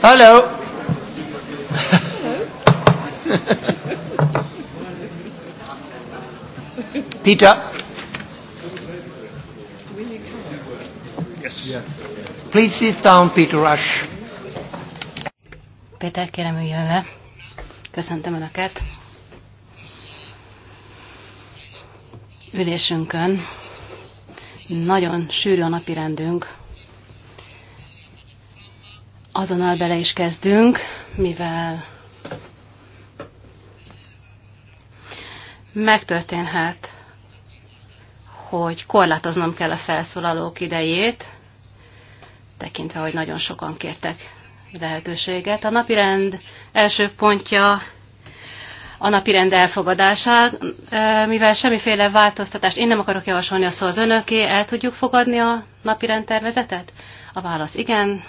Hello. Peter. Please sit down, Peter Rush. Peter, kérem üljön le. Köszöntöm Önöket. Ülésünkön nagyon sűrű a napirendünk, azonnal bele is kezdünk, mivel megtörténhet, hogy korlátoznom kell a felszólalók idejét, tekintve, hogy nagyon sokan kértek lehetőséget. A napirend első pontja a napirend elfogadása, mivel semmiféle változtatást én nem akarok javasolni, a szó az önöké, el tudjuk fogadni a napirend tervezetet? A válasz igen,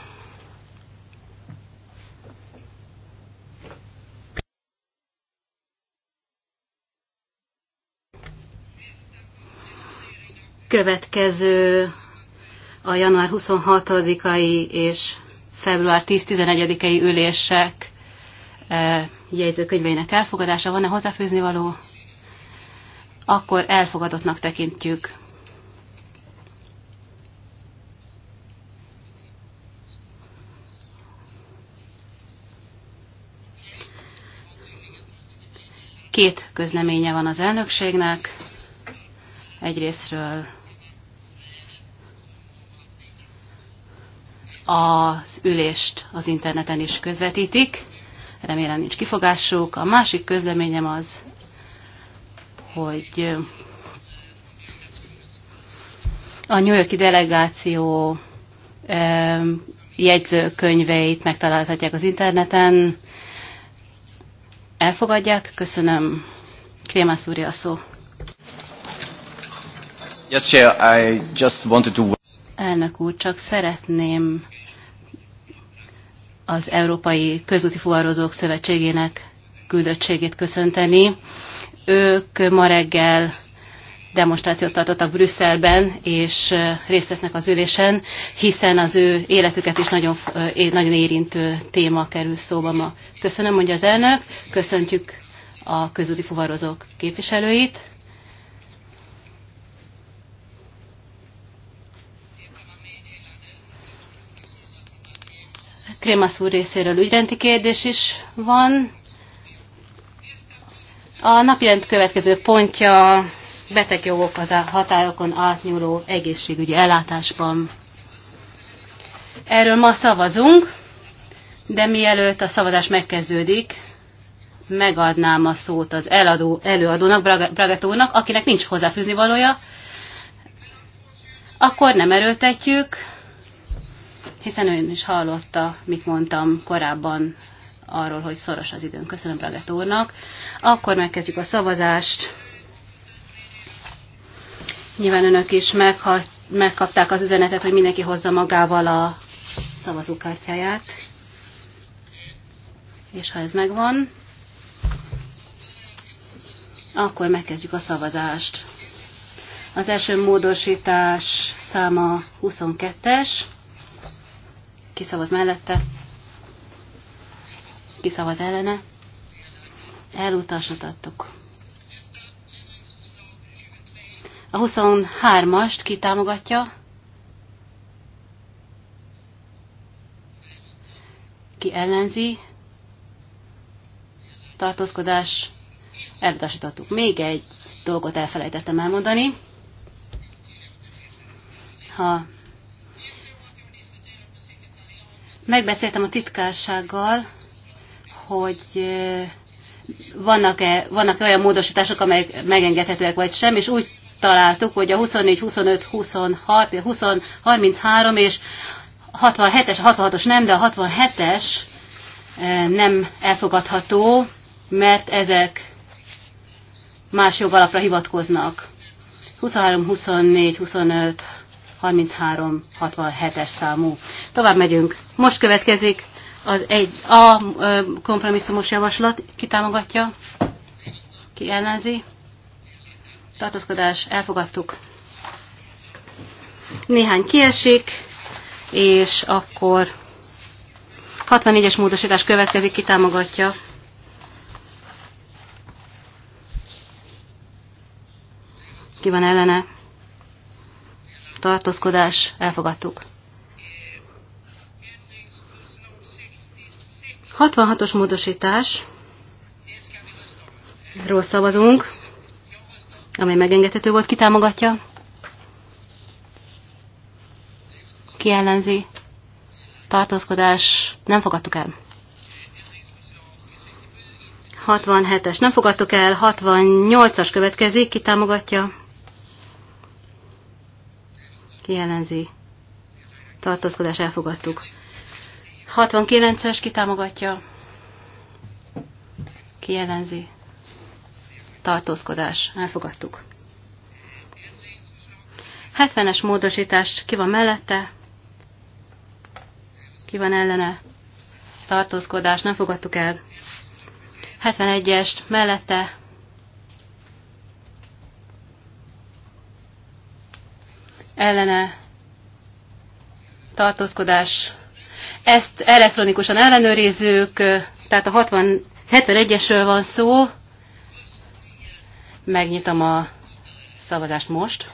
következő a január 26-ai és február 10-11-ei ülések e, jegyzőkönyveinek elfogadása. Van-e hozzáfűzni való? Akkor elfogadottnak tekintjük. Két közleménye van az elnökségnek. Egyrésztről az ülést az interneten is közvetítik. Remélem nincs kifogásuk. A másik közleményem az, hogy a New Yorki delegáció jegyzőkönyveit megtalálhatják az interneten. Elfogadják. Köszönöm. Krémász úr, a szó. Yes, Chair, I just wanted to... Elnök úr, csak szeretném az Európai Közúti Fuvarozók Szövetségének küldöttségét köszönteni. Ők ma reggel demonstrációt tartottak Brüsszelben, és részt vesznek az ülésen, hiszen az ő életüket is nagyon, nagyon érintő téma kerül szóba ma. Köszönöm, mondja az elnök, köszöntjük a közúti fuvarozók képviselőit. Krémasz úr részéről ügyrendi kérdés is van. A napirend következő pontja betegjogok az a határokon átnyúló egészségügyi ellátásban. Erről ma szavazunk, de mielőtt a szavazás megkezdődik, megadnám a szót az eladó, előadónak, Bragatónak, akinek nincs hozzáfűzni valója, akkor nem erőltetjük, hiszen ön is hallotta, mit mondtam korábban arról, hogy szoros az időn. Köszönöm Braget úrnak. Akkor megkezdjük a szavazást. Nyilván önök is megha- megkapták az üzenetet, hogy mindenki hozza magával a szavazókártyáját. És ha ez megvan, akkor megkezdjük a szavazást. Az első módosítás száma 22-es szavaz mellette, szavaz ellene, elutasítottuk. A 23-ast ki támogatja, ki ellenzi, tartózkodás, elutasítottuk. Még egy dolgot elfelejtettem elmondani. Ha Megbeszéltem a titkársággal, hogy vannak-e vannak -e olyan módosítások, amelyek megengedhetőek vagy sem, és úgy találtuk, hogy a 24, 25, 26, 20, 33 és 67-es, 66-os nem, de a 67-es nem elfogadható, mert ezek más jogalapra hivatkoznak. 23, 24, 25, 3367-es számú. Tovább megyünk. Most következik az egy A kompromisszumos javaslat. Ki támogatja? Ki ellenzi? Tartózkodás, elfogadtuk. Néhány kiesik, és akkor 64-es módosítás következik, ki támogatja. Ki van ellene? tartózkodás, elfogadtuk. 66-os módosításról szavazunk, amely megengedhető volt, kitámogatja, Ki ellenzi? Tartózkodás, nem fogadtuk el. 67-es, nem fogadtuk el, 68-as következik, kitámogatja. támogatja? ki ellenzi, tartózkodás elfogadtuk. 69-es kitámogatja, Kijelenzi. tartózkodás elfogadtuk. 70-es módosítás ki van mellette, ki van ellene, tartózkodás nem fogadtuk el. 71-est mellette, ellene tartózkodás. Ezt elektronikusan ellenőrizzük, tehát a 71-esről van szó. Megnyitom a szavazást most.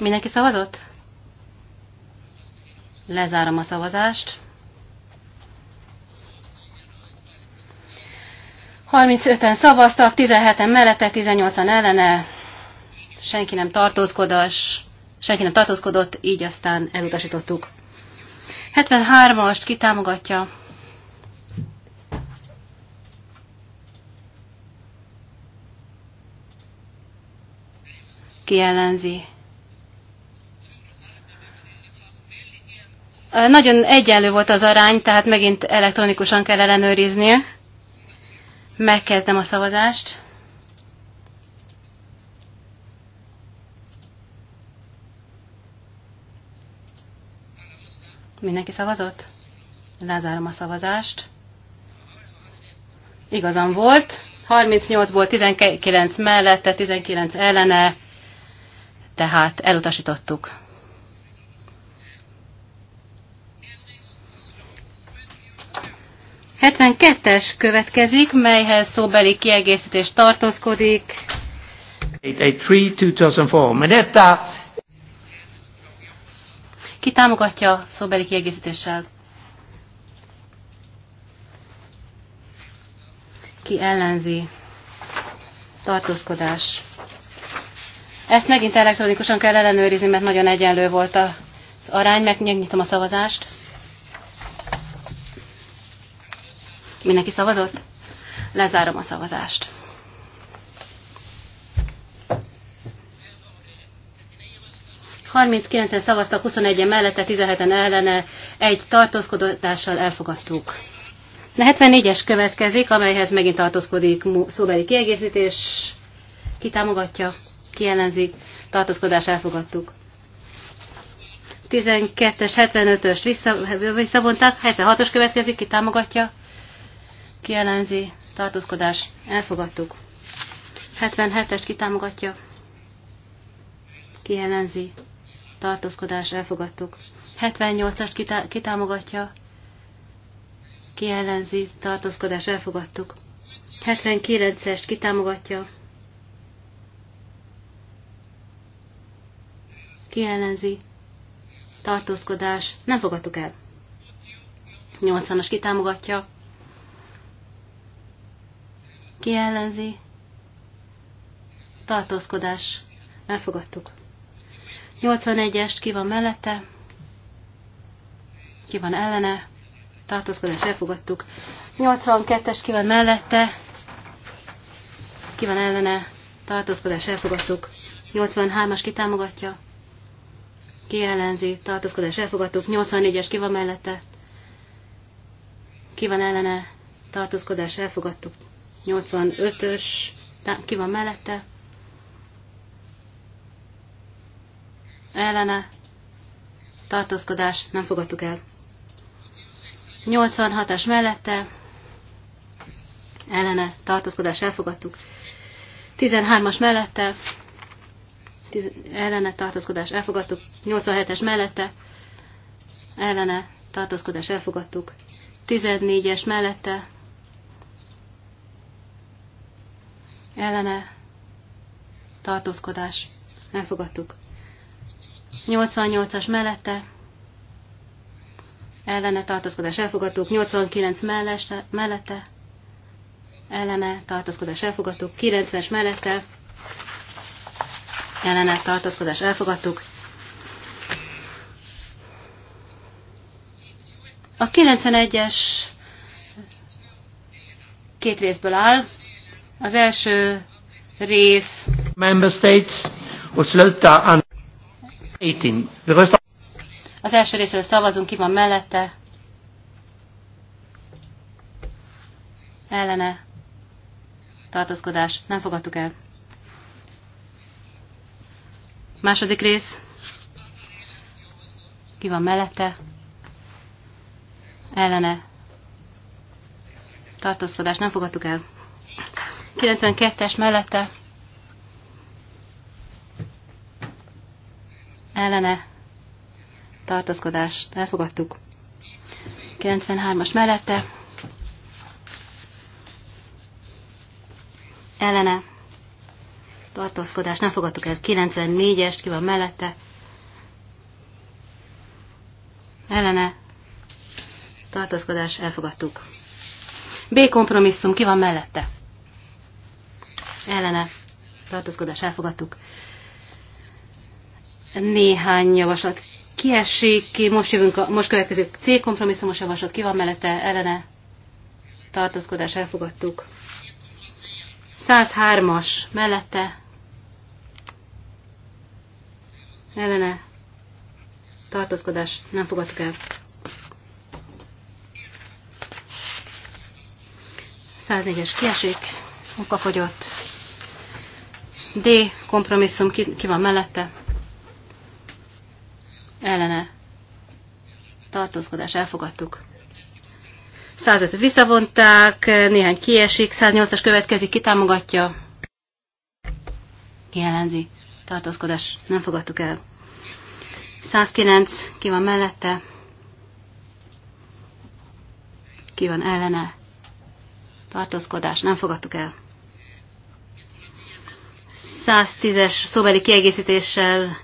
Mindenki szavazott? Lezárom a szavazást. 35-en szavaztak, 17-en mellette, 18-an ellene, senki nem tartózkodás, senki nem tartózkodott, így aztán elutasítottuk. 73-ast ki támogatja? Ki ellenzi? Nagyon egyenlő volt az arány, tehát megint elektronikusan kell ellenőrizni. Megkezdem a szavazást. Mindenki szavazott? Lezárom a szavazást. Igazam volt. 38 volt, 19 mellette, 19 ellene, tehát elutasítottuk. 72-es következik, melyhez szóbeli kiegészítés tartózkodik. 883-2004. Menetta. Ki támogatja szóbeli kiegészítéssel? Ki ellenzi? Tartózkodás. Ezt megint elektronikusan kell ellenőrizni, mert nagyon egyenlő volt az arány. Megnyitom a szavazást. Mindenki szavazott? Lezárom a szavazást. Harminckilencen szavaztak, 21-en mellette, 17-en ellene, egy tartózkodással elfogadtuk. A 74-es következik, amelyhez megint tartózkodik szóbeli kiegészítés. Ki támogatja, ki ellenzi, tartózkodás elfogadtuk. 12-es, 75-öst visszavonták, 76-os következik, ki támogatja, kielenzi, tartózkodás, elfogadtuk. 77-est kitámogatja, kielenzi, tartózkodás, elfogadtuk. 78-est kitámogatja, kielenzi, tartózkodás, elfogadtuk. 79-est kitámogatja, kielenzi, tartózkodás, nem fogadtuk el. 80-as kitámogatja, ki ellenzi? Tartózkodás. Elfogadtuk. 81-est ki van mellette? Ki van ellene? Tartózkodás. Elfogadtuk. 82-es ki van mellette? Ki van ellene? Tartózkodás. Elfogadtuk. 83-as kitámogatja? Ki ellenzi? Tartózkodás. Elfogadtuk. 84-es ki van mellette? Ki van ellene? Tartózkodás. Elfogadtuk. 85-ös, ki van mellette, ellene, tartózkodás, nem fogadtuk el. 86-as mellette, ellene, tartózkodás, elfogadtuk. 13-as mellette, ellene, tartózkodás, elfogadtuk. 87-es mellette, ellene, tartózkodás, elfogadtuk. 14-es mellette, ellene tartózkodás elfogadtuk. 88-as mellette ellene tartózkodás elfogadtuk, 89 mellette, mellette ellene tartózkodás elfogadtuk, 90-es mellette ellene tartózkodás elfogadtuk. A 91-es két részből áll, az első rész. Member States och sluta an 18. Az első részről szavazunk, ki van mellette. Ellene. Tartózkodás. Nem fogadtuk el. Második rész. Ki van mellette? Ellene. Tartózkodás. Nem fogadtuk el. 92-es mellette ellene tartozkodást elfogadtuk. 93-as mellette ellene tartózkodás nem fogadtuk el. 94-est ki van mellette ellene tartózkodás elfogadtuk. B kompromisszum ki van mellette? ellene tartózkodás elfogadtuk. Néhány javaslat kiesik ki, most, jövünk a, most következik C kompromisszumos javaslat, ki van mellette, ellene tartózkodás elfogadtuk. 103-as mellette ellene tartózkodás nem fogadtuk el. 104-es kiesik, munkafogyott. D kompromisszum ki, ki van mellette? Ellene. Tartózkodás elfogadtuk. 105 visszavonták, néhány kiesik, 108-as következik, kitámogatja. Kijelenzi. Tartózkodás nem fogadtuk el. 109 ki van mellette? Ki van ellene? Tartózkodás nem fogadtuk el. 110-es szóbeli kiegészítéssel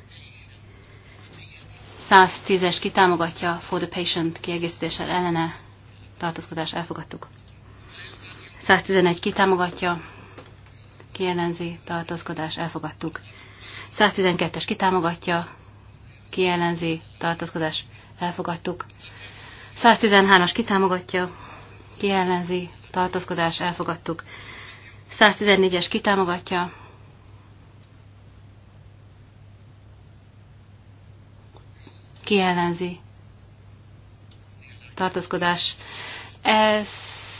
110 es kitámogatja, for the patient kiegészítéssel ellene tartózkodás elfogadtuk. 111 kitámogatja, kiellenzi, tartózkodás elfogadtuk. 112-es kitámogatja, kiellenzi, tartózkodás elfogadtuk. 113-as kitámogatja, kiellenzi, tartózkodás elfogadtuk. 114-es kitámogatja, Ki ellenzi? Tartózkodás. Ezt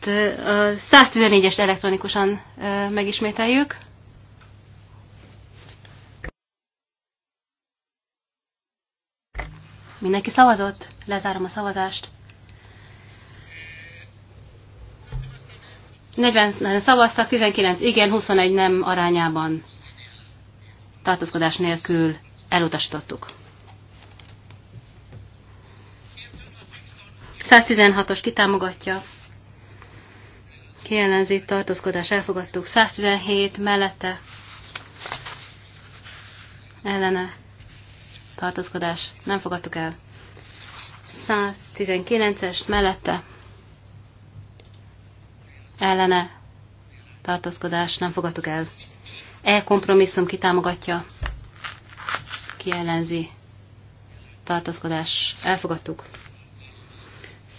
a 114-est elektronikusan megismételjük. Mindenki szavazott? Lezárom a szavazást. 40 szavaztak, 19 igen, 21 nem arányában. tartozkodás nélkül Elutasítottuk. 116-os kitámogatja. Kiellenzi tartózkodás elfogadtuk. 117 mellette ellene tartózkodás nem fogadtuk el. 119-es mellette ellene tartózkodás nem fogadtuk el. E kompromisszum kitámogatja aki ellenzi, tartaszkodás, elfogadtuk.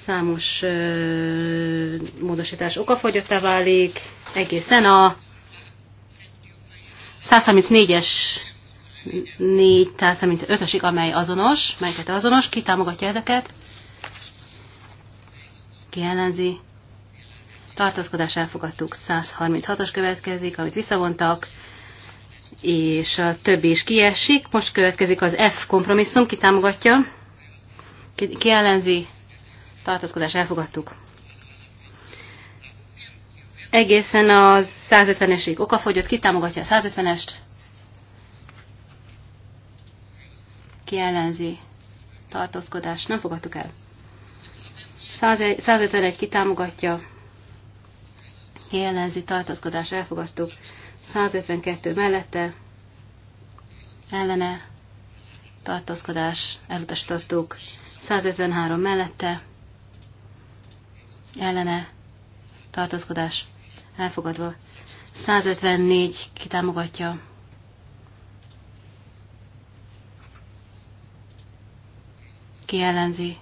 Számos ö, módosítás okafogyottá válik, egészen a 134-es 435-ösig, amely azonos, melyiket azonos, ki támogatja ezeket, ki ellenzi. Tartózkodás elfogadtuk, 136-os következik, amit visszavontak, és a többi is kiesik. Most következik az F kompromisszum, ki támogatja, ki, ellenzi, tartózkodás elfogadtuk. Egészen a 150-esig okafogyott, ki támogatja a 150-est, ki ellenzi, tartózkodás, nem fogadtuk el. 151 kitámogatja, ki ellenzi, tartózkodás, elfogadtuk. 152 mellette ellene tartózkodás elutasítottuk, 153 mellette ellene tartózkodás elfogadva, 154 kitámogatja, ki ellenzi,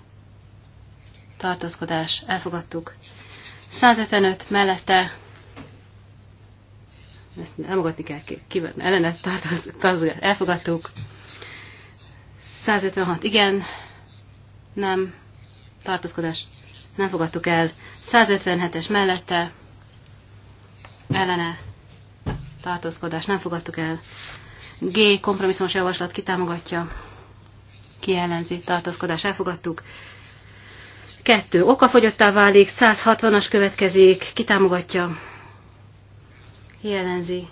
tartózkodás elfogadtuk, 155 mellette ezt elmogatni kell, kivetni ellenet, tartozunk, elfogadtuk. 156, igen, nem, tartózkodás, nem fogadtuk el. 157-es mellette, ellene, tartózkodás, nem fogadtuk el. G. Kompromisszumos javaslat kitámogatja, ki ellenzi, tartózkodás, elfogadtuk. 2. Okafogyottá válik, 160-as következik, kitámogatja, jelenzi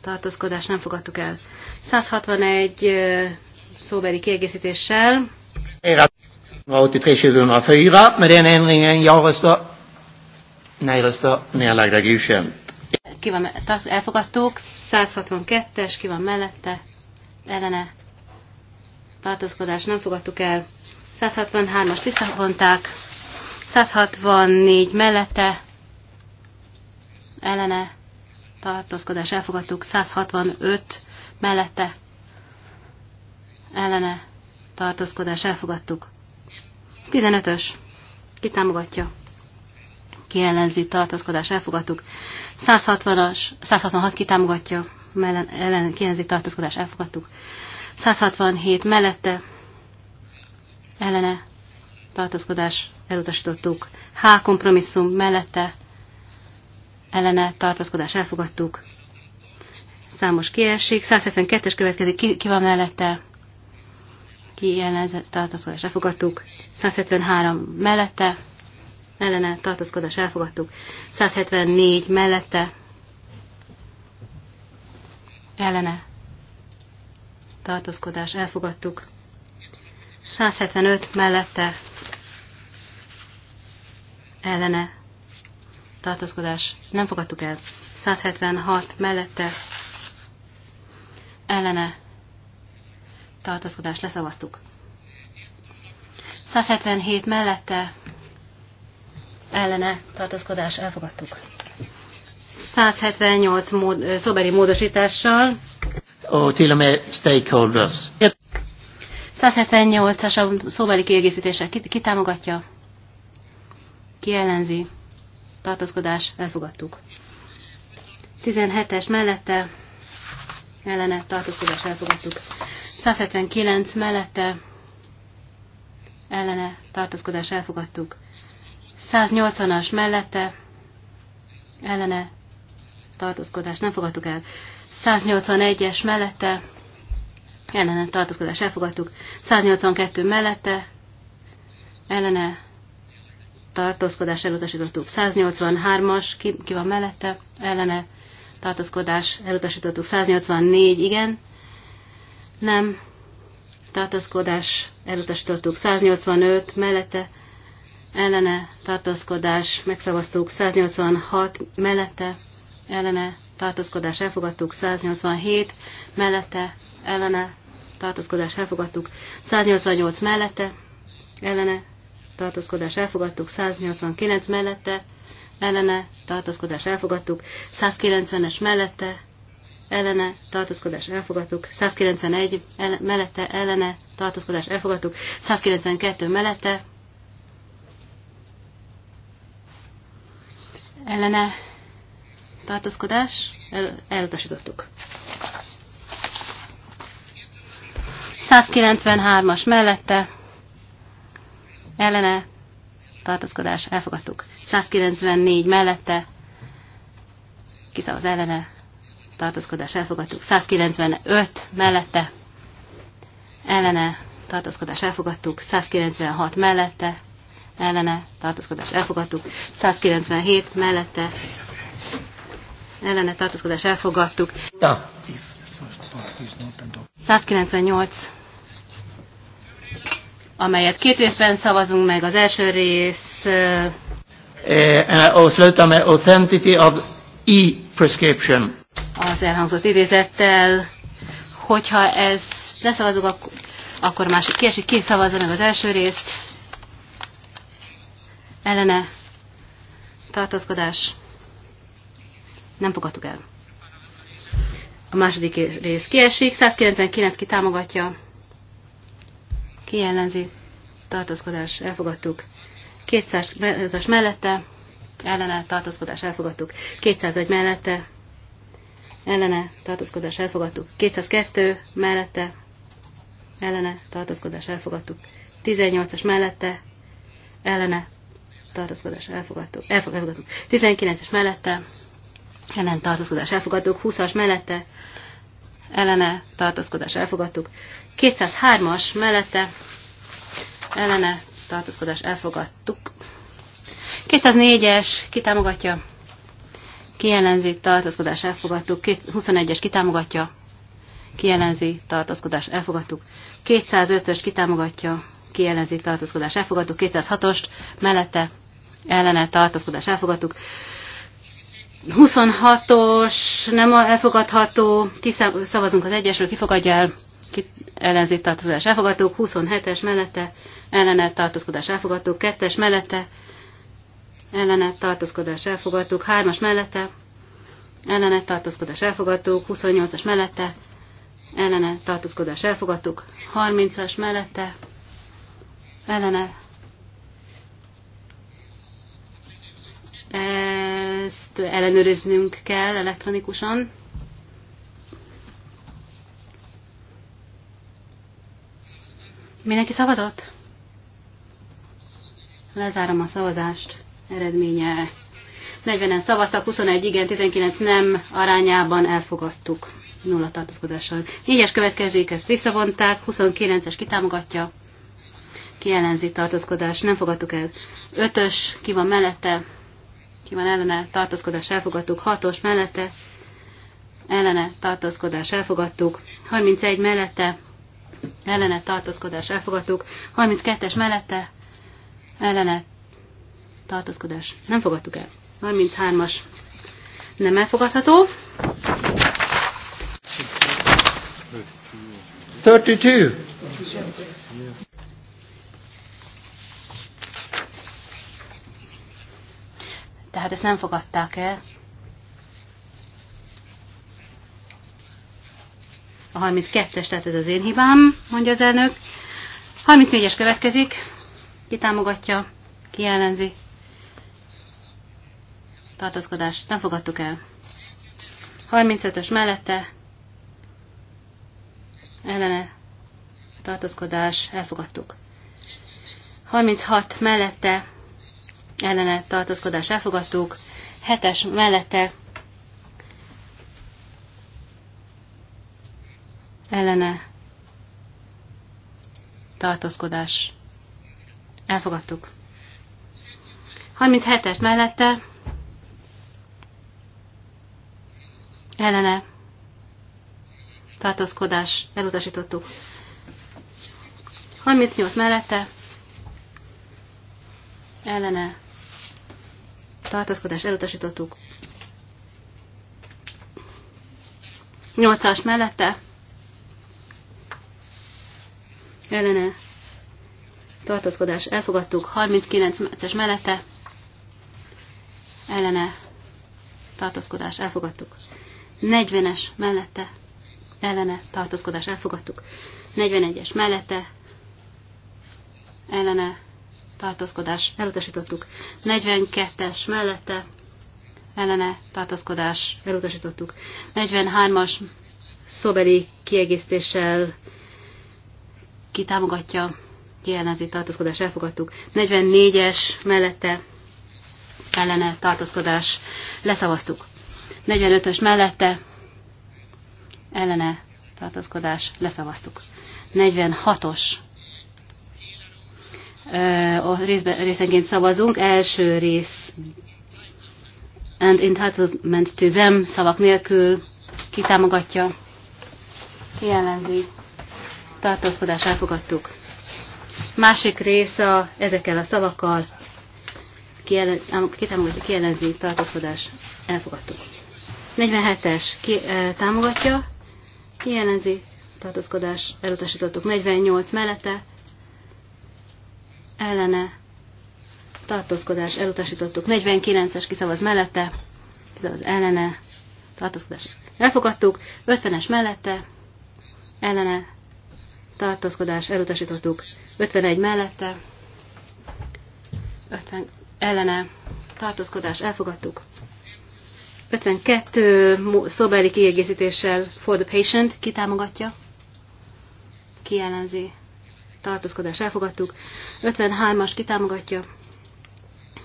tartózkodás, nem fogadtuk el. 161 szóbeli kiegészítéssel. Ki van, elfogadtuk, 162-es, ki van mellette, ellene, tartózkodás, nem fogadtuk el. 163-as visszavonták, 164 mellette, ellene, tartózkodás elfogadtuk, 165 mellette ellene tartózkodás elfogadtuk. 15-ös. Ki támogatja? Ki ellenzi tartózkodás elfogadtuk. 160-as, 166 ki támogatja? Mellen, ellen, ki ellenzi tartózkodás elfogadtuk. 167 mellette ellene tartózkodás elutasítottuk. H kompromisszum mellette ellene tartózkodás elfogadtuk. Számos kiesség. 172-es következik, ki, ki van mellette? Ki ellenezett tartózkodás elfogadtuk. 173 mellette, ellene tartózkodás elfogadtuk. 174 mellette, ellene tartózkodás elfogadtuk. 175 mellette, ellene tartózkodás nem fogadtuk el. 176 mellette ellene tartózkodás leszavaztuk. 177 mellette ellene tartózkodás elfogadtuk. 178 mód, szoberi módosítással. Ó, stakeholders. 178-as a szóbeli kiegészítéssel kitámogatja, ki ellenzi, tartózkodás, elfogadtuk. 17-es mellette, ellene, tartózkodás, elfogadtuk. 179 mellette, ellene, tartózkodás, elfogadtuk. 180-as mellette, ellene, tartózkodás, nem fogadtuk el. 181-es mellette, ellene tartózkodás elfogadtuk, 182 mellette, ellene tartózkodás elutasítottuk. 183-as, ki, ki van mellette, ellene, tartózkodás elutasítottuk. 184, igen, nem, tartózkodás elutasítottuk. 185, mellette, ellene, tartózkodás megszavaztuk. 186, mellette, ellene, tartózkodás elfogadtuk. 187, mellette, ellene, tartózkodás elfogadtuk. 188 mellette, ellene, tartózkodás elfogadtuk, 189 mellette, ellene, tartózkodás elfogadtuk, 190-es mellette, ellene, tartózkodás elfogadtuk, 191 ele, mellette, ellene, tartózkodás elfogadtuk, 192 mellette, ellene, tartózkodás, el, elutasítottuk. 193-as mellette, ellene tartózkodás elfogadtuk. 194 mellette kiszavaz ellene tartózkodás elfogadtuk. 195 mellette ellene tartózkodás elfogadtuk. 196 mellette ellene tartózkodás elfogadtuk. 197 mellette ellene tartózkodás elfogadtuk. 198 amelyet két részben szavazunk meg. Az első rész... Eh, eh, Avsluta eh, authenticity of e-prescription. Az elhangzott idézettel, hogyha ez leszavazunk, akkor, akkor másik kiesik, két szavazza meg az első részt. Ellene tartózkodás. Nem fogadtuk el. A második rész kiesik, 199 ki támogatja ki ellenzi, tartózkodás elfogadtuk. 200-as mellette, ellene tartózkodás elfogadtuk. 201 mellette, ellene tartózkodás elfogadtuk. 202 mellette, ellene tartózkodás elfogadtuk. 18-as mellette, ellene tartózkodás elfogadtuk. elfogadtuk. 19-es mellette, ellen tartózkodás elfogadtuk. 20-as mellette, ellene tartózkodás elfogadtuk. 203-as mellette ellene tartózkodás elfogadtuk. 204-es kitámogatja, kijelenzi, tartózkodás elfogadtuk. 21-es kitámogatja, kijelenzi, tartózkodás elfogadtuk. 205-ös kitámogatja, kijelenzi, tartózkodás elfogadtuk. 206 os mellette ellene tartózkodás elfogadtuk. 26-os nem elfogadható, kiszavazunk az egyesről, kifogadja el ellenzék tartózkodás elfogadók, 27-es mellette ellene tartózkodás elfogadók, 2-es mellette ellene tartózkodás elfogadók, 3-as mellette ellene tartózkodás elfogadók, 28-as mellette ellene tartózkodás elfogadók, 30-as mellette ellene ezt ellenőriznünk kell elektronikusan. Mindenki szavazott? Lezárom a szavazást. Eredménye 40-en szavaztak, 21 igen, 19 nem arányában elfogadtuk nulla tartózkodással. 4-es következik, ezt visszavonták, 29-es kitámogatja, kiellenzi tartózkodás, nem fogadtuk el. 5-ös, ki van mellette, ki van ellene, tartózkodás elfogadtuk, 6-os mellette, ellene, tartózkodás elfogadtuk, 31 mellette, ellenet tartózkodás elfogadtuk, 32-es mellette ellenet tartózkodás nem fogadtuk el. 33-as nem elfogadható. 32. Tehát ezt nem fogadták el. A 32-es, tehát ez az én hibám, mondja az elnök. 34-es következik. Ki támogatja? Ki ellenzi? Tartozkodás, Nem fogadtuk el. 35-ös mellette. Ellene. tartozkodás, Elfogadtuk. 36 mellette. Ellene. tartozkodás, Elfogadtuk. 7-es mellette ellene tartózkodás. Elfogadtuk. 37-es mellette ellene tartózkodás. Elutasítottuk. 38 mellette ellene tartózkodás. Elutasítottuk. 8-as mellette ellene tartózkodás elfogadtuk, 39 meccses mellette ellene tartózkodás elfogadtuk, 40-es mellette ellene tartózkodás elfogadtuk, 41-es mellette ellene tartózkodás elutasítottuk, 42-es mellette ellene tartózkodás elutasítottuk, 43-as szobeli kiegészítéssel ki támogatja, ki ellenzi, tartózkodás elfogadtuk. 44-es mellette ellene tartózkodás leszavaztuk. 45-ös mellette ellene tartózkodás leszavaztuk. 46-os a részben, részenként szavazunk. Első rész and entitlement to them szavak nélkül kitámogatja, jelenzi, tartózkodás elfogadtuk. Másik rész a, ezekkel a szavakkal kitámogatja, kielenzi, tartózkodás elfogadtuk. 47-es ki, e, támogatja, kiellenzi, tartózkodás elutasítottuk. 48 mellette ellene tartózkodás elutasítottuk. 49-es kiszavaz mellette, kiszavaz ellene, tartózkodás elfogadtuk. 50-es mellette, ellene tartózkodás elutasítottuk 51 mellette, 50 ellene tartózkodás elfogadtuk. 52 szóbeli kiegészítéssel for the patient kitámogatja, kiellenzi, tartózkodás elfogadtuk. 53-as kitámogatja,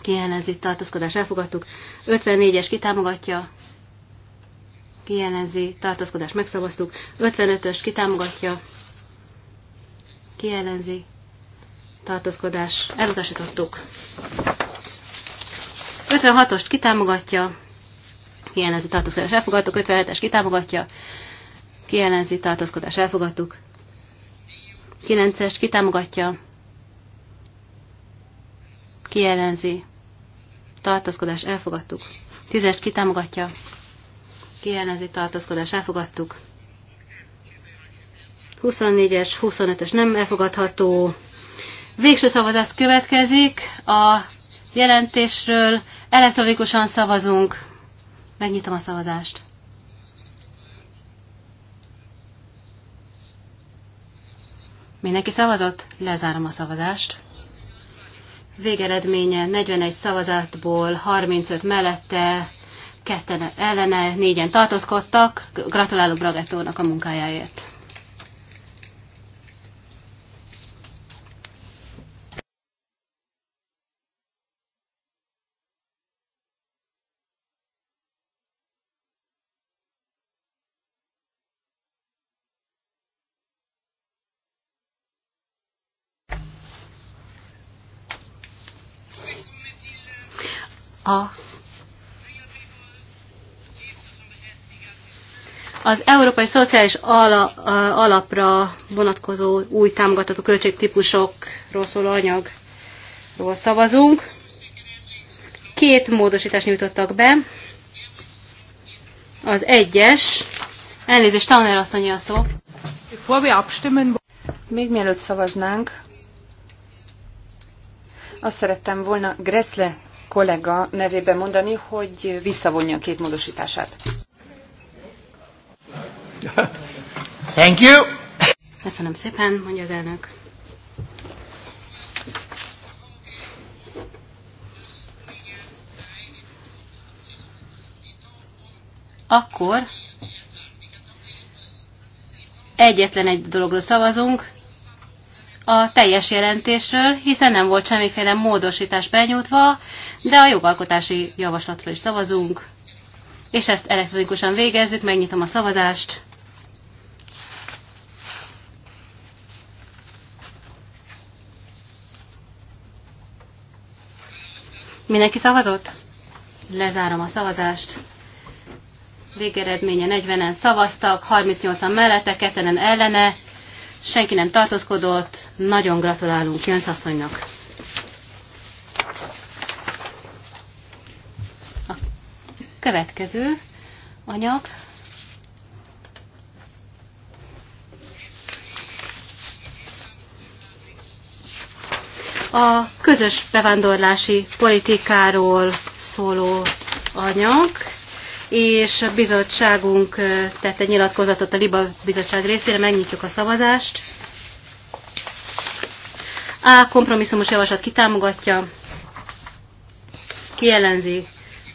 kiellenzi, tartózkodás elfogadtuk. 54-es kitámogatja, kijelenzi, tartózkodás megszavaztuk. 55-ös kitámogatja, ki ellenzi, tartózkodás, elutasítottuk. 56-ost kitámogatja, kiellenzi tartozkodás, elfogadtuk, 57-es kitámogatja, kiellenzi tartozkodás, elfogadtuk. 9-est kitámogatja, kiellenzi, tartozkodás, elfogadtuk. 10-est kitámogatja, kiellenzi, tartozkodás, elfogadtuk. 24-es, 25-ös nem elfogadható. Végső szavazás következik. A jelentésről elektronikusan szavazunk. Megnyitom a szavazást. Mindenki szavazott? Lezárom a szavazást. Végeredménye 41 szavazatból 35 mellette, ketten ellene, négyen tartózkodtak. Gratulálok Bragettónak a munkájáért. a az Európai Szociális Alapra vonatkozó új támogatató költségtípusokról szóló anyagról szavazunk. Két módosítást nyújtottak be. Az egyes, elnézést, Tanner asszony a szó. Még mielőtt szavaznánk, azt szerettem volna Gressle kollega nevében mondani, hogy visszavonja a két módosítását. Thank you. Köszönöm szépen, mondja az elnök. Akkor egyetlen egy dologra szavazunk, a teljes jelentésről, hiszen nem volt semmiféle módosítás benyújtva, de a jogalkotási javaslatról is szavazunk, és ezt elektronikusan végezzük, megnyitom a szavazást. Mindenki szavazott? Lezárom a szavazást. Végeredménye 40-en szavaztak, 38-an mellette, 2 ellene, senki nem tartózkodott, nagyon gratulálunk Jönsz asszonynak. A következő anyag. A közös bevándorlási politikáról szóló anyag és a bizottságunk tett egy nyilatkozatot a LIBA bizottság részére, megnyitjuk a szavazást. A kompromisszumos javaslat kitámogatja, kielenzi,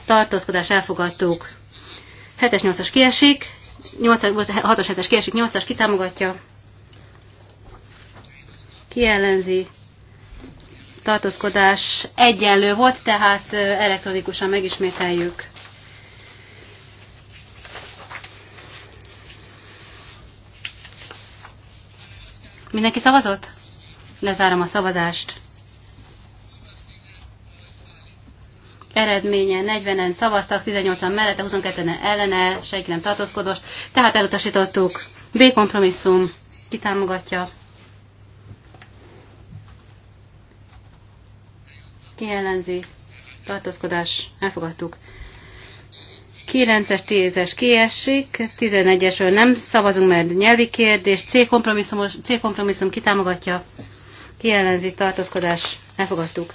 tartózkodás elfogadtuk, 7-es, 8-as kiesik, 6-as, 7-es kiesik, 8-as kitámogatja, kielenzi, tartózkodás egyenlő volt, tehát elektronikusan megismételjük. Mindenki szavazott? Lezárom a szavazást. Eredménye 40-en szavaztak, 18-an mellette, 22-en ellene, senki nem tartózkodott, tehát elutasítottuk. B kompromisszum, kitámogatja. támogatja? Ki ellenzi? Tartózkodás, elfogadtuk. 9-es, 10-es kiesik, 11-esről nem szavazunk, mert nyelvi kérdés, C, C kompromisszum kitámogatja, kijelenzi, tartózkodás, elfogadtuk.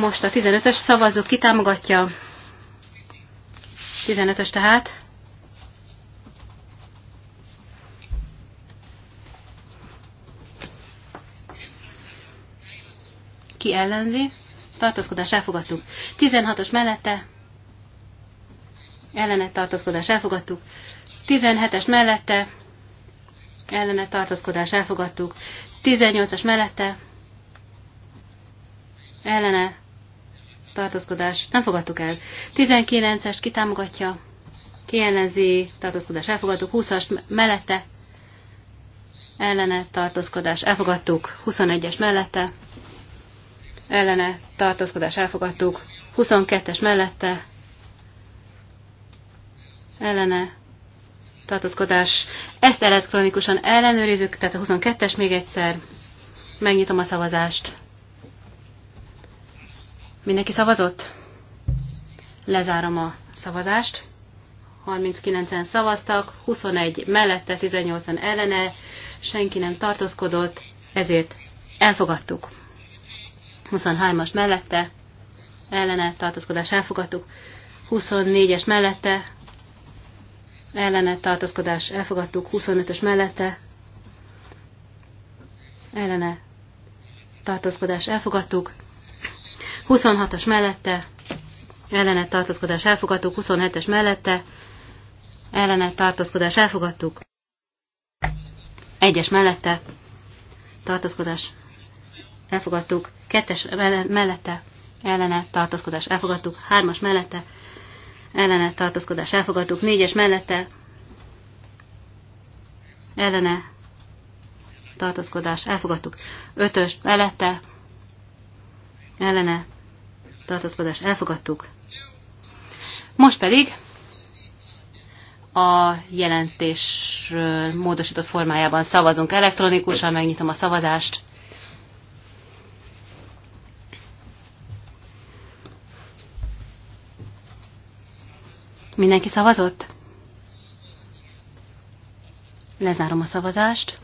Most a 15-ös szavazó kitámogatja, 15-ös tehát, ki ellenzi, tartózkodás elfogadtuk. 16-os mellette ellenet tartózkodás elfogadtuk. 17-es mellette ellenet tartózkodás elfogadtuk. 18-as mellette ellene tartózkodás nem fogadtuk el. 19-est kitámogatja, kiellenzi, tartózkodás elfogadtuk. 20-as mellette ellene tartózkodás elfogadtuk. 21-es mellette ellene tartózkodás elfogadtuk, 22-es mellette ellene tartózkodás. Ezt elektronikusan ellenőrizzük, tehát a 22-es még egyszer. Megnyitom a szavazást. Mindenki szavazott? Lezárom a szavazást. 39-en szavaztak, 21 mellette, 18 en ellene, senki nem tartózkodott, ezért elfogadtuk. 23-as mellette ellene tartózkodás elfogadtuk, 24-es mellette ellene tartózkodás elfogadtuk, 25-ös mellette ellene tartózkodás elfogadtuk, 26-os mellette ellene tartózkodás elfogadtuk, 27-es mellette ellene tartózkodás elfogadtuk, 1-es mellette tartózkodás elfogadtuk, kettes mellette ellene tartózkodás elfogadtuk, hármas mellette ellene tartózkodás elfogadtuk, négyes mellette ellene tartózkodás elfogadtuk, ötös mellette ellene tartózkodás elfogadtuk. Most pedig a jelentés módosított formájában szavazunk elektronikusan, megnyitom a szavazást. Mindenki szavazott? Lezárom a szavazást.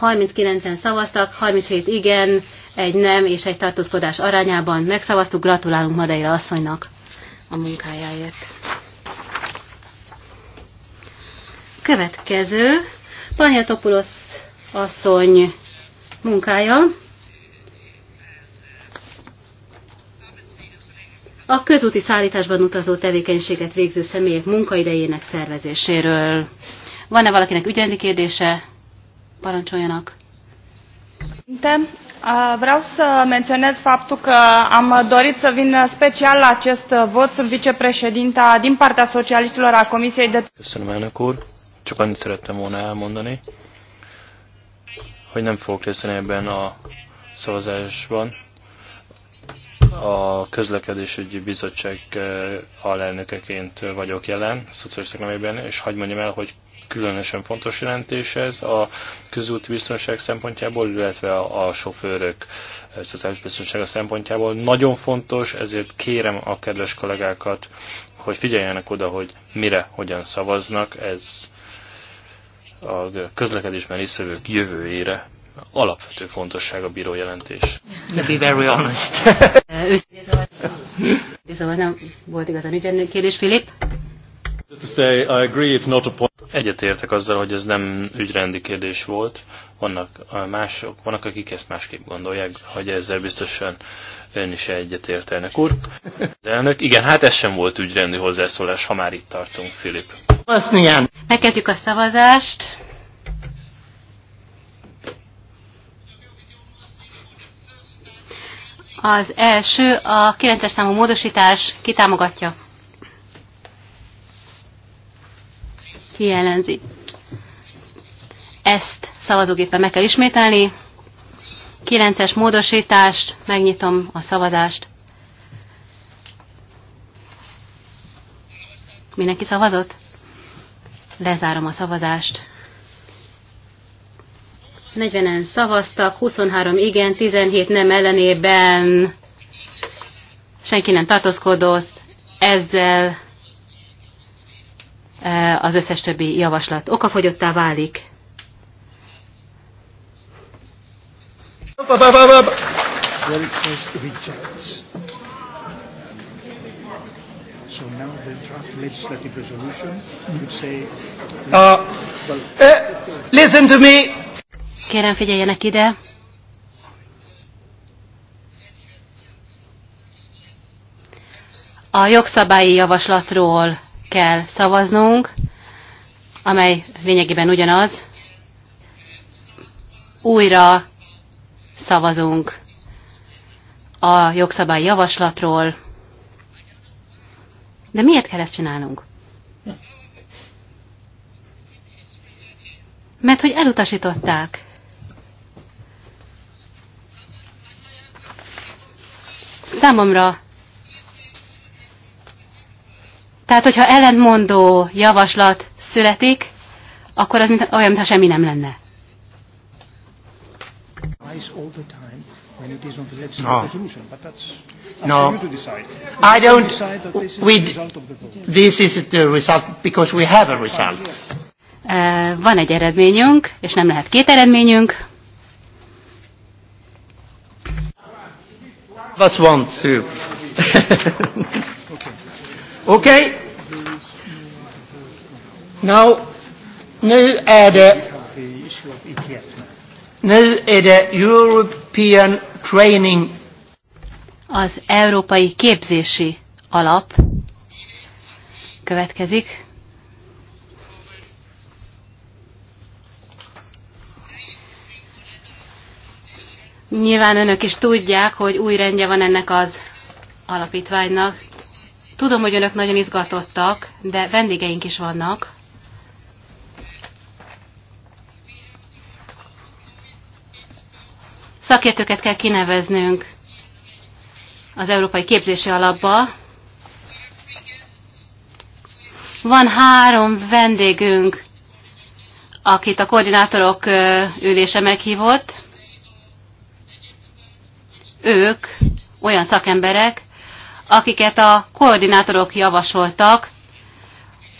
39-en szavaztak, 37 igen, egy nem és egy tartózkodás arányában megszavaztuk. Gratulálunk Madeira asszonynak a munkájáért. Következő Panyatopulosz asszony munkája. a közúti szállításban utazó tevékenységet végző személyek munkaidejének szervezéséről. Van-e valakinek ügyrendi kérdése? Parancsoljanak! Vreau să menționez faptul că am dorit să vin special la acest vot. Sunt vicepreședinta din partea socialiștilor a Comisiei de... Köszönöm, elnök úr. Csak annyit szerettem volna elmondani, hogy nem fogok részt ebben a szavazásban a közlekedésügyi bizottság eh, alelnökeként vagyok jelen, szociális nevében, és hagyd mondjam el, hogy különösen fontos jelentés ez a közúti biztonság szempontjából, illetve a sofőrök eh, szociális biztonsága szempontjából. Nagyon fontos, ezért kérem a kedves kollégákat, hogy figyeljenek oda, hogy mire, hogyan szavaznak, ez a közlekedésben részvevők jövőjére alapvető fontosság a bíró jelentés. To be very honest. Őszintén szóval nem volt igazán ügyen kérdés, Filip. Egyetértek azzal, hogy ez nem ügyrendi kérdés volt. Vannak mások, vannak, akik ezt másképp gondolják, hogy ezzel biztosan ön is egyetért, elnök úr. De elnök, igen, hát ez sem volt ügyrendi hozzászólás, ha már itt tartunk, Filip. Megkezdjük a szavazást. Az első, a 9-es számú módosítás kitámogatja. Kijelenzi. Ezt szavazógépen meg kell ismételni. 9-es módosítást, megnyitom a szavazást. Mindenki szavazott? Lezárom a szavazást. 40-en szavaztak, 23 igen, 17 nem ellenében, senki nem tartózkodott, ezzel eh, az összes többi javaslat okafogyottá válik. uh, eh, listen to me! Kérem figyeljenek ide. A jogszabályi javaslatról kell szavaznunk, amely lényegében ugyanaz. Újra szavazunk a jogszabályi javaslatról. De miért kell ezt csinálnunk? Mert hogy elutasították. számomra tehát, hogyha ellentmondó javaslat születik, akkor az mint, olyan, mintha semmi nem lenne. No. No. I don't. We, this is the result because we have a result. Eh, van egy eredményünk, és nem lehet két eredményünk. was us wants to. okay. Now, nu är det nu är det European Training az Európai Képzési Alap következik. Nyilván önök is tudják, hogy új rendje van ennek az alapítványnak. Tudom, hogy önök nagyon izgatottak, de vendégeink is vannak. Szakértőket kell kineveznünk az Európai Képzési Alapba. Van három vendégünk, akit a koordinátorok ülése meghívott ők olyan szakemberek, akiket a koordinátorok javasoltak,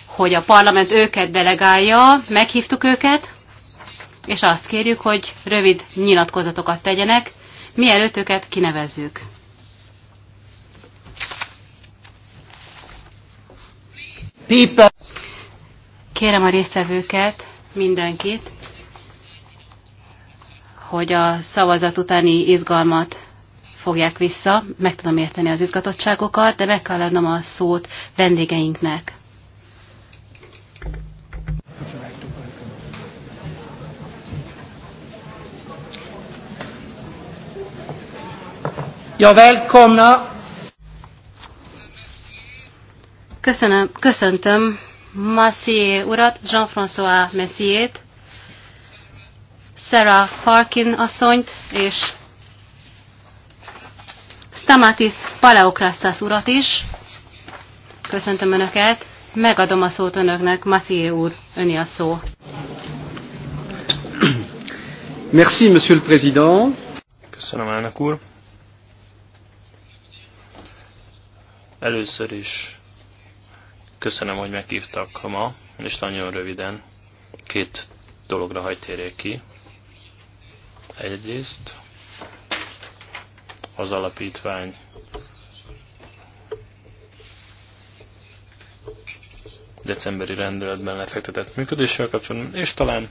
hogy a parlament őket delegálja, meghívtuk őket, és azt kérjük, hogy rövid nyilatkozatokat tegyenek, mielőtt őket kinevezzük. Kérem a résztvevőket, mindenkit, hogy a szavazat utáni izgalmat fogják vissza, meg tudom érteni az izgatottságokat, de meg kell adnom a szót vendégeinknek. Ja, välkomna! Köszönöm, köszöntöm Massier urat, Jean-François Messiét, Sarah Parkin asszonyt és Stamatis Paleokrasztász urat is. Köszöntöm Önöket. Megadom a szót Önöknek. Macié úr, Öni a szó. Merci, Monsieur le Président. Köszönöm, elnök úr. Először is köszönöm, hogy meghívtak ma, és nagyon röviden két dologra hagytérjék ki. Egyrészt az alapítvány. decemberi rendeletben lefektetett működéssel kapcsolatban, és talán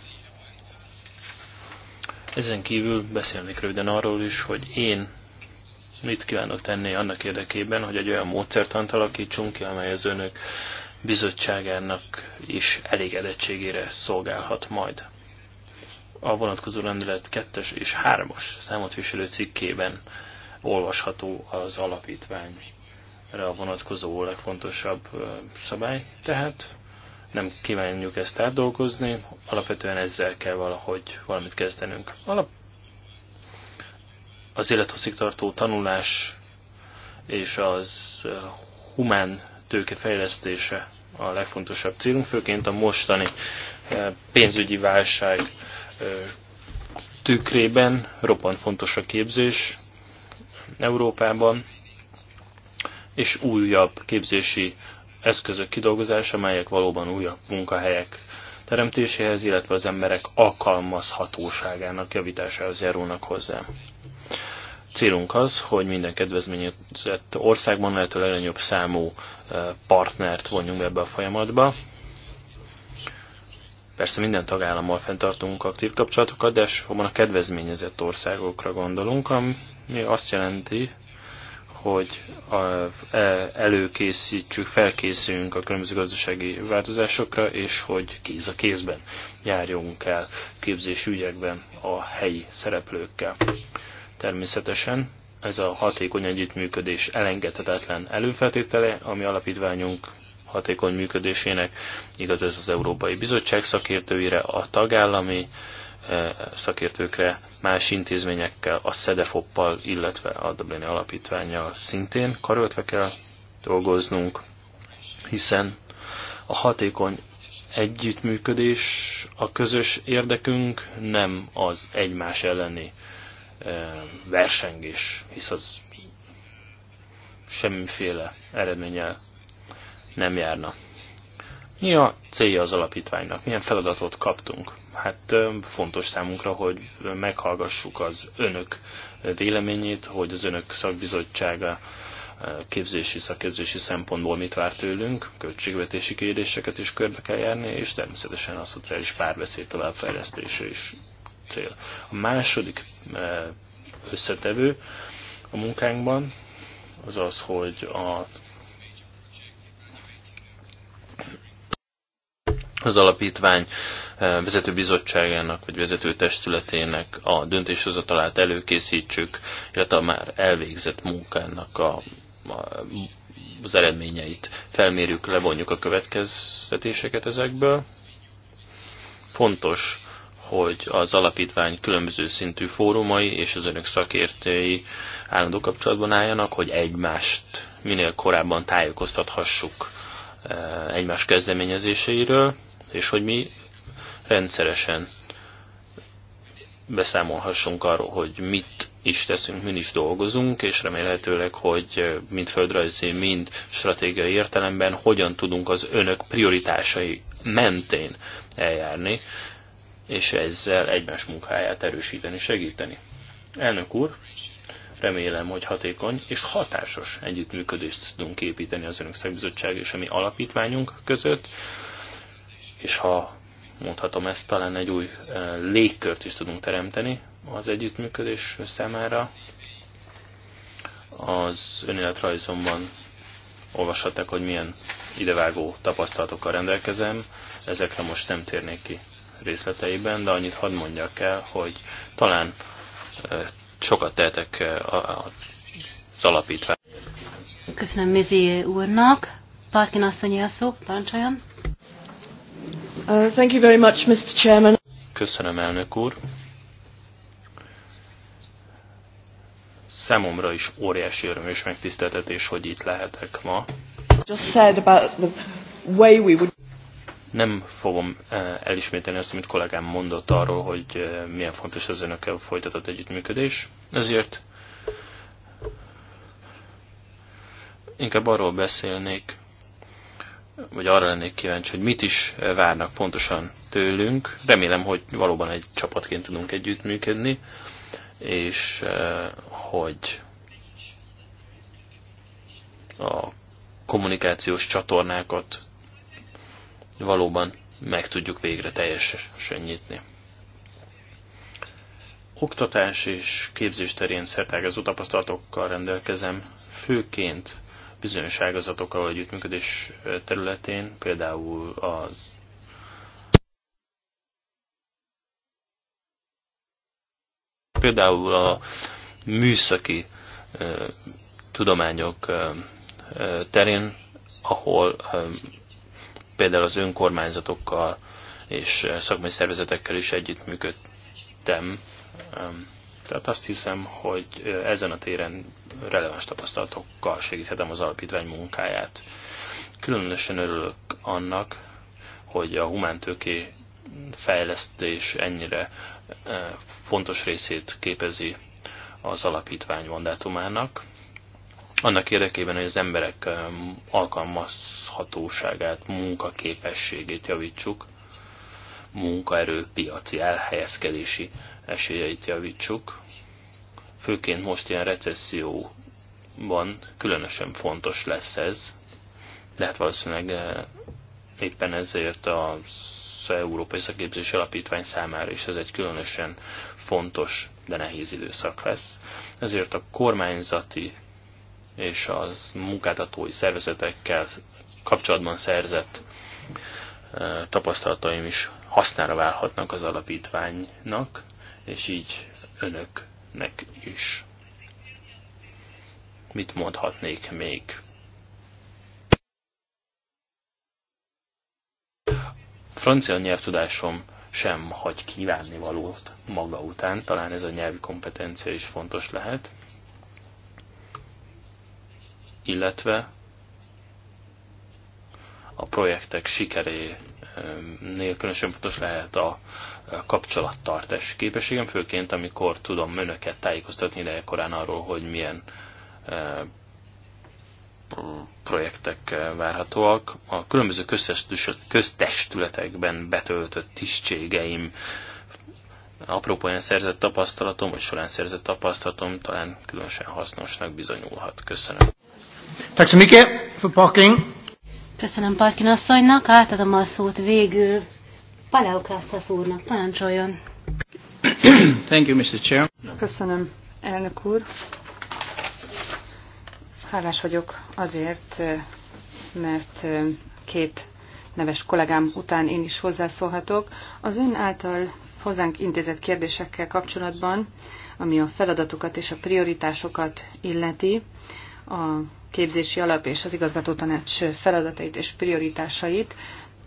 ezen kívül beszélnék röviden arról is, hogy én mit kívánok tenni annak érdekében, hogy egy olyan módszertant alakítsunk ki, amely az önök bizottságának is elégedettségére szolgálhat majd. A vonatkozó rendelet 2-es és 3-as számot viselő cikkében olvasható az alapítványra vonatkozó legfontosabb szabály, tehát nem kívánjuk ezt átdolgozni, alapvetően ezzel kell valahogy valamit kezdenünk. Alap az élethosszígtartó tanulás és az humán tőke fejlesztése a legfontosabb célunk, főként a mostani pénzügyi válság tükrében roppant fontos a képzés, Európában, és újabb képzési eszközök kidolgozása, melyek valóban újabb munkahelyek teremtéséhez, illetve az emberek alkalmazhatóságának javításához járulnak hozzá. Célunk az, hogy minden kedvezményezett országban lehető legnagyobb számú eh, partnert vonjunk ebbe a folyamatba, Persze minden tagállammal fenntartunk aktív kapcsolatokat, de elsősorban a kedvezményezett országokra gondolunk, ami azt jelenti, hogy e, előkészítsük, felkészüljünk a különböző gazdasági változásokra, és hogy kéz a kézben járjunk el ügyekben a helyi szereplőkkel. Természetesen ez a hatékony együttműködés elengedhetetlen előfeltétele, ami alapítványunk hatékony működésének. Igaz ez az Európai Bizottság szakértőire, a tagállami eh, szakértőkre, más intézményekkel, a SZEDEFOP-pal, illetve a Dublini Alapítványjal szintén karöltve kell dolgoznunk, hiszen a hatékony együttműködés a közös érdekünk, nem az egymás elleni eh, versengés, hisz az semmiféle eredménnyel nem járna. Mi a célja az alapítványnak? Milyen feladatot kaptunk? Hát fontos számunkra, hogy meghallgassuk az önök véleményét, hogy az önök szakbizottsága képzési, szakképzési szempontból mit vár tőlünk, költségvetési kérdéseket is körbe kell járni, és természetesen a szociális párbeszéd továbbfejlesztése is cél. A második összetevő a munkánkban az az, hogy a az alapítvány eh, vezetőbizottságának vagy vezető testületének a döntéshozatalát előkészítsük, illetve a már elvégzett munkának a, a, az eredményeit felmérjük, levonjuk a következtetéseket ezekből. Fontos, hogy az alapítvány különböző szintű fórumai és az önök szakértői állandó kapcsolatban álljanak, hogy egymást minél korábban tájékoztathassuk eh, egymás kezdeményezéseiről és hogy mi rendszeresen beszámolhassunk arról, hogy mit is teszünk, mi is dolgozunk, és remélhetőleg, hogy mind földrajzi, mind stratégiai értelemben hogyan tudunk az önök prioritásai mentén eljárni, és ezzel egymás munkáját erősíteni, segíteni. Elnök úr, remélem, hogy hatékony és hatásos együttműködést tudunk építeni az Önök Szakbizottság és a mi alapítványunk között és ha mondhatom ezt, talán egy új eh, légkört is tudunk teremteni az együttműködés számára. Az önéletrajzomban olvashatták, hogy milyen idevágó tapasztalatokkal rendelkezem, ezekre most nem térnék ki részleteiben, de annyit hadd mondjak el, hogy talán eh, sokat tehetek eh, az alapítvány. Köszönöm Mizi úrnak. Parkin asszonyi a szó, parancsoljon. Uh, Köszönöm, elnök úr. Számomra is óriási öröm és megtiszteltetés, hogy itt lehetek ma. Nem fogom eh, elismételni azt, amit kollégám mondott arról, hogy eh, milyen fontos az önökkel folytatott együttműködés. Ezért inkább arról beszélnék, vagy arra lennék kíváncsi, hogy mit is várnak pontosan tőlünk. Remélem, hogy valóban egy csapatként tudunk együttműködni, és eh, hogy a kommunikációs csatornákat valóban meg tudjuk végre teljesen nyitni. Oktatás és képzés terén szertágazó tapasztalatokkal rendelkezem, főként bizonyos ágazatokkal együttműködés területén, például a például a műszaki tudományok terén, ahol például az önkormányzatokkal és szakmai szervezetekkel is együttműködtem. Tehát azt hiszem, hogy ezen a téren releváns tapasztalatokkal segíthetem az alapítvány munkáját. Különösen örülök annak, hogy a humántőké fejlesztés ennyire e, fontos részét képezi az alapítvány mandátumának. Annak érdekében, hogy az emberek e, alkalmazhatóságát, munkaképességét javítsuk, munkaerő piaci elhelyezkedési esélyeit javítsuk, főként most ilyen recesszióban különösen fontos lesz ez, Lehet valószínűleg eh, éppen ezért az Európai Szakképzés Alapítvány számára is ez egy különösen fontos, de nehéz időszak lesz. Ezért a kormányzati és a munkáltatói szervezetekkel kapcsolatban szerzett eh, tapasztalataim is hasznára válhatnak az alapítványnak, és így önök nek is. Mit mondhatnék még? Francia nyelvtudásom sem hagy kívánni valót maga után, talán ez a nyelvi kompetencia is fontos lehet, illetve a projektek sikerénél különösen fontos lehet a kapcsolattartás képességem, főként amikor tudom önöket tájékoztatni korán arról, hogy milyen eh, projektek eh, várhatóak. A különböző köztestületekben betöltött tisztségeim, aprópóján szerzett tapasztalatom, vagy során szerzett tapasztalatom talán különösen hasznosnak bizonyulhat. Köszönöm. Köszönöm Parkin asszonynak, átadom a szót végül Paleoklasszas úrnak parancsoljon. Thank you, Mr. Chair. Köszönöm, elnök úr. Hálás vagyok azért, mert két neves kollégám után én is hozzászólhatok. Az ön által hozzánk intézett kérdésekkel kapcsolatban, ami a feladatokat és a prioritásokat illeti, a képzési alap és az igazgató tanács feladatait és prioritásait.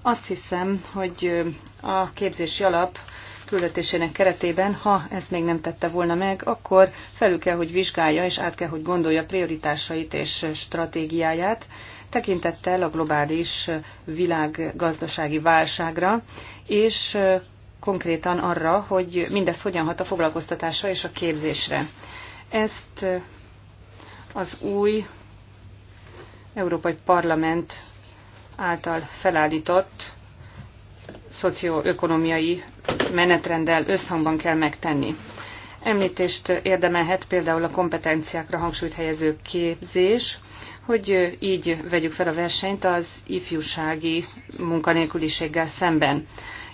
Azt hiszem, hogy a képzési alap küldetésének keretében, ha ezt még nem tette volna meg, akkor felül kell, hogy vizsgálja és át kell, hogy gondolja prioritásait és stratégiáját, tekintettel a globális világgazdasági válságra, és konkrétan arra, hogy mindez hogyan hat a foglalkoztatásra és a képzésre. Ezt az új Európai Parlament által felállított szocioökonomiai menetrenddel összhangban kell megtenni. Említést érdemelhet például a kompetenciákra hangsúlyt helyező képzés, hogy így vegyük fel a versenyt az ifjúsági munkanélküliséggel szemben.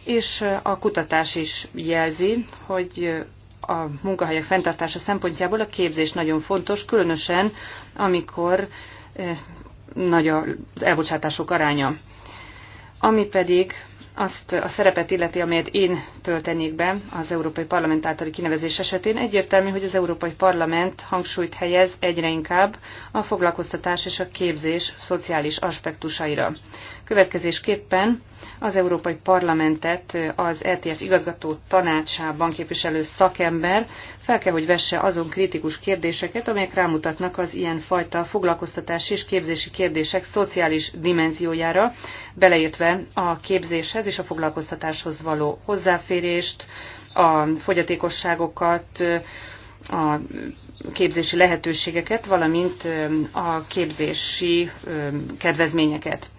És a kutatás is jelzi, hogy a munkahelyek fenntartása szempontjából a képzés nagyon fontos, különösen amikor nagy az elbocsátások aránya. Ami pedig azt a szerepet illeti, amelyet én töltenék be az Európai Parlament általi kinevezés esetén, egyértelmű, hogy az Európai Parlament hangsúlyt helyez egyre inkább a foglalkoztatás és a képzés szociális aspektusaira. Következésképpen az Európai Parlamentet az RTF igazgató tanácsában képviselő szakember fel kell, hogy vesse azon kritikus kérdéseket, amelyek rámutatnak az ilyenfajta foglalkoztatási és képzési kérdések szociális dimenziójára, beleértve a képzéshez és a foglalkoztatáshoz való hozzáférést, a fogyatékosságokat, a képzési lehetőségeket, valamint a képzési kedvezményeket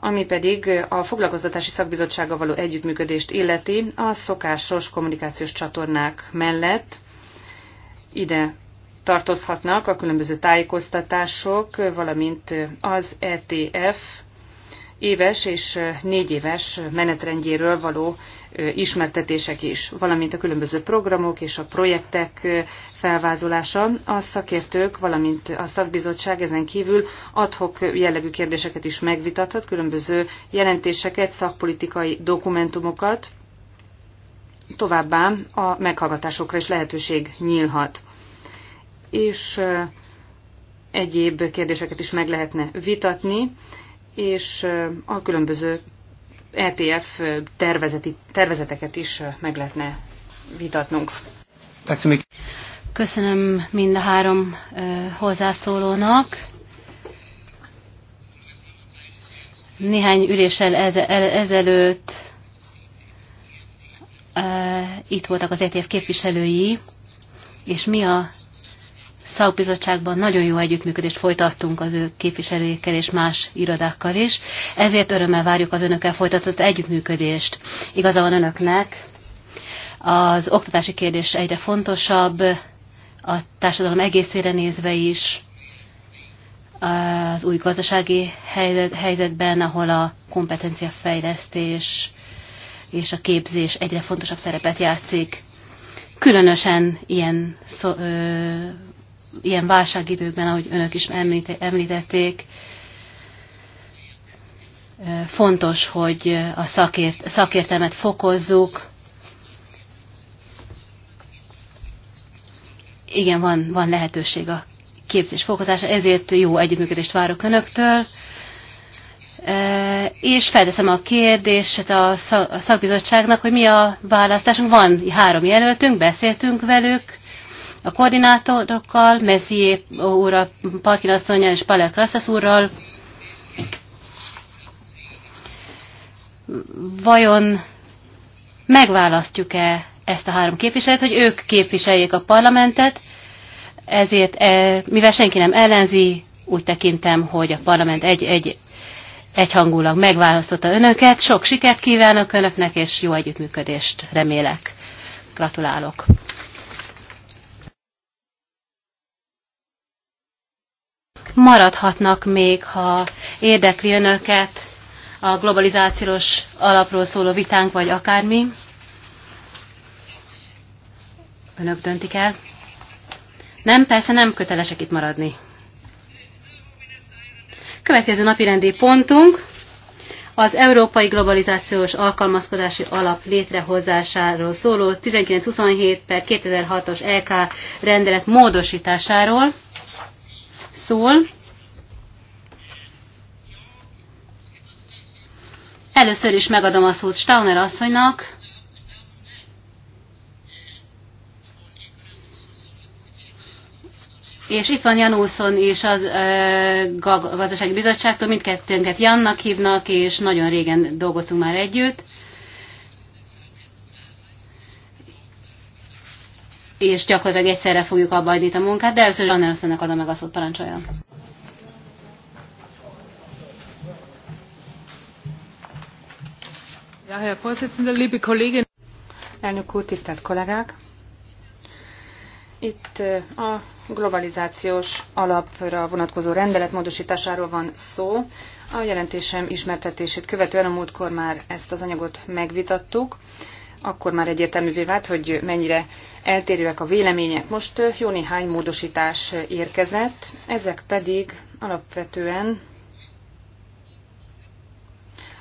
ami pedig a foglalkoztatási szakbizottsággal való együttműködést illeti a szokásos kommunikációs csatornák mellett ide tartozhatnak a különböző tájékoztatások, valamint az ETF éves és négy éves menetrendjéről való ismertetések is, valamint a különböző programok és a projektek felvázolása. A szakértők, valamint a szakbizottság ezen kívül adhok jellegű kérdéseket is megvitathat, különböző jelentéseket, szakpolitikai dokumentumokat, továbbá a meghallgatásokra is lehetőség nyílhat. És egyéb kérdéseket is meg lehetne vitatni, és a különböző ETF tervezeti, tervezeteket is meg lehetne vitatnunk. Köszönöm mind a három hozzászólónak. Néhány üléssel ezelőtt itt voltak az ETF képviselői, és mi a szakbizottságban nagyon jó együttműködést folytattunk az ő képviselőikkel és más irodákkal is, ezért örömmel várjuk az önökkel folytatott együttműködést. Igaza van önöknek, az oktatási kérdés egyre fontosabb, a társadalom egészére nézve is, az új gazdasági helyzetben, ahol a kompetenciafejlesztés és a képzés egyre fontosabb szerepet játszik. Különösen ilyen szó, ö, ilyen válságidőkben, ahogy önök is említették, fontos, hogy a szakért, szakértelmet fokozzuk. Igen, van, van lehetőség a képzés fokozása, ezért jó együttműködést várok önöktől. És felteszem a kérdést a szakbizottságnak, hogy mi a választásunk. Van három jelöltünk, beszéltünk velük, a koordinátorokkal, úr úrral, Parkin asszonyjal és Palek Rasszasz úrral. Vajon megválasztjuk-e ezt a három képviselőt, hogy ők képviseljék a parlamentet, ezért e, mivel senki nem ellenzi, úgy tekintem, hogy a parlament egy, egy, egyhangulag megválasztotta önöket. Sok sikert kívánok önöknek, és jó együttműködést remélek. Gratulálok! maradhatnak még, ha érdekli önöket a globalizációs alapról szóló vitánk, vagy akármi. Önök döntik el. Nem, persze nem kötelesek itt maradni. Következő napirendi pontunk az Európai Globalizációs Alkalmazkodási Alap létrehozásáról szóló 1927 per 2006-os LK e rendelet módosításáról szól. Először is megadom a szót Stauner asszonynak. És itt van Jan és az uh, Gazdasági Bizottságtól, mindkettőnket Jannak hívnak, és nagyon régen dolgoztunk már együtt. és gyakorlatilag egyszerre fogjuk abba adni a munkát, de először Annelszönnek adom meg a szót, parancsoljon. Ja, Herr Vorsitzender, liebe Kollegin. Elnök úr, tisztelt kollégák! Itt a globalizációs alapra vonatkozó rendelet módosításáról van szó. A jelentésem ismertetését követően a múltkor már ezt az anyagot megvitattuk. Akkor már egyértelművé vált, hogy mennyire eltérőek a vélemények. Most jó néhány módosítás érkezett, ezek pedig alapvetően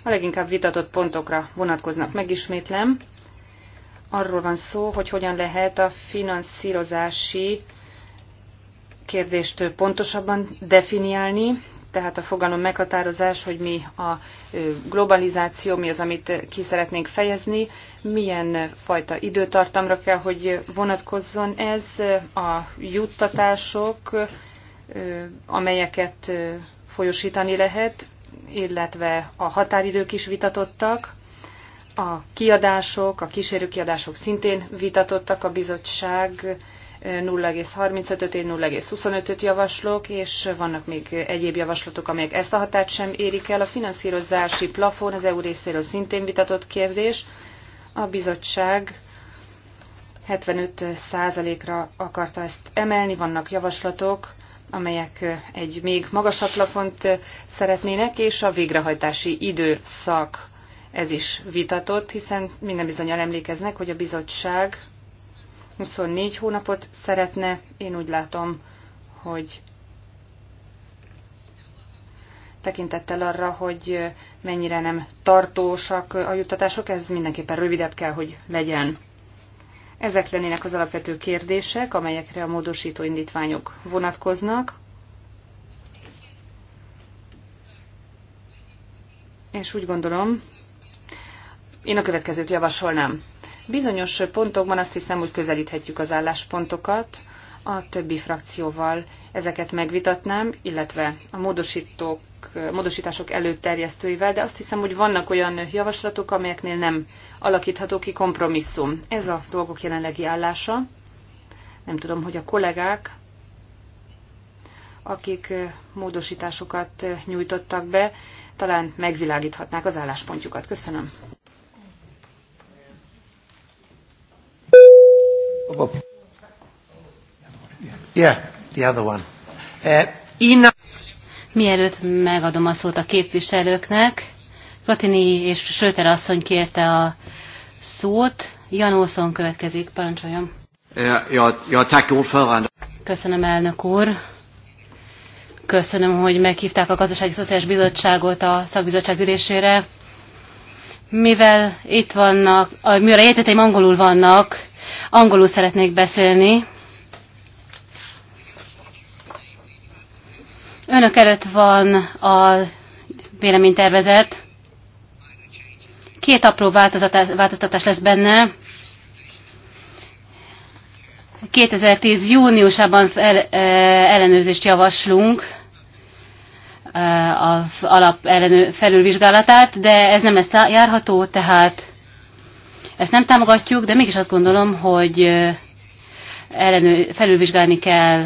a leginkább vitatott pontokra vonatkoznak. Megismétlem, arról van szó, hogy hogyan lehet a finanszírozási kérdést pontosabban definiálni, tehát a fogalom meghatározás, hogy mi a globalizáció, mi az, amit ki szeretnénk fejezni, milyen fajta időtartamra kell, hogy vonatkozzon ez a juttatások, amelyeket folyosítani lehet, illetve a határidők is vitatottak, a kiadások, a kísérő kiadások szintén vitatottak, a bizottság 0,35-öt, 0,25-öt javaslok, és vannak még egyéb javaslatok, amelyek ezt a határt sem érik el. A finanszírozási plafon az EU részéről szintén vitatott kérdés, a bizottság 75%-ra akarta ezt emelni, vannak javaslatok, amelyek egy még magasabb plafont szeretnének, és a végrehajtási időszak ez is vitatott, hiszen minden bizonyal emlékeznek, hogy a bizottság 24 hónapot szeretne. Én úgy látom, hogy tekintettel arra, hogy mennyire nem tartósak a juttatások, ez mindenképpen rövidebb kell, hogy legyen. Ezek lennének az alapvető kérdések, amelyekre a módosító indítványok vonatkoznak. És úgy gondolom, én a következőt javasolnám. Bizonyos pontokban azt hiszem, hogy közelíthetjük az álláspontokat, a többi frakcióval ezeket megvitatnám, illetve a módosítók, módosítások előterjesztőivel, de azt hiszem, hogy vannak olyan javaslatok, amelyeknél nem alakítható ki kompromisszum. Ez a dolgok jelenlegi állása. Nem tudom, hogy a kollégák, akik módosításokat nyújtottak be, talán megvilágíthatnák az álláspontjukat. Köszönöm. Yeah, the other one. Uh, Ina... Mielőtt megadom a szót a képviselőknek, Platini és Söter asszony kérte a szót. Jan Olszon következik, parancsoljon. Ja, ja, Köszönöm, elnök úr. Köszönöm, hogy meghívták a Gazdasági Szociális Bizottságot a szakbizottság ülésére. Mivel itt vannak, mivel a jegyzeteim angolul vannak, angolul szeretnék beszélni. Önök előtt van a véleménytervezet. Két apró változtatás lesz benne. 2010. júniusában e, ellenőrzést javaslunk e, az alap ellenő, felülvizsgálatát, de ez nem lesz járható, tehát ezt nem támogatjuk, de mégis azt gondolom, hogy e, ellenő, felülvizsgálni kell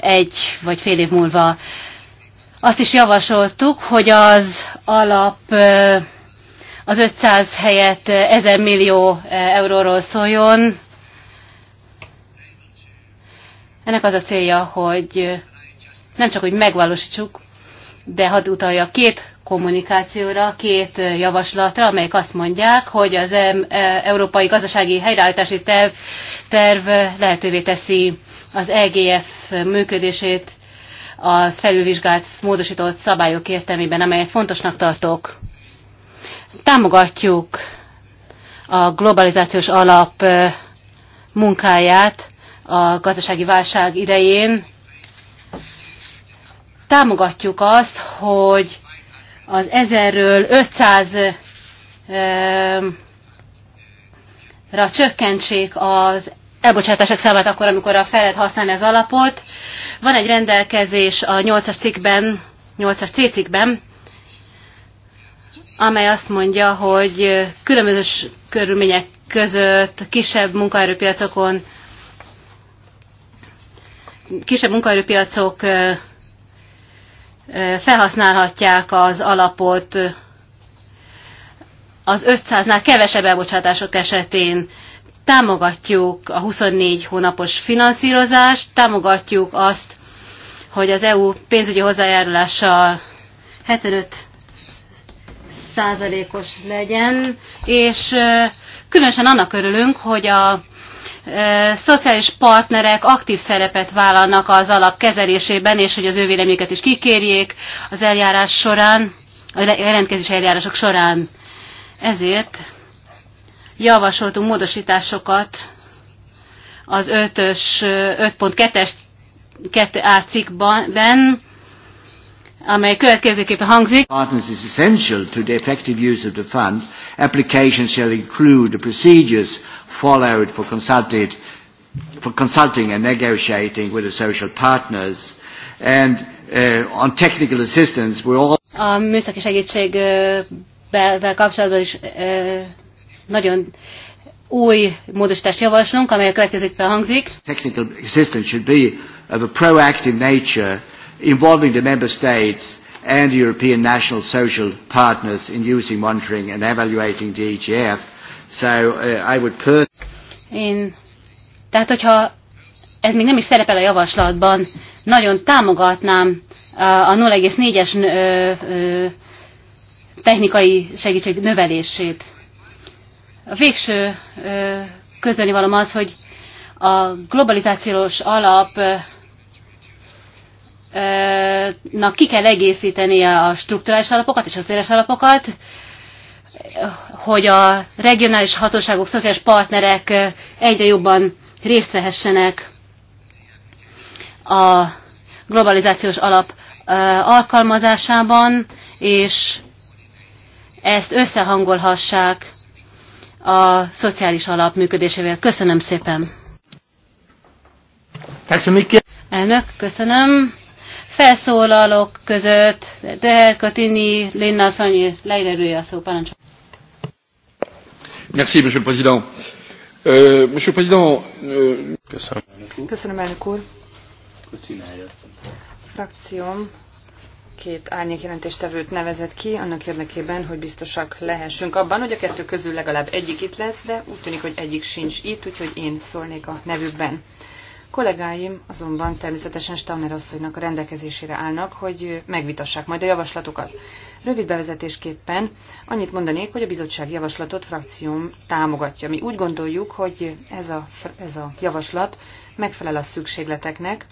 egy vagy fél év múlva. Azt is javasoltuk, hogy az alap az 500 helyett 1000 millió euróról szóljon. Ennek az a célja, hogy nem csak, hogy megvalósítsuk, de hadd utalja két kommunikációra, két javaslatra, amelyek azt mondják, hogy az Európai Gazdasági Helyreállítási Terv, terv lehetővé teszi az EGF működését a felülvizsgált, módosított szabályok értelmében, amelyet fontosnak tartok. Támogatjuk a globalizációs alap munkáját a gazdasági válság idején. Támogatjuk azt, hogy az 1000-ről 500-ra csökkentsék az elbocsátások számát akkor, amikor a felet lehet használni az alapot. Van egy rendelkezés a 8-as cikkben, 8-as C cikkben, amely azt mondja, hogy különböző körülmények között kisebb munkaerőpiacokon kisebb munkaerőpiacok felhasználhatják az alapot az 500-nál kevesebb elbocsátások esetén támogatjuk a 24 hónapos finanszírozást, támogatjuk azt, hogy az EU pénzügyi hozzájárulása 75 százalékos legyen, és különösen annak örülünk, hogy a szociális partnerek aktív szerepet vállalnak az alap kezelésében, és hogy az ő véleményeket is kikérjék az eljárás során, a jelentkezés eljárások során. Ezért javasoltunk módosításokat az 5-ös, 5.2-es 2A cikkben, amely következőképpen hangzik. Partners is essential to the effective use of the fund. Applications shall include the procedures followed for consulted for consulting and negotiating with the social partners and uh, on technical assistance we all a műszaki segítségvel kapcsolatban is uh, nagyon új módosítást javaslunk, amely a következőkben hangzik. Technical assistance should be of a proactive nature involving the member states and European national social partners in using, monitoring and evaluating the EGF. So uh, I would put. Én, tehát hogyha ez még nem is szerepel a javaslatban, nagyon támogatnám uh, a 0,4-es technikai segítség növelését. A végső valam az, hogy a globalizációs alap na ki kell egészíteni a strukturális alapokat és a céles alapokat, hogy a regionális hatóságok, szociális partnerek egyre jobban részt vehessenek a globalizációs alap alkalmazásában, és ezt összehangolhassák a szociális alap működésével. Köszönöm szépen! Elnök, köszönöm. Felszólalok között, de Katini, Linna Szanyi, leírja a szó, parancsol. Merci, monsieur le président. Euh, monsieur le président, euh... Köszönöm. Köszönöm, elnök úr. Frakcióm két árnyékjelentéstevőt nevezett ki, annak érdekében, hogy biztosak lehessünk abban, hogy a kettő közül legalább egyik itt lesz, de úgy tűnik, hogy egyik sincs itt, úgyhogy én szólnék a nevükben. Kollégáim azonban természetesen Stauner asszonynak a rendelkezésére állnak, hogy megvitassák majd a javaslatokat. Rövid bevezetésképpen annyit mondanék, hogy a bizottság javaslatot frakcióm támogatja. Mi úgy gondoljuk, hogy ez a, ez a javaslat megfelel a szükségleteknek,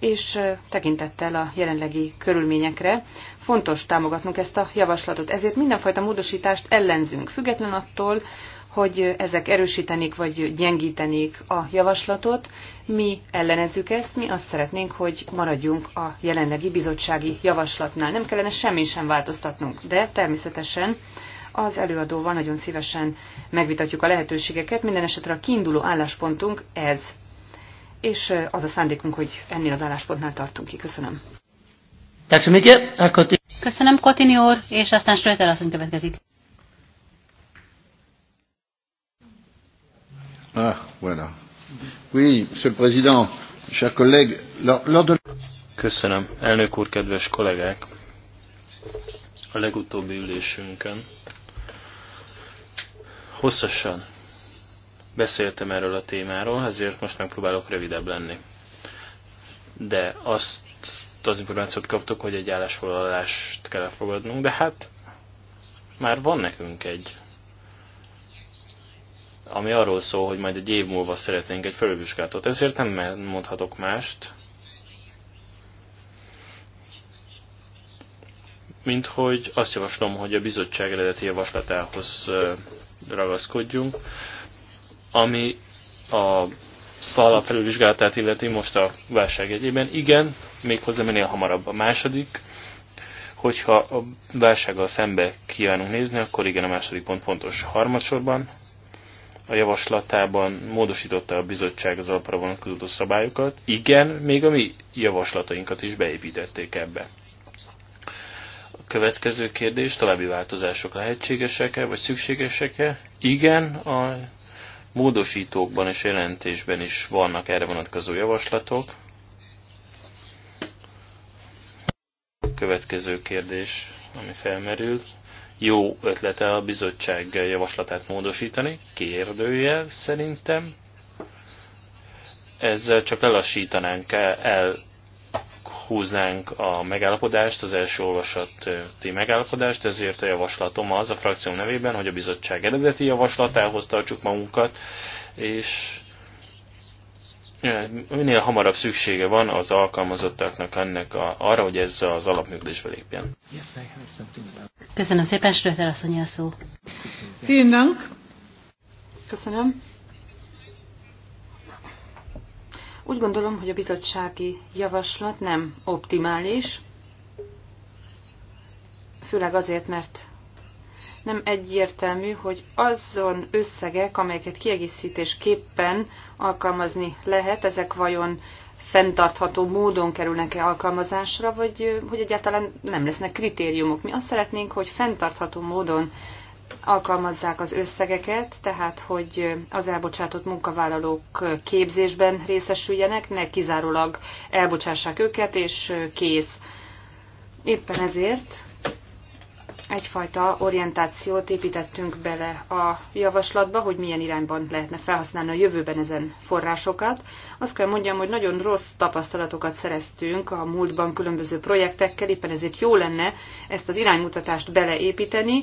és tekintettel a jelenlegi körülményekre fontos támogatnunk ezt a javaslatot. Ezért mindenfajta módosítást ellenzünk, független attól, hogy ezek erősítenék vagy gyengítenék a javaslatot. Mi ellenezzük ezt, mi azt szeretnénk, hogy maradjunk a jelenlegi bizottsági javaslatnál. Nem kellene semmi sem változtatnunk, de természetesen az előadóval nagyon szívesen megvitatjuk a lehetőségeket. Minden esetre a kiinduló álláspontunk ez és az a szándékunk, hogy ennél az álláspontnál tartunk ki. Köszönöm. Köszönöm, Kotini úr, és aztán Schröter asszony következik. Ah, voilà. Oui, monsieur le président, chers collègues, lors de... Köszönöm, elnök úr, kedves kollégák! A legutóbbi ülésünkön hosszasan Beszéltem erről a témáról, ezért most megpróbálok rövidebb lenni. De azt az információt kaptok, hogy egy állásfoglalást kell elfogadnunk, de hát már van nekünk egy, ami arról szól, hogy majd egy év múlva szeretnénk egy felülvizsgálatot. Ezért nem mondhatok mást, mint hogy azt javaslom, hogy a bizottság eredeti javaslatához ragaszkodjunk. Ami a falap felülvizsgálatát illeti most a válság egyében, igen, méghozzá minél hamarabb a második, hogyha a válsággal szembe kívánunk nézni, akkor igen, a második pont fontos harmadsorban. A javaslatában módosította a bizottság az alapra vonatkozó szabályokat. Igen, még a mi javaslatainkat is beépítették ebbe. A következő kérdés, további változások lehetségesek-e, vagy szükségesek-e? Igen, a módosítókban és jelentésben is vannak erre vonatkozó javaslatok. Következő kérdés, ami felmerül. Jó ötlete a bizottság javaslatát módosítani? Kérdőjel szerintem. Ezzel csak lelassítanánk el húznánk a megállapodást, az első olvasati megállapodást, ezért a javaslatom az a frakció nevében, hogy a bizottság eredeti javaslatához tartsuk magunkat, és eh, minél hamarabb szüksége van az alkalmazottaknak ennek a, arra, hogy ez az alapműködésbe lépjen. Köszönöm szépen, Sröter asszony a szó. Köszönöm. Köszönöm. Úgy gondolom, hogy a bizottsági javaslat nem optimális, főleg azért, mert nem egyértelmű, hogy azon összegek, amelyeket kiegészítésképpen alkalmazni lehet, ezek vajon fenntartható módon kerülnek-e alkalmazásra, vagy hogy egyáltalán nem lesznek kritériumok. Mi azt szeretnénk, hogy fenntartható módon alkalmazzák az összegeket, tehát hogy az elbocsátott munkavállalók képzésben részesüljenek, ne kizárólag elbocsássák őket, és kész. Éppen ezért egyfajta orientációt építettünk bele a javaslatba, hogy milyen irányban lehetne felhasználni a jövőben ezen forrásokat. Azt kell mondjam, hogy nagyon rossz tapasztalatokat szereztünk a múltban különböző projektekkel, éppen ezért jó lenne ezt az iránymutatást beleépíteni,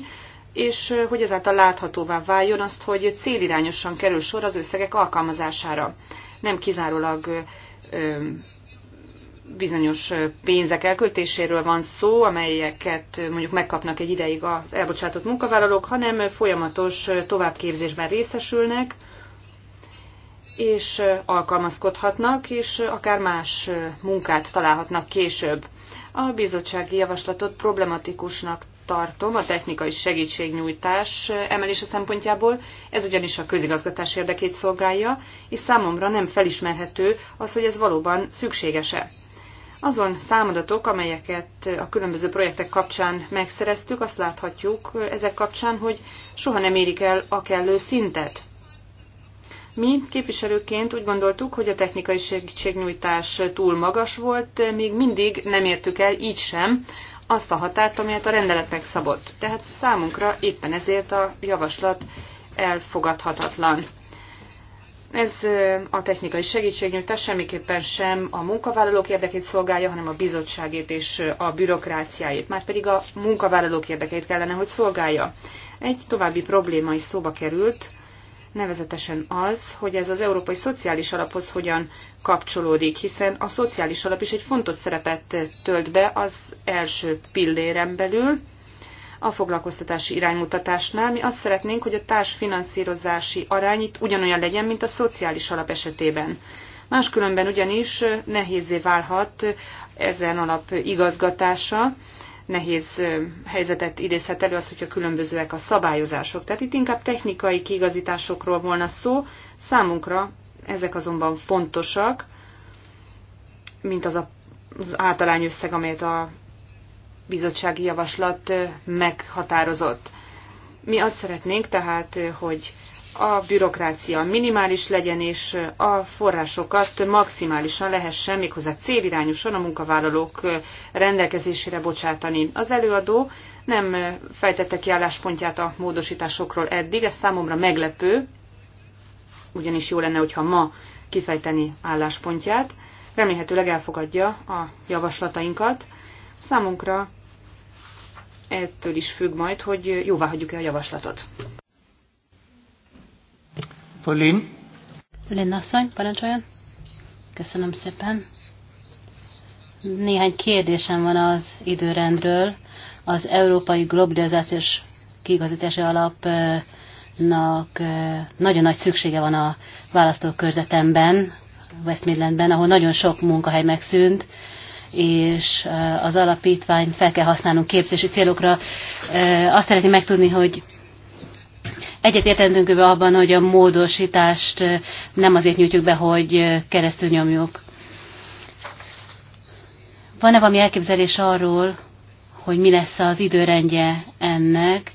és hogy ezáltal láthatóvá váljon azt, hogy célirányosan kerül sor az összegek alkalmazására. Nem kizárólag bizonyos pénzek elköltéséről van szó, amelyeket mondjuk megkapnak egy ideig az elbocsátott munkavállalók, hanem folyamatos továbbképzésben részesülnek, és alkalmazkodhatnak, és akár más munkát találhatnak később. A bizottsági javaslatot problematikusnak tartom a technikai segítségnyújtás emelése szempontjából, ez ugyanis a közigazgatás érdekét szolgálja, és számomra nem felismerhető az, hogy ez valóban szükséges-e. Azon számadatok, amelyeket a különböző projektek kapcsán megszereztük, azt láthatjuk ezek kapcsán, hogy soha nem érik el a kellő szintet. Mi képviselőként úgy gondoltuk, hogy a technikai segítségnyújtás túl magas volt, még mindig nem értük el így sem azt a határt, amelyet a rendelet megszabott. Tehát számunkra éppen ezért a javaslat elfogadhatatlan. Ez a technikai segítségnyújtás semmiképpen sem a munkavállalók érdekét szolgálja, hanem a bizottságét és a bürokráciáit, már pedig a munkavállalók érdekeit kellene, hogy szolgálja. Egy további probléma is szóba került, nevezetesen az, hogy ez az Európai Szociális Alaphoz hogyan kapcsolódik, hiszen a szociális alap is egy fontos szerepet tölt be az első pilléren belül, a foglalkoztatási iránymutatásnál. Mi azt szeretnénk, hogy a társfinanszírozási arány itt ugyanolyan legyen, mint a szociális alap esetében. Máskülönben ugyanis nehézé válhat ezen alap igazgatása, nehéz helyzetet idézhet elő az, hogyha különbözőek a szabályozások. Tehát itt inkább technikai kiigazításokról volna szó, számunkra ezek azonban fontosak, mint az a, az általány összeg, amelyet a bizottsági javaslat meghatározott. Mi azt szeretnénk tehát, hogy a bürokrácia minimális legyen, és a forrásokat maximálisan lehessen méghozzá célirányosan a munkavállalók rendelkezésére bocsátani. Az előadó nem fejtette ki álláspontját a módosításokról eddig, ez számomra meglepő, ugyanis jó lenne, hogyha ma kifejteni álláspontját. Remélhetőleg elfogadja a javaslatainkat. Számunkra ettől is függ majd, hogy jóvá hagyjuk-e a javaslatot. Polin. Polin asszony, parancsoljon. Köszönöm szépen. Néhány kérdésem van az időrendről. Az Európai Globalizációs Kiigazítási Alapnak nagyon nagy szüksége van a választókörzetemben, West Midlandben, ahol nagyon sok munkahely megszűnt, és az alapítványt fel kell használnunk képzési célokra. Azt szeretném megtudni, hogy egyetértendünk abban, hogy a módosítást nem azért nyújtjuk be, hogy keresztül nyomjuk. Van-e valami elképzelés arról, hogy mi lesz az időrendje ennek?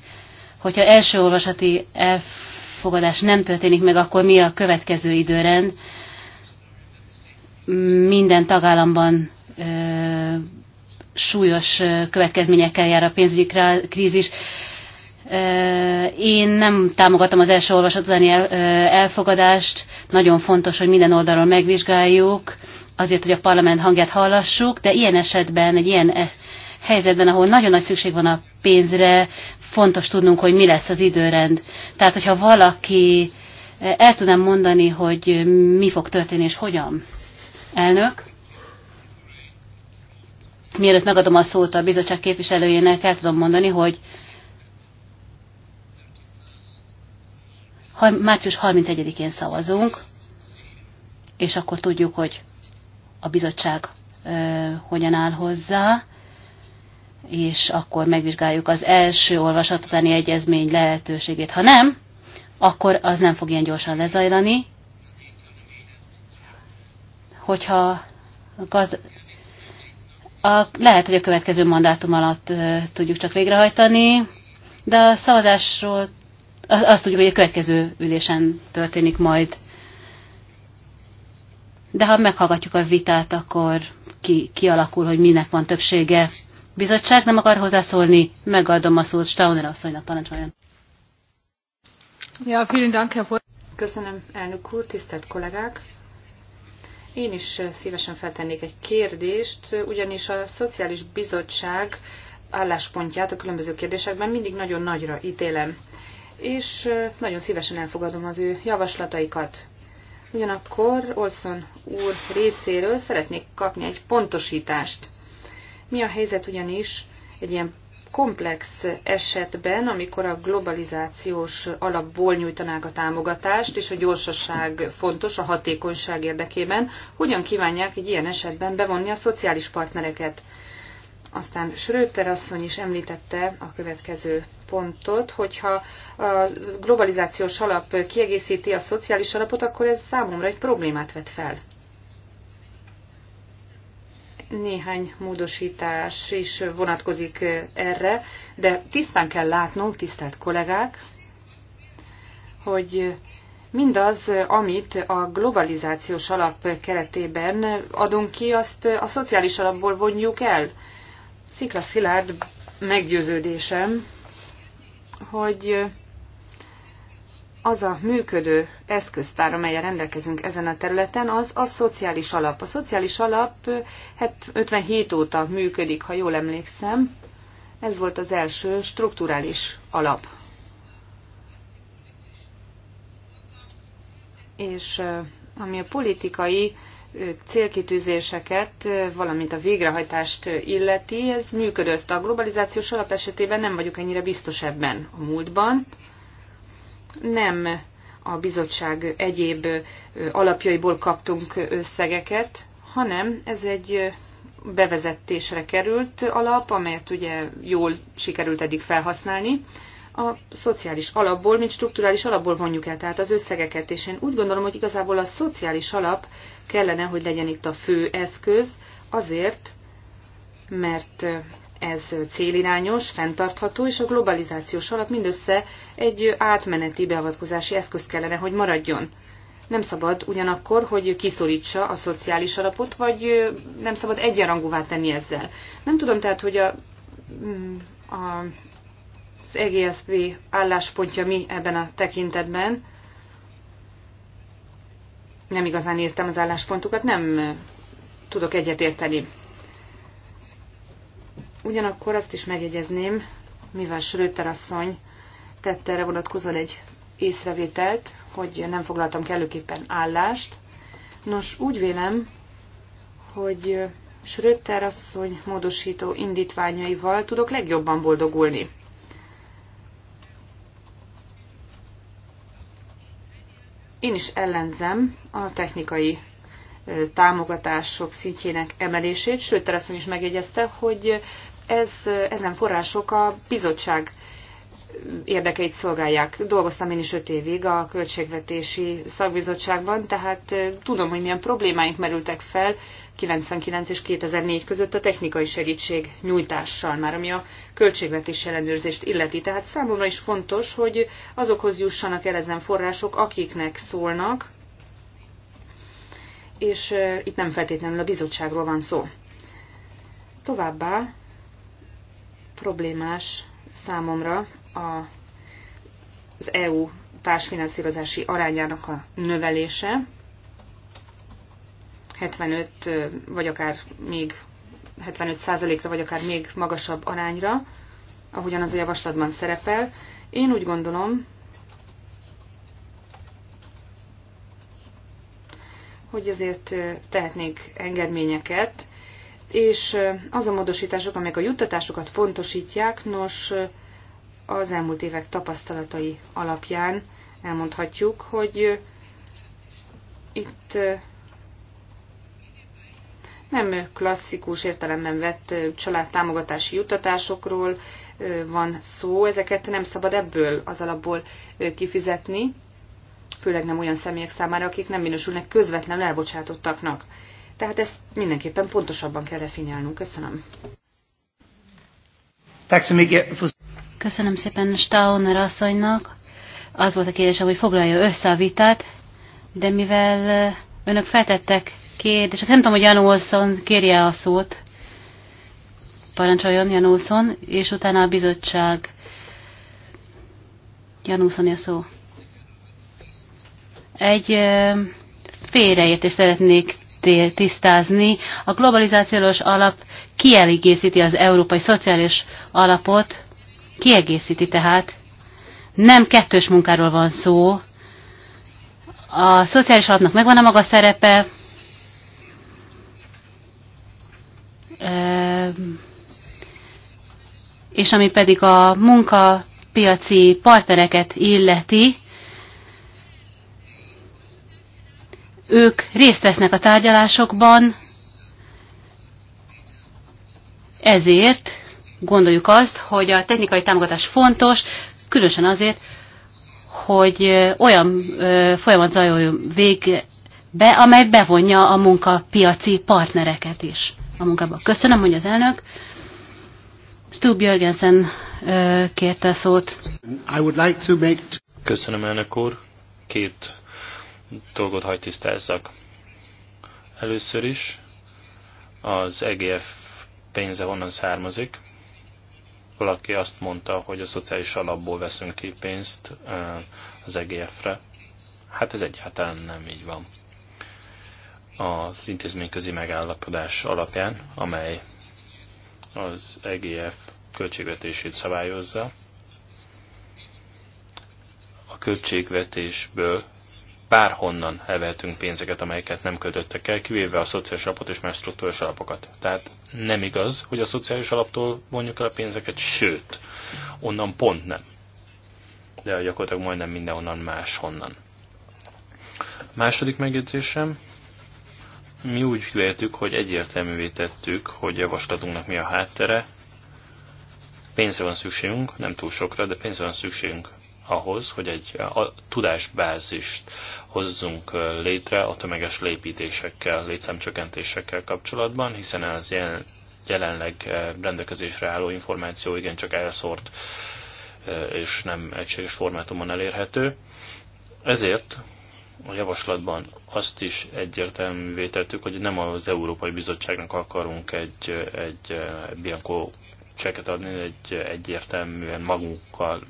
Hogyha első olvasati elfogadás nem történik meg, akkor mi a következő időrend? Minden tagállamban ö, súlyos következményekkel jár a pénzügyi krízis. Ö, én nem támogatom az első olvasat utáni elfogadást. Nagyon fontos, hogy minden oldalról megvizsgáljuk, azért, hogy a parlament hangját hallassuk, de ilyen esetben, egy ilyen eh, helyzetben, ahol nagyon nagy szükség van a pénzre, fontos tudnunk, hogy mi lesz az időrend. Tehát, hogyha valaki eh, el tudnám mondani, hogy mi fog történni és hogyan. Elnök? Mielőtt megadom a szót a bizottság képviselőjének, el tudom mondani, hogy március 31-én szavazunk, és akkor tudjuk, hogy a bizottság ö, hogyan áll hozzá, és akkor megvizsgáljuk az első olvasat utáni egyezmény lehetőségét. Ha nem, akkor az nem fog ilyen gyorsan lezajlani, hogyha gaz... a, lehet, hogy a következő mandátum alatt ö, tudjuk csak végrehajtani, de a szavazásról azt tudjuk, hogy a következő ülésen történik majd. De ha meghallgatjuk a vitát, akkor ki, kialakul, hogy minek van többsége. Bizottság nem akar hozzászólni, megadom a szót Stauner asszonynak, parancsoljon. Ja, vielen Dank, Herr Köszönöm, elnök úr, tisztelt kollégák! Én is szívesen feltennék egy kérdést, ugyanis a Szociális Bizottság álláspontját a különböző kérdésekben mindig nagyon nagyra ítélem és nagyon szívesen elfogadom az ő javaslataikat. Ugyanakkor Olson úr részéről szeretnék kapni egy pontosítást. Mi a helyzet ugyanis egy ilyen komplex esetben, amikor a globalizációs alapból nyújtanák a támogatást, és a gyorsaság fontos a hatékonyság érdekében, hogyan kívánják egy ilyen esetben bevonni a szociális partnereket? Aztán Schröter asszony is említette a következő pontot, hogyha a globalizációs alap kiegészíti a szociális alapot, akkor ez számomra egy problémát vet fel. Néhány módosítás is vonatkozik erre, de tisztán kell látnunk, tisztelt kollégák, hogy mindaz, amit a globalizációs alap keretében adunk ki, azt a szociális alapból vonjuk el. Szikla Szilárd meggyőződésem, hogy az a működő eszköztár, amelyen rendelkezünk ezen a területen, az a szociális alap. A szociális alap hát 57 óta működik, ha jól emlékszem. Ez volt az első strukturális alap. És ami a politikai célkitűzéseket, valamint a végrehajtást illeti, ez működött. A globalizációs alap esetében nem vagyok ennyire biztos ebben a múltban. Nem a bizottság egyéb alapjaiból kaptunk összegeket, hanem ez egy bevezetésre került alap, amelyet ugye jól sikerült eddig felhasználni, a szociális alapból, mint strukturális alapból vonjuk el, tehát az összegeket, és én úgy gondolom, hogy igazából a szociális alap kellene, hogy legyen itt a fő eszköz, azért, mert ez célirányos, fenntartható, és a globalizációs alap mindössze egy átmeneti beavatkozási eszköz kellene, hogy maradjon. Nem szabad ugyanakkor, hogy kiszorítsa a szociális alapot, vagy nem szabad egyenrangúvá tenni ezzel. Nem tudom tehát, hogy a, mm, a az EGSB álláspontja mi ebben a tekintetben. Nem igazán értem az álláspontokat, nem tudok egyetérteni. Ugyanakkor azt is megjegyezném, mivel Schröter asszony tette erre vonatkozóan egy észrevételt, hogy nem foglaltam kellőképpen állást. Nos, úgy vélem, hogy Schröter asszony módosító indítványaival tudok legjobban boldogulni. Én is ellenzem a technikai támogatások szintjének emelését, sőt, Tereszony is megjegyezte, hogy ez, ezen források a bizottság érdekeit szolgálják. Dolgoztam én is öt évig a Költségvetési Szakbizottságban, tehát tudom, hogy milyen problémáink merültek fel 99 és 2004 között a technikai segítség nyújtással, már ami a költségvetés ellenőrzést illeti. Tehát számomra is fontos, hogy azokhoz jussanak el ezen források, akiknek szólnak, és itt nem feltétlenül a bizottságról van szó. Továbbá problémás számomra a, az EU társfinanszírozási arányának a növelése. 75 vagy akár még 75%-ra, vagy akár még magasabb arányra, ahogyan az a javaslatban szerepel. Én úgy gondolom, hogy azért tehetnék engedményeket, és az a módosítások, amelyek a juttatásokat pontosítják, nos, az elmúlt évek tapasztalatai alapján elmondhatjuk, hogy itt nem klasszikus értelemben vett családtámogatási juttatásokról van szó, ezeket nem szabad ebből az alapból kifizetni, főleg nem olyan személyek számára, akik nem minősülnek közvetlenül elbocsátottaknak. Tehát ezt mindenképpen pontosabban kell definiálnunk. Köszönöm. Köszönöm szépen Stauner asszonynak. Az volt a kérdésem, hogy foglalja össze a vitát, de mivel önök feltettek kérdések. Hát nem tudom, hogy Jan Olson kérje a szót. Parancsoljon Jan Olson, és utána a bizottság. Jan Olson a szó. Egy félreértést szeretnék tisztázni. A globalizációs alap kielégészíti az európai szociális alapot, kiegészíti tehát. Nem kettős munkáról van szó. A szociális alapnak megvan a maga szerepe, és ami pedig a munkapiaci partnereket illeti, ők részt vesznek a tárgyalásokban, ezért gondoljuk azt, hogy a technikai támogatás fontos, különösen azért, hogy olyan folyamat zajoljon végbe, amely bevonja a munkapiaci partnereket is a munkába. Köszönöm, hogy az elnök. Stub Jörgensen kérte szót. I would like to make... Köszönöm, elnök úr. Két dolgot hagy tisztázzak. Először is az EGF pénze honnan származik. Valaki azt mondta, hogy a szociális alapból veszünk ki pénzt az EGF-re. Hát ez egyáltalán nem így van az intézményközi megállapodás alapján, amely az EGF költségvetését szabályozza. A költségvetésből bárhonnan elvehetünk pénzeket, amelyeket nem költöttek el, kivéve a szociális alapot és más struktúrás alapokat. Tehát nem igaz, hogy a szociális alaptól vonjuk el a pénzeket, sőt, onnan pont nem. De gyakorlatilag majdnem mindenhonnan máshonnan. A második megjegyzésem, mi úgy véltük, hogy egyértelművé tettük, hogy javaslatunknak mi a háttere. Pénzre van szükségünk, nem túl sokra, de pénzre van szükségünk ahhoz, hogy egy tudásbázist hozzunk létre a tömeges lépítésekkel, létszámcsökkentésekkel kapcsolatban, hiszen az jelenleg rendelkezésre álló információ igencsak elszórt és nem egységes formátumon elérhető. Ezért a javaslatban azt is egyértelművé tettük, hogy nem az Európai Bizottságnak akarunk egy, egy Bianco cseket adni, egy egyértelműen magunkkal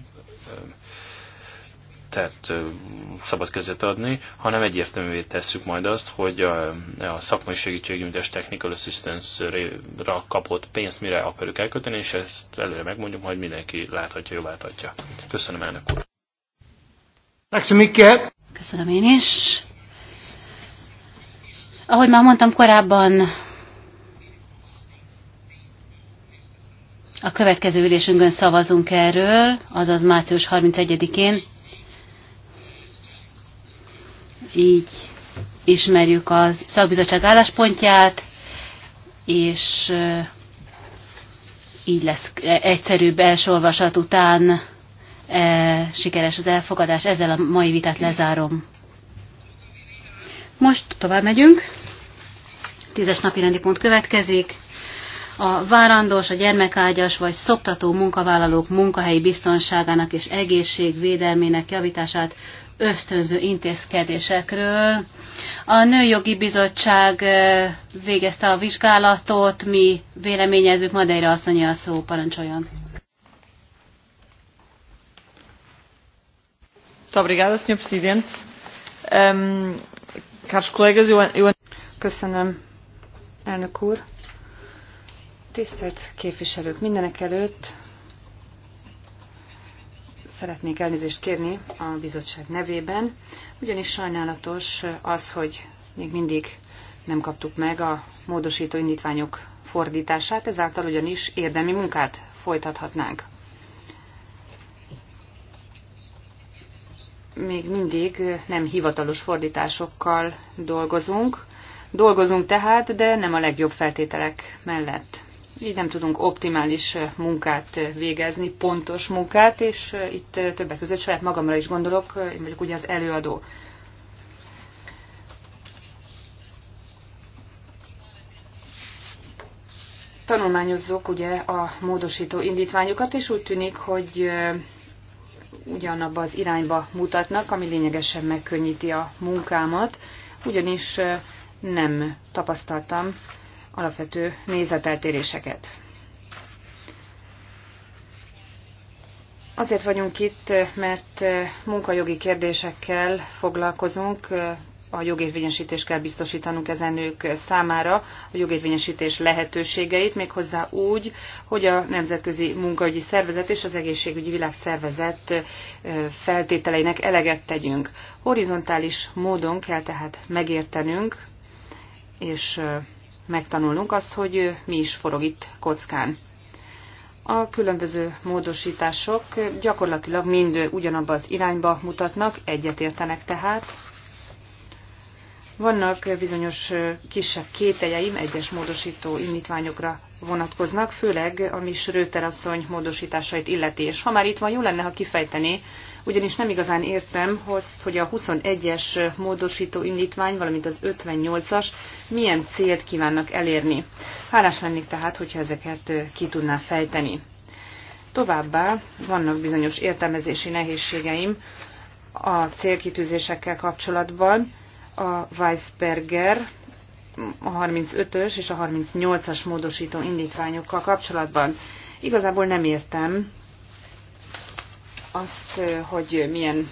tehát szabad kezet adni, hanem egyértelművé tesszük majd azt, hogy a, a szakmai segítségnyújtás technical assistance-ra kapott pénzt mire akarjuk elkölteni, és ezt előre megmondjuk, hogy mindenki láthatja, jobb láthatja. Köszönöm elnök úr. Köszönöm én is. Ahogy már mondtam korábban, a következő ülésünkön szavazunk erről, azaz március 31-én. Így ismerjük a szakbizottság álláspontját, és így lesz egyszerűbb első olvasat után e, sikeres az elfogadás. Ezzel a mai vitát lezárom. Most tovább megyünk. Tízes napi rendi pont következik. A várandós, a gyermekágyas vagy szoptató munkavállalók munkahelyi biztonságának és egészségvédelmének javítását ösztönző intézkedésekről. A Nőjogi Bizottság e, végezte a vizsgálatot, mi véleményezzük, Madeira asszonyja a szó, parancsoljon. Ehm, Köszönöm, elnök úr. Tisztelt képviselők, mindenekelőtt szeretnék elnézést kérni a bizottság nevében, ugyanis sajnálatos az, hogy még mindig nem kaptuk meg a módosító indítványok fordítását, ezáltal ugyanis érdemi munkát folytathatnánk. még mindig nem hivatalos fordításokkal dolgozunk. Dolgozunk tehát, de nem a legjobb feltételek mellett. Így nem tudunk optimális munkát végezni, pontos munkát, és itt többek között saját magamra is gondolok, én vagyok ugye az előadó. Tanulmányozzuk ugye a módosító indítványokat, és úgy tűnik, hogy ugyanabba az irányba mutatnak, ami lényegesen megkönnyíti a munkámat, ugyanis nem tapasztaltam alapvető nézeteltéréseket. Azért vagyunk itt, mert munkajogi kérdésekkel foglalkozunk, a jogérvényesítést kell biztosítanunk ezen nők számára, a jogérvényesítés lehetőségeit, méghozzá úgy, hogy a Nemzetközi Munkaügyi Szervezet és az Egészségügyi Világszervezet feltételeinek eleget tegyünk. Horizontális módon kell tehát megértenünk és megtanulnunk azt, hogy mi is forog itt kockán. A különböző módosítások gyakorlatilag mind ugyanabba az irányba mutatnak, egyetértenek tehát, vannak eh, bizonyos eh, kisebb kételjeim, egyes módosító indítványokra vonatkoznak, főleg ami Schröter asszony módosításait illeti. És ha már itt van, jó lenne, ha kifejtené, ugyanis nem igazán értem, hogy a 21-es eh, módosító indítvány, valamint az 58-as milyen célt kívánnak elérni. Hálás lennék tehát, hogyha ezeket ki tudná fejteni. Továbbá vannak bizonyos értelmezési nehézségeim a célkitűzésekkel kapcsolatban, a Weisberger a 35-ös és a 38-as módosító indítványokkal kapcsolatban. Igazából nem értem azt, hogy milyen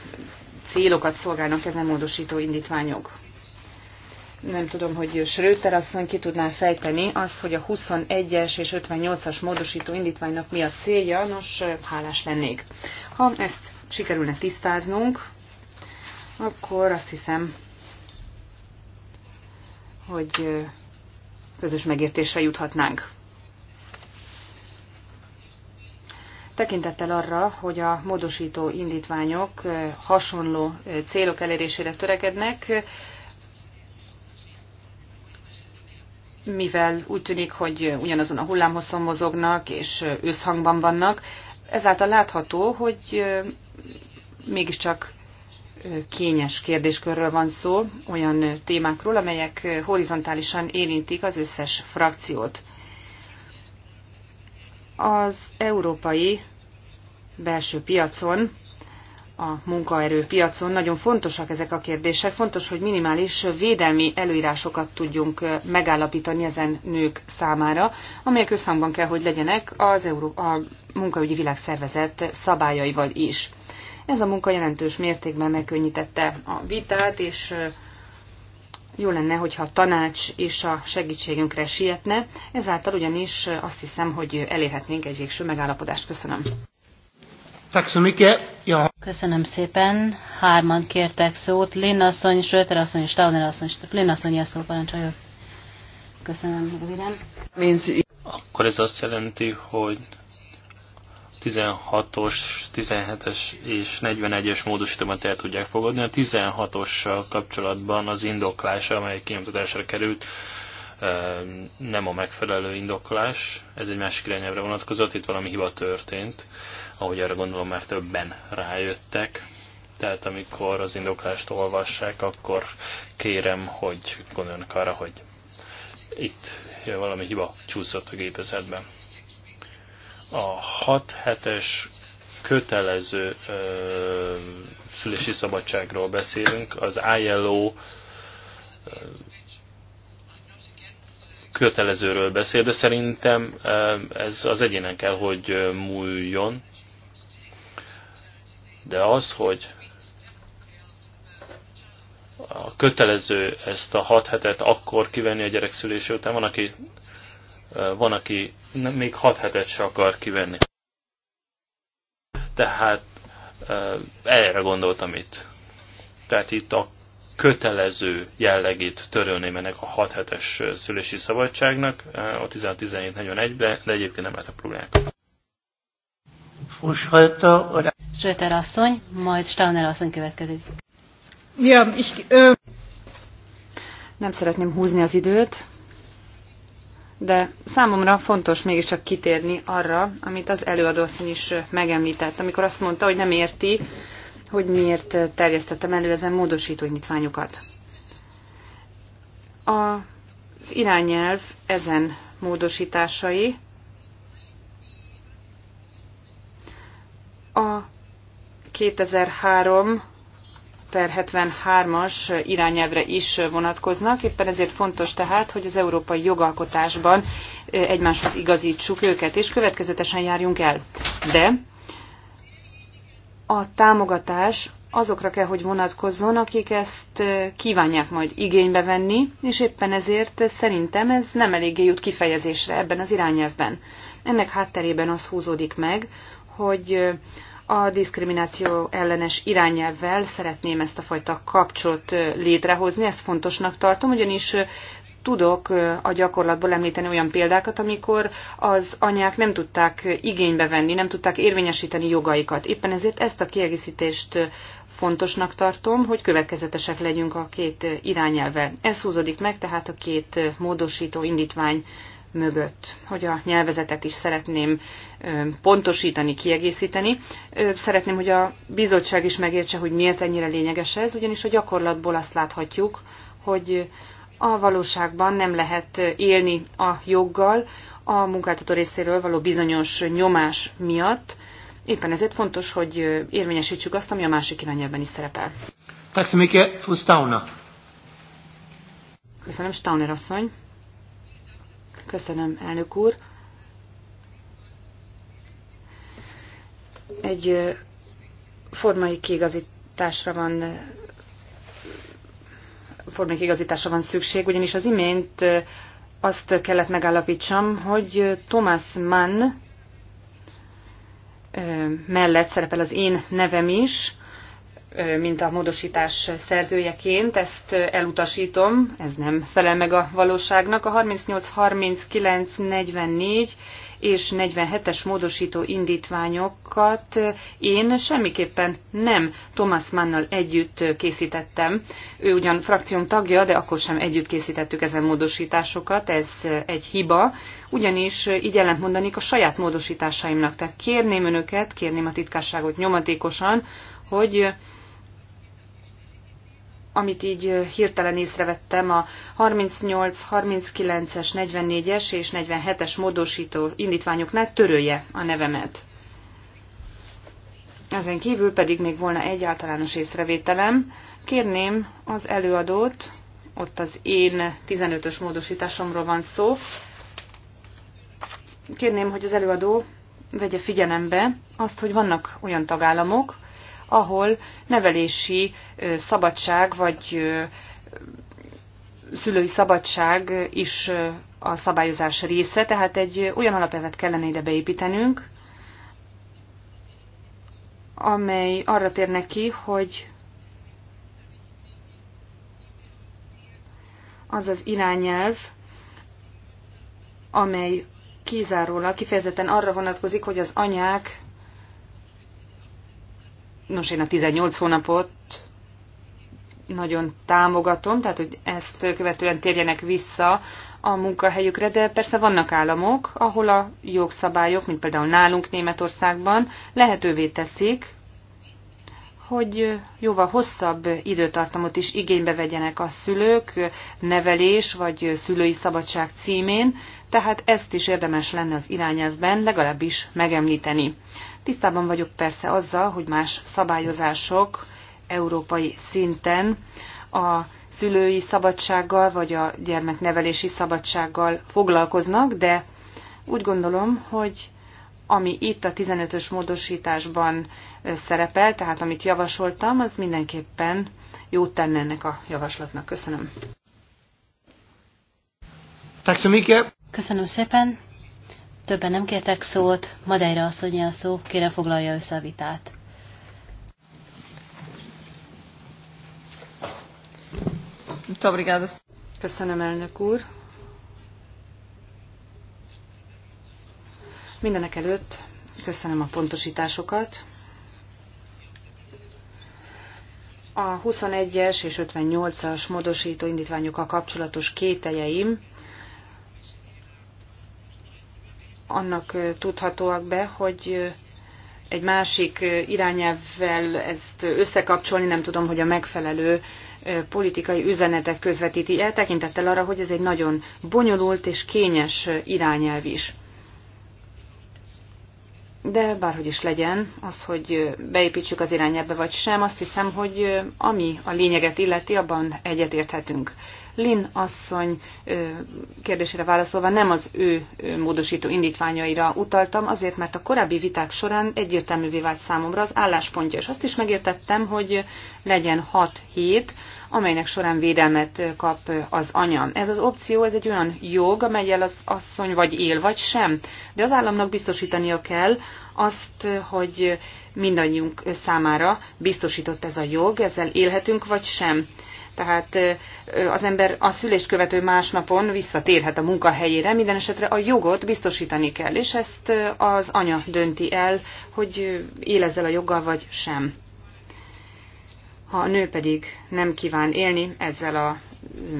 célokat szolgálnak ezen módosító indítványok. Nem tudom, hogy Schröter asszony ki tudná fejteni azt, hogy a 21-es és 58-as módosító indítványnak mi a célja, nos, hálás lennék. Ha ezt sikerülne tisztáznunk, akkor azt hiszem, hogy közös megértésre juthatnánk. Tekintettel arra, hogy a módosító indítványok hasonló célok elérésére törekednek, mivel úgy tűnik, hogy ugyanazon a hullámhosszon mozognak és összhangban vannak, ezáltal látható, hogy mégiscsak kényes kérdéskörről van szó, olyan témákról, amelyek horizontálisan érintik az összes frakciót. Az európai belső piacon, a munkaerőpiacon nagyon fontosak ezek a kérdések. Fontos, hogy minimális védelmi előírásokat tudjunk megállapítani ezen nők számára, amelyek összhangban kell, hogy legyenek az Euró- a munkaügyi világszervezet szabályaival is ez a munka jelentős mértékben megkönnyítette a vitát, és jó lenne, hogyha a tanács és a segítségünkre sietne, ezáltal ugyanis azt hiszem, hogy elérhetnénk egy végső megállapodást. Köszönöm. Köszönöm szépen. Hárman kértek szót. Linn asszony, Schröter asszony és Tauner asszony. Linn asszony, a szó Köszönöm, röviden. Akkor ez azt jelenti, hogy 16-os, 17-es és 41-es módosítomat el tudják fogadni. A 16-ossal kapcsolatban az indoklása, amely kinyomtatásra került, nem a megfelelő indoklás. Ez egy másik irányelvre vonatkozott, itt valami hiba történt, ahogy arra gondolom már többen rájöttek. Tehát amikor az indoklást olvassák, akkor kérem, hogy gondoljanak arra, hogy itt valami hiba csúszott a gépezetben a 6 hetes kötelező ö, szülési szabadságról beszélünk, az ILO ö, kötelezőről beszél, de szerintem ö, ez az egyénen kell, hogy múljon. De az, hogy a kötelező ezt a hat hetet akkor kivenni a gyerekszülés után, van, aki van, aki még 6 hetet se akar kivenni. Tehát erre gondoltam itt. Tehát itt a kötelező jellegét törölném ennek a 6 hetes szülési szabadságnak a 16 41 ben de egyébként nem lehet a problémák. Schröter asszony, majd Stauner asszony következik. Ja, ich, ö... Nem szeretném húzni az időt de számomra fontos mégiscsak kitérni arra, amit az előadószony is megemlített, amikor azt mondta, hogy nem érti, hogy miért terjesztettem elő ezen módosító nyitványokat. Az irányelv ezen módosításai a 2003 per 73-as irányelvre is vonatkoznak. Éppen ezért fontos tehát, hogy az európai jogalkotásban egymáshoz igazítsuk őket, és következetesen járjunk el. De a támogatás azokra kell, hogy vonatkozzon, akik ezt kívánják majd igénybe venni, és éppen ezért szerintem ez nem eléggé jut kifejezésre ebben az irányelvben. Ennek hátterében az húzódik meg, hogy a diszkrimináció ellenes irányelvvel szeretném ezt a fajta kapcsolat létrehozni, ezt fontosnak tartom, ugyanis tudok a gyakorlatból említeni olyan példákat, amikor az anyák nem tudták igénybe venni, nem tudták érvényesíteni jogaikat. Éppen ezért ezt a kiegészítést fontosnak tartom, hogy következetesek legyünk a két irányelve. Ez húzódik meg tehát a két módosító indítvány mögött, hogy a nyelvezetet is szeretném pontosítani, kiegészíteni. Szeretném, hogy a bizottság is megértse, hogy miért ennyire lényeges ez, ugyanis a gyakorlatból azt láthatjuk, hogy a valóságban nem lehet élni a joggal a munkáltató részéről való bizonyos nyomás miatt. Éppen ezért fontos, hogy érvényesítsük azt, ami a másik irányelben is szerepel. Köszönöm, Stauner asszony. Köszönöm, elnök úr. Egy formai kiigazításra van formai kiigazításra van szükség, ugyanis az imént azt kellett megállapítsam, hogy Thomas Mann mellett szerepel az én nevem is, mint a módosítás szerzőjeként, ezt elutasítom, ez nem felel meg a valóságnak. A 38, 39, 44 és 47-es módosító indítványokat én semmiképpen nem Thomas Mannnal együtt készítettem. Ő ugyan frakcióm tagja, de akkor sem együtt készítettük ezen módosításokat, ez egy hiba, ugyanis így ellentmondanék a saját módosításaimnak. Tehát kérném önöket, kérném a titkárságot nyomatékosan, hogy amit így hirtelen észrevettem, a 38, 39-es, 44-es és 47-es módosító indítványoknál törölje a nevemet. Ezen kívül pedig még volna egy általános észrevételem. Kérném az előadót, ott az én 15-ös módosításomról van szó. Kérném, hogy az előadó vegye figyelembe azt, hogy vannak olyan tagállamok, ahol nevelési szabadság vagy szülői szabadság is a szabályozás része, tehát egy olyan alapelvet kellene ide beépítenünk, amely arra tér neki, hogy az az irányelv, amely kizárólag kifejezetten arra vonatkozik, hogy az anyák Nos, én a 18 hónapot nagyon támogatom, tehát hogy ezt követően térjenek vissza a munkahelyükre, de persze vannak államok, ahol a jogszabályok, mint például nálunk Németországban, lehetővé teszik hogy jóval hosszabb időtartamot is igénybe vegyenek a szülők nevelés vagy szülői szabadság címén, tehát ezt is érdemes lenne az irányelvben legalábbis megemlíteni. Tisztában vagyok persze azzal, hogy más szabályozások európai szinten a szülői szabadsággal vagy a gyermeknevelési szabadsággal foglalkoznak, de úgy gondolom, hogy ami itt a 15-ös módosításban szerepel, tehát amit javasoltam, az mindenképpen jót tenne ennek a javaslatnak. Köszönöm. Köszönöm szépen. Többen nem kértek szót. Madeira asszonyi a szó. Kérem foglalja össze a vitát. Köszönöm, elnök úr. Mindenek előtt köszönöm a pontosításokat. A 21-es és 58-as módosító indítványokkal kapcsolatos kételjeim annak tudhatóak be, hogy egy másik irányelvvel ezt összekapcsolni, nem tudom, hogy a megfelelő politikai üzenetet közvetíti el, tekintettel arra, hogy ez egy nagyon bonyolult és kényes irányelv is de bárhogy is legyen, az, hogy beépítsük az irányába vagy sem, azt hiszem, hogy ami a lényeget illeti, abban egyetérthetünk. Lin asszony kérdésére válaszolva nem az ő módosító indítványaira utaltam, azért mert a korábbi viták során egyértelművé vált számomra az álláspontja, és azt is megértettem, hogy legyen 6 hét, amelynek során védelmet kap az anya. Ez az opció, ez egy olyan jog, amelyel az asszony vagy él, vagy sem, de az államnak biztosítania kell azt, hogy mindannyiunk számára biztosított ez a jog, ezzel élhetünk, vagy sem. Tehát az ember a szülést követő másnapon visszatérhet a munkahelyére, minden esetre a jogot biztosítani kell, és ezt az anya dönti el, hogy él ezzel a joggal vagy sem ha a nő pedig nem kíván élni ezzel a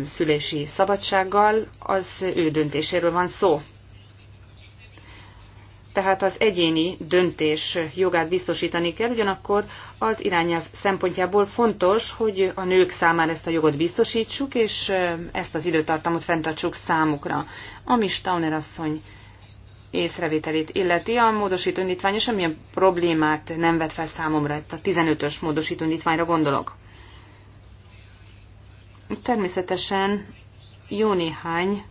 szülési szabadsággal, az ő döntéséről van szó. Tehát az egyéni döntés jogát biztosítani kell, ugyanakkor az irányelv szempontjából fontos, hogy a nők számára ezt a jogot biztosítsuk, és ezt az időtartamot fenntartsuk számukra. Ami Stauner asszony észrevételét illeti. A módosító indítvány semmilyen problémát nem vet fel számomra, itt a 15-ös módosító indítványra gondolok. Természetesen jó néhány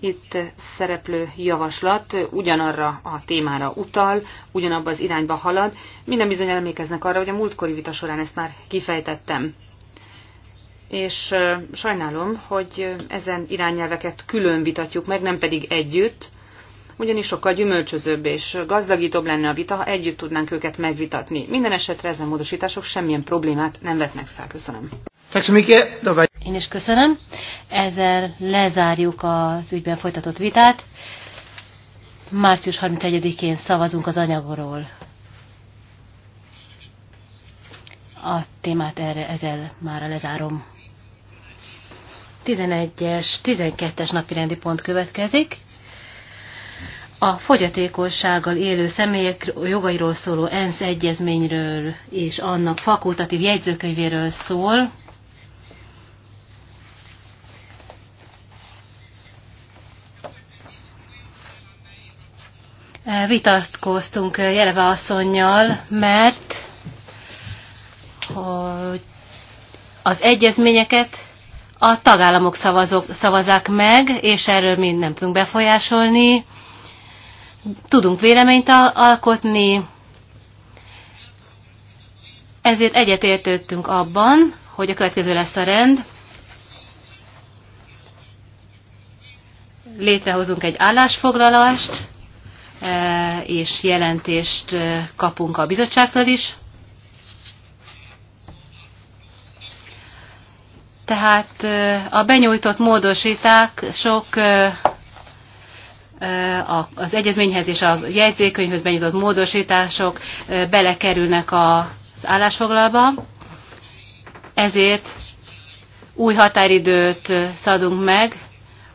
itt szereplő javaslat ugyanarra a témára utal, ugyanabba az irányba halad. Minden bizony emlékeznek arra, hogy a múltkori vita során ezt már kifejtettem. És sajnálom, hogy ezen irányelveket külön vitatjuk meg, nem pedig együtt, ugyanis sokkal gyümölcsözőbb és gazdagítóbb lenne a vita, ha együtt tudnánk őket megvitatni. Minden esetre ezen módosítások semmilyen problémát nem vetnek fel. Köszönöm. Én is köszönöm. Ezzel lezárjuk az ügyben folytatott vitát. Március 31-én szavazunk az anyagról. A témát erre ezzel már lezárom. 11-es, 12-es napirendi pont következik a fogyatékossággal élő személyek jogairól szóló ENSZ egyezményről és annak fakultatív jegyzőkönyvéről szól. Vitatkoztunk Jeleve asszonynal, mert hogy az egyezményeket a tagállamok szavazok, szavazák meg, és erről mi nem tudunk befolyásolni tudunk véleményt alkotni, ezért egyetértődtünk abban, hogy a következő lesz a rend. Létrehozunk egy állásfoglalást, e, és jelentést e, kapunk a bizottságtól is. Tehát e, a benyújtott módosítások sok az egyezményhez és a jegyzékönyvhöz benyújtott módosítások belekerülnek az állásfoglalba, ezért új határidőt szadunk meg,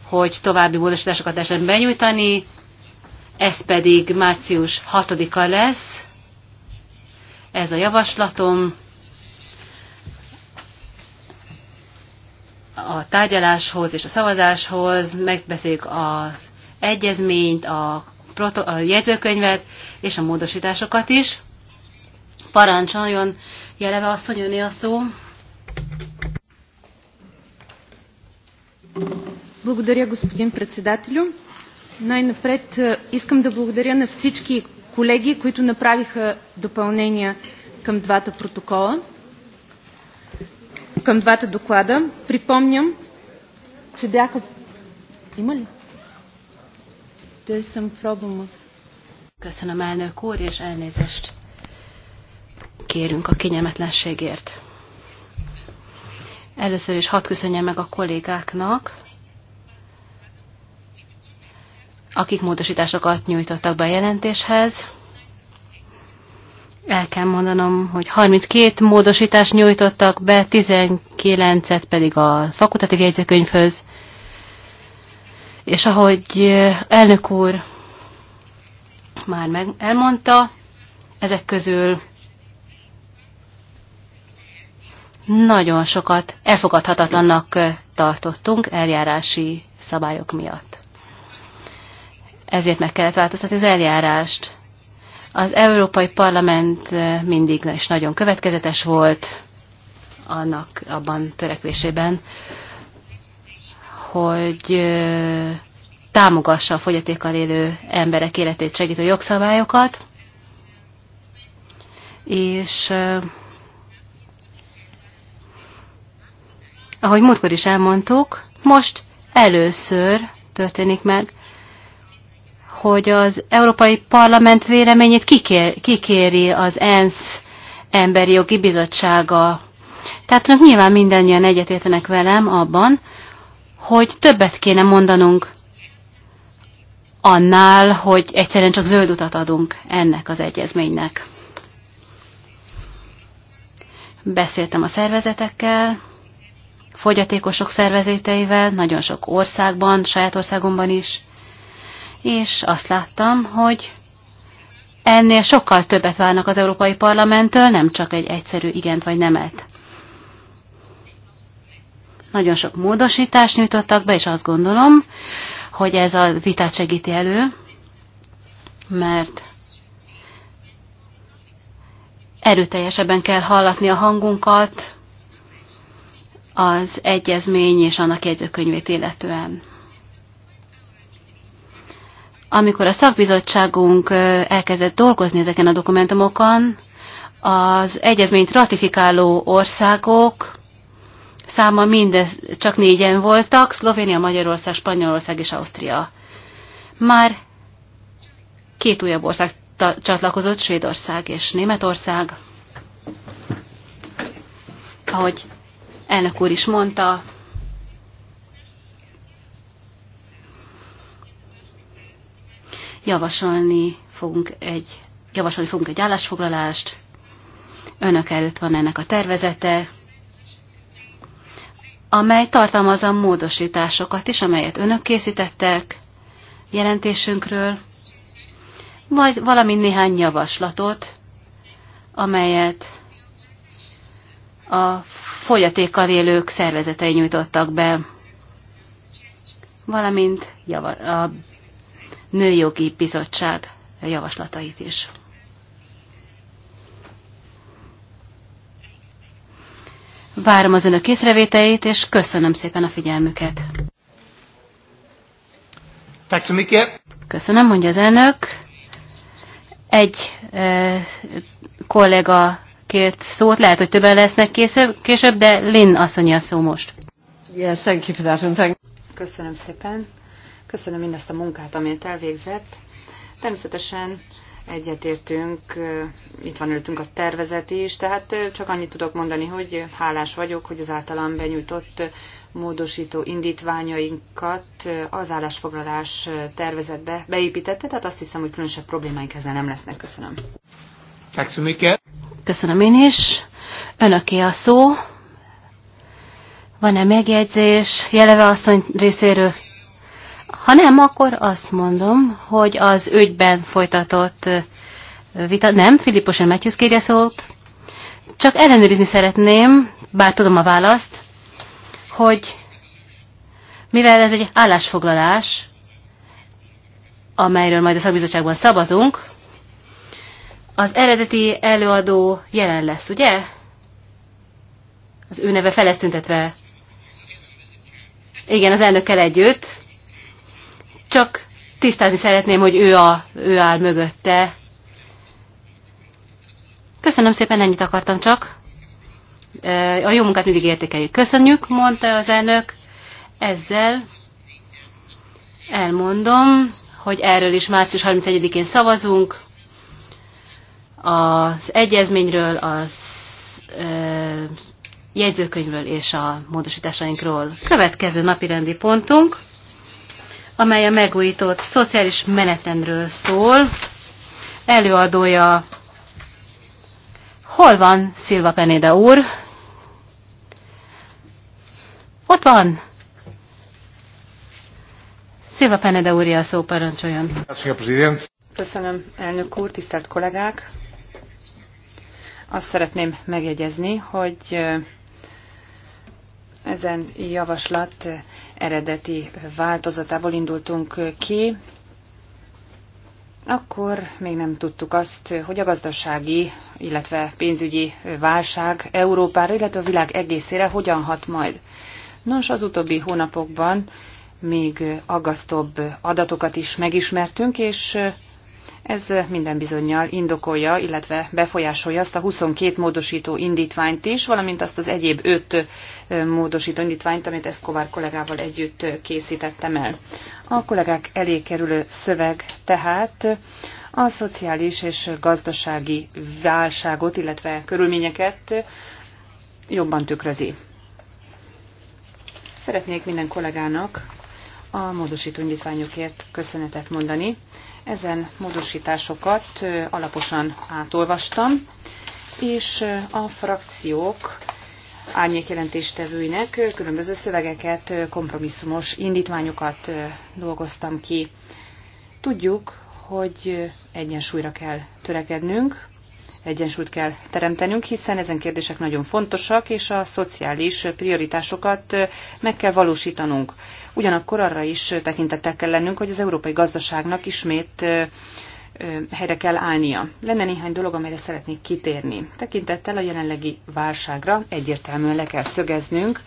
hogy további módosításokat lehessen benyújtani, ez pedig március 6-a lesz. Ez a javaslatom. A tárgyaláshoz és a szavazáshoz megbeszéljük az egyezményt, a, proto- a jegyzőkönyvet és a módosításokat is. Parancsoljon, jeleve azt, hogy a szó. Благодаря, господин председателю. Най-напред искам да благодаря на всички колеги, които направиха допълнения към двата протокола, към двата доклада. Припомням, че бяха... Има ли? There's some problem of... Köszönöm, elnök úr, és elnézést kérünk a kényelmetlenségért. Először is hadd köszönjem meg a kollégáknak, akik módosításokat nyújtottak be a jelentéshez. El kell mondanom, hogy 32 módosítást nyújtottak be, 19-et pedig a fakultatív jegyzőkönyvhöz. És ahogy eh, elnök úr már meg elmondta, ezek közül nagyon sokat elfogadhatatlannak eh, tartottunk eljárási szabályok miatt. Ezért meg kellett változtatni az eljárást. Az Európai Parlament eh, mindig is nagyon következetes volt annak abban törekvésében, hogy támogassa a fogyatékkal élő emberek életét segítő jogszabályokat, és ahogy múltkor is elmondtuk, most először történik meg, hogy az Európai Parlament véleményét kikéri az ENSZ Emberi Jogi Bizottsága. Tehát nyilván mindannyian egyetértenek velem abban, hogy többet kéne mondanunk annál, hogy egyszerűen csak zöld utat adunk ennek az egyezménynek. Beszéltem a szervezetekkel, fogyatékosok szervezeteivel, nagyon sok országban, saját országomban is, és azt láttam, hogy ennél sokkal többet várnak az Európai Parlamenttől, nem csak egy egyszerű igent vagy nemet. Nagyon sok módosítást nyújtottak be, és azt gondolom, hogy ez a vitát segíti elő, mert erőteljesebben kell hallatni a hangunkat az egyezmény és annak jegyzőkönyvét illetően. Amikor a szakbizottságunk elkezdett dolgozni ezeken a dokumentumokon, az egyezményt ratifikáló országok száma mindez csak négyen voltak, Szlovénia, Magyarország, Spanyolország és Ausztria. Már két újabb ország csatlakozott, Svédország és Németország. Ahogy elnök úr is mondta, javasolni fogunk egy, javasolni fogunk egy állásfoglalást. Önök előtt van ennek a tervezete amely tartalmaz a módosításokat is, amelyet önök készítettek jelentésünkről, vagy valamint néhány javaslatot, amelyet a fogyatékkal élők szervezetei nyújtottak be, valamint a Nőjogi Bizottság javaslatait is. Várom az önök észrevételét, és köszönöm szépen a figyelmüket. Köszönöm, mondja az elnök. Egy e, kolléga kért szót, lehet, hogy többen lesznek később, később de Lynn asszony a szó most. Yes, thank you for that, and thank Köszönöm szépen. Köszönöm mindezt a munkát, amit elvégzett. Természetesen egyetértünk, itt van öltünk a tervezet is, tehát csak annyit tudok mondani, hogy hálás vagyok, hogy az általam benyújtott módosító indítványainkat az állásfoglalás tervezetbe beépítette, tehát azt hiszem, hogy különösebb problémáink ezzel nem lesznek. Köszönöm. Köszönöm én is. Önöké a szó. Van-e megjegyzés? Jeleve asszony részéről ha nem, akkor azt mondom, hogy az ügyben folytatott vita, nem, Filippos nem Matthews kérje szót, csak ellenőrizni szeretném, bár tudom a választ, hogy mivel ez egy állásfoglalás, amelyről majd a szakbizottságban szavazunk, az eredeti előadó jelen lesz, ugye? Az ő neve felesztüntetve. Igen, az elnökkel együtt. Csak tisztázni szeretném, hogy ő, a, ő áll mögötte. Köszönöm szépen, ennyit akartam csak. E, a jó munkát mindig értékeljük. Köszönjük, mondta az elnök. Ezzel elmondom, hogy erről is március 31-én szavazunk. Az egyezményről, a e, jegyzőkönyvről és a módosításainkról. Következő napi rendi pontunk amely a megújított szociális menetendről szól. Előadója Hol van Szilva Penéda úr? Ott van! Szilva Penede úr, a szó parancsoljon. Köszönöm, elnök úr, tisztelt kollégák! Azt szeretném megjegyezni, hogy eh, ezen javaslat eredeti változatából indultunk ki, akkor még nem tudtuk azt, hogy a gazdasági, illetve pénzügyi válság Európára, illetve a világ egészére hogyan hat majd. Nos, az utóbbi hónapokban még aggasztóbb adatokat is megismertünk, és ez minden bizonyal indokolja, illetve befolyásolja azt a 22 módosító indítványt is, valamint azt az egyéb 5 módosító indítványt, amit Eszkovár kollégával együtt készítettem el. A kollégák elé kerülő szöveg tehát a szociális és gazdasági válságot, illetve körülményeket jobban tükrözi. Szeretnék minden kollégának a módosító indítványokért köszönetet mondani, ezen módosításokat alaposan átolvastam, és a frakciók árnyékjelentéstevőinek különböző szövegeket, kompromisszumos indítványokat dolgoztam ki. Tudjuk, hogy egyensúlyra kell törekednünk, egyensúlyt kell teremtenünk, hiszen ezen kérdések nagyon fontosak, és a szociális prioritásokat meg kell valósítanunk. Ugyanakkor arra is tekintettel kell lennünk, hogy az európai gazdaságnak ismét helyre kell állnia. Lenne néhány dolog, amelyre szeretnék kitérni. Tekintettel a jelenlegi válságra egyértelműen le kell szögeznünk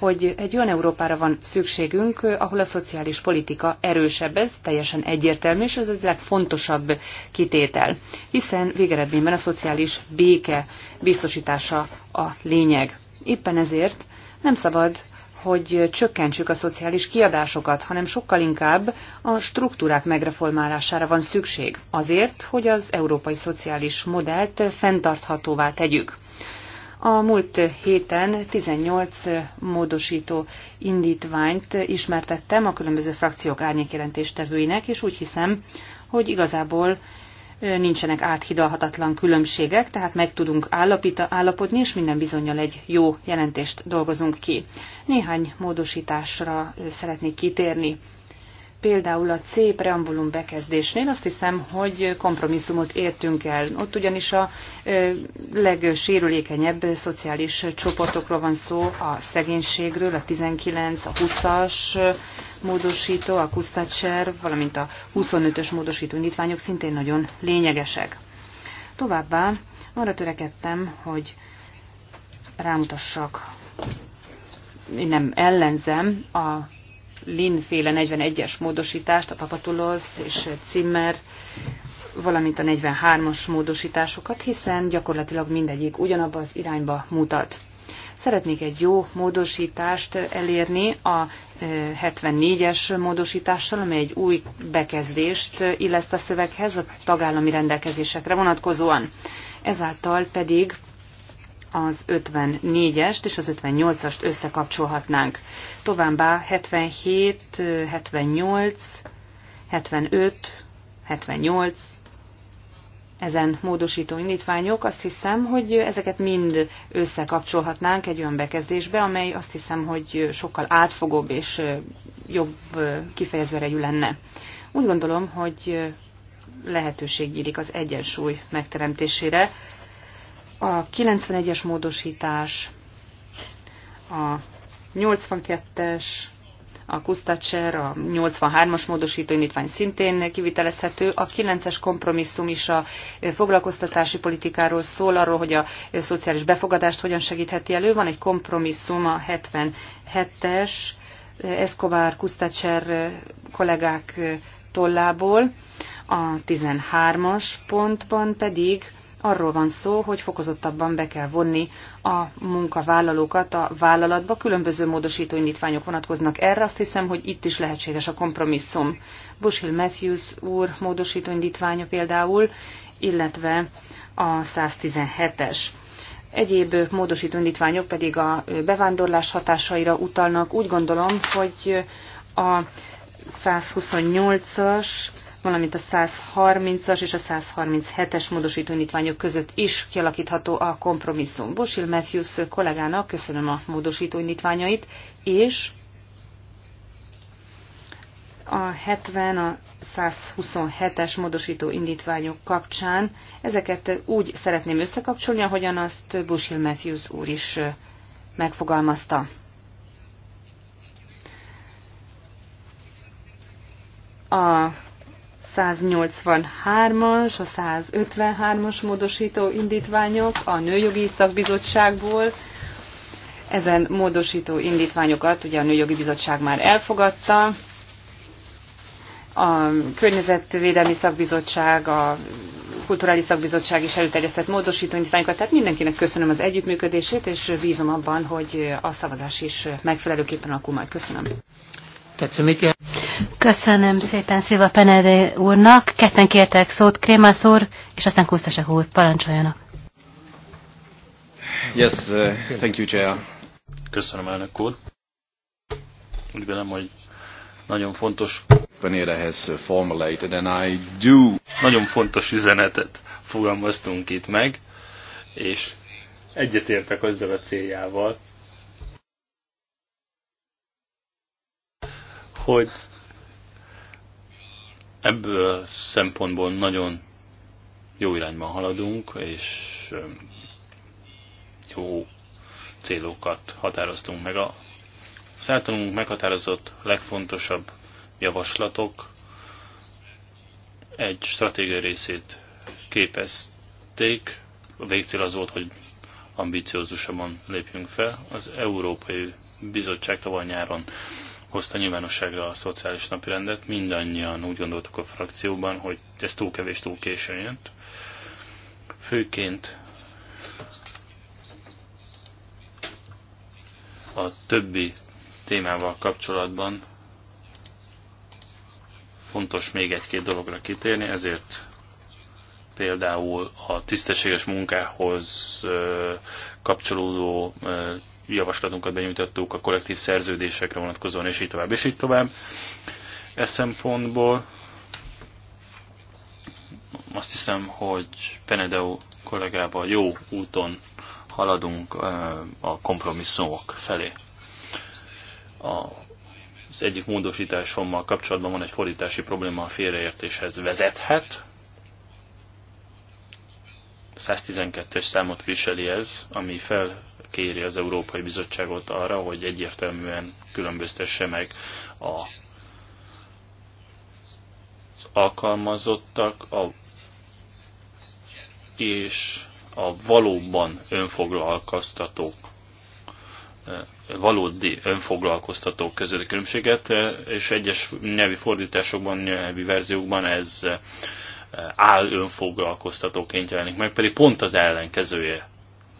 hogy egy olyan Európára van szükségünk, ahol a szociális politika erősebb, ez teljesen egyértelmű, és ez az legfontosabb kitétel. Hiszen végeredményben a szociális béke biztosítása a lényeg. Éppen ezért nem szabad hogy csökkentsük a szociális kiadásokat, hanem sokkal inkább a struktúrák megreformálására van szükség, azért, hogy az európai szociális modellt fenntarthatóvá tegyük. A múlt héten 18 módosító indítványt ismertettem a különböző frakciók árnyékjelentéstevőinek, és úgy hiszem, hogy igazából nincsenek áthidalhatatlan különbségek, tehát meg tudunk állapita, állapodni, és minden bizonyal egy jó jelentést dolgozunk ki. Néhány módosításra szeretnék kitérni például a C preambulum bekezdésnél azt hiszem, hogy kompromisszumot értünk el. Ott ugyanis a legsérülékenyebb szociális csoportokról van szó, a szegénységről, a 19, a 20-as módosító, a Kusztácser, valamint a 25-ös módosító indítványok szintén nagyon lényegesek. Továbbá arra törekedtem, hogy rámutassak, én nem ellenzem a Lin féle 41-es módosítást, a Papatulos és Zimmer, valamint a 43-as módosításokat, hiszen gyakorlatilag mindegyik ugyanabba az irányba mutat. Szeretnék egy jó módosítást elérni a 74-es módosítással, amely egy új bekezdést illeszt a szöveghez a tagállami rendelkezésekre vonatkozóan. Ezáltal pedig az 54-est és az 58-ast összekapcsolhatnánk. Továbbá 77, 78, 75, 78, ezen módosító indítványok, azt hiszem, hogy ezeket mind összekapcsolhatnánk egy olyan bekezdésbe, amely azt hiszem, hogy sokkal átfogóbb és jobb kifejező erejű lenne. Úgy gondolom, hogy lehetőség nyílik az egyensúly megteremtésére a 91-es módosítás, a 82-es, a Kusztacser, a 83-as módosító indítvány szintén kivitelezhető. A 9-es kompromisszum is a foglalkoztatási politikáról szól, arról, hogy a szociális befogadást hogyan segítheti elő. Van egy kompromisszum, a 77-es, Escobar Kusztacser kollégák tollából. A 13-as pontban pedig arról van szó, hogy fokozottabban be kell vonni a munkavállalókat a vállalatba. Különböző módosító indítványok vonatkoznak erre, azt hiszem, hogy itt is lehetséges a kompromisszum. Bushill Matthews úr módosító indítványa például, illetve a 117-es. Egyéb módosító indítványok pedig a bevándorlás hatásaira utalnak. Úgy gondolom, hogy a 128-as valamint a 130-as és a 137-es módosító indítványok között is kialakítható a kompromisszum. Bosil Matthews kollégának köszönöm a módosító indítványait, és a 70, a 127-es módosító indítványok kapcsán. Ezeket úgy szeretném összekapcsolni, ahogyan azt Bushil Matthews úr is megfogalmazta. 183-as, a 153-as módosító indítványok a Nőjogi Szakbizottságból. Ezen módosító indítványokat ugye a Nőjogi Bizottság már elfogadta. A Környezetvédelmi Szakbizottság, a Kulturális Szakbizottság is előterjesztett módosító indítványokat, tehát mindenkinek köszönöm az együttműködését, és bízom abban, hogy a szavazás is megfelelőképpen alakul majd. Köszönöm. Tetsző, Köszönöm szépen Szilva Penedé úrnak. Ketten kértek szót, Krémász úr, és aztán Kusztasek úr. Parancsoljanak. Yes, uh, thank you, Chair. Köszönöm, elnök úr. Úgy vélem, hogy nagyon fontos Penedé has formulated, and I do. Nagyon fontos üzenetet fogalmaztunk itt meg, és egyetértek azzal a céljával, hogy Ebből a szempontból nagyon jó irányba haladunk, és jó célokat határoztunk meg. Az általunk meghatározott legfontosabb javaslatok egy stratégia részét képezték. A végcél az volt, hogy ambiciózusabban lépjünk fel. Az Európai Bizottság tavaly nyáron hozta nyilvánosságra a szociális napirendet. Mindannyian úgy gondoltuk a frakcióban, hogy ez túl kevés, túl későn jött. Főként a többi témával kapcsolatban fontos még egy-két dologra kitérni, ezért például a tisztességes munkához kapcsolódó javaslatunkat benyújtottuk a kollektív szerződésekre vonatkozóan, és így tovább, és így tovább. E szempontból azt hiszem, hogy Penedeo kollégával jó úton haladunk a kompromisszumok felé. A az egyik módosításommal kapcsolatban van egy fordítási probléma, a félreértéshez vezethet. 112-es számot viseli ez, ami fel kéri az Európai Bizottságot arra, hogy egyértelműen különböztesse meg a az alkalmazottak a, és a valóban önfoglalkoztatók e, valódi önfoglalkoztatók a különbséget, e, és egyes nyelvi fordításokban, nyelvi verziókban ez e, áll önfoglalkoztatóként jelenik meg, pedig pont az ellenkezője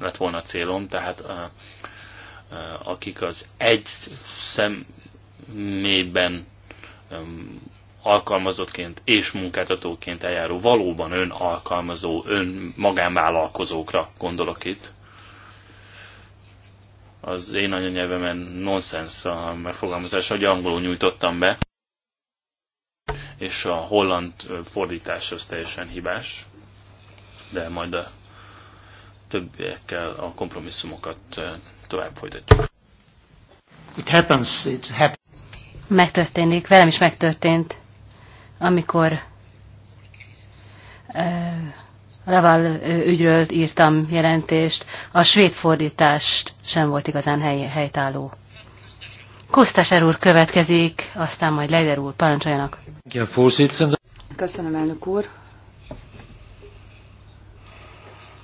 lett volna a célom, tehát a, a, akik az egy szemében alkalmazottként és munkáltatóként eljáró, valóban ön alkalmazó, ön magánvállalkozókra gondolok itt. Az én anyanyelvemen nonsens a megfogalmazás, hogy angolul nyújtottam be, és a holland fordítás az teljesen hibás, de majd a többiekkel a kompromisszumokat tovább folytatjuk. It happens, it happens. Megtörténik, velem is megtörtént, amikor uh, Laval ügyről írtam jelentést, a svéd fordítást sem volt igazán hely, helytálló. Kosztaser úr következik, aztán majd Leider úr, parancsoljanak. Köszönöm, elnök úr.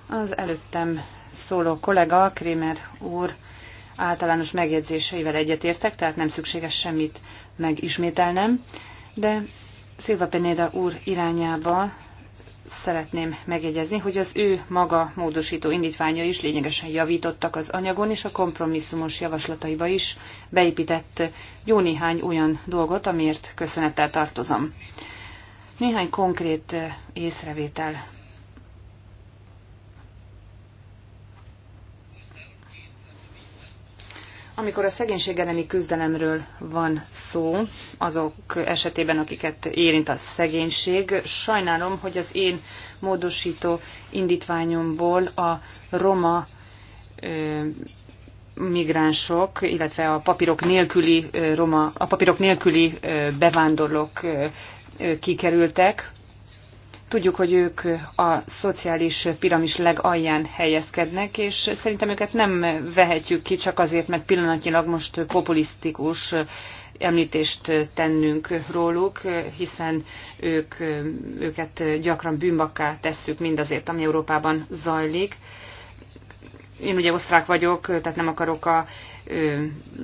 Az előttem szóló kollega, Krémer úr általános megjegyzéseivel egyetértek, tehát nem szükséges semmit megismételnem, de Szilva Penéda úr irányába szeretném megjegyezni, hogy az ő maga módosító indítványa is lényegesen javítottak az anyagon, és a kompromisszumos javaslataiba is beépített jó néhány olyan dolgot, amiért köszönettel tartozom. Néhány konkrét észrevétel Amikor a szegénység elleni küzdelemről van szó, azok esetében, akiket érint a szegénység, sajnálom, hogy az én módosító indítványomból a roma ö, migránsok, illetve a papírok nélküli, roma, a papírok nélküli bevándorlók kikerültek, Tudjuk, hogy ők a szociális piramis legalján helyezkednek, és szerintem őket nem vehetjük ki csak azért, mert pillanatnyilag most populisztikus említést tennünk róluk, hiszen ők, őket gyakran bűnbakká tesszük mindazért, ami Európában zajlik én ugye osztrák vagyok, tehát nem akarok a,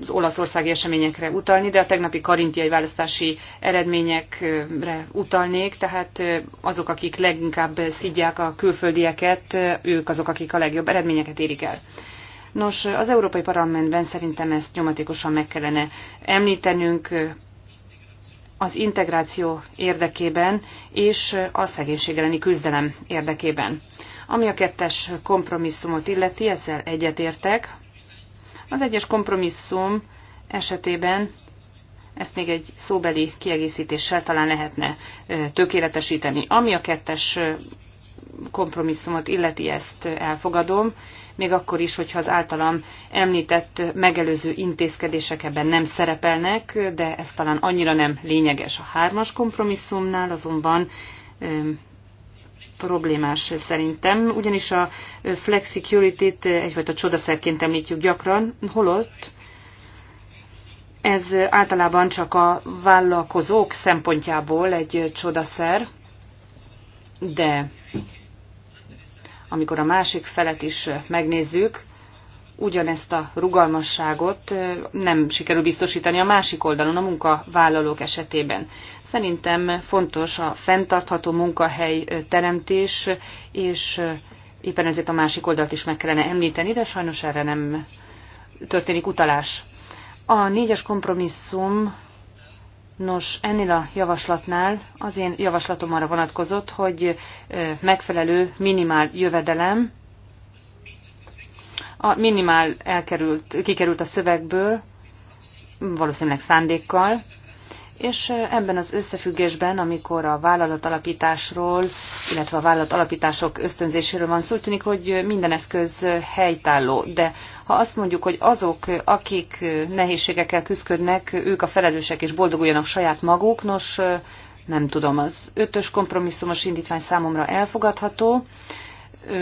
az olaszországi eseményekre utalni, de a tegnapi karintiai választási eredményekre utalnék, tehát azok, akik leginkább szidják a külföldieket, ők azok, akik a legjobb eredményeket érik el. Nos, az Európai Parlamentben szerintem ezt nyomatékosan meg kellene említenünk az integráció érdekében és a szegénység elleni küzdelem érdekében. Ami a kettes kompromisszumot illeti, ezzel egyetértek. Az egyes kompromisszum esetében ezt még egy szóbeli kiegészítéssel talán lehetne tökéletesíteni. Ami a kettes kompromisszumot illeti, ezt elfogadom, még akkor is, hogyha az általam említett megelőző intézkedések ebben nem szerepelnek, de ez talán annyira nem lényeges a hármas kompromisszumnál, azonban problémás szerintem, ugyanis a flexicurity-t egyfajta csodaszerként említjük gyakran, holott ez általában csak a vállalkozók szempontjából egy csodaszer, de amikor a másik felet is megnézzük, ugyanezt a rugalmasságot nem sikerül biztosítani a másik oldalon, a munkavállalók esetében. Szerintem fontos a fenntartható munkahely teremtés, és éppen ezért a másik oldalt is meg kellene említeni, de sajnos erre nem történik utalás. A négyes kompromisszum, nos, ennél a javaslatnál az én javaslatom arra vonatkozott, hogy megfelelő minimál jövedelem, a minimál elkerült, kikerült a szövegből, valószínűleg szándékkal, és ebben az összefüggésben, amikor a vállalatalapításról, illetve a vállalatalapítások ösztönzéséről van szó, tűnik, hogy minden eszköz helytálló. De ha azt mondjuk, hogy azok, akik nehézségekkel küzdködnek, ők a felelősek és boldoguljanak saját maguk, nos, nem tudom, az ötös kompromisszumos indítvány számomra elfogadható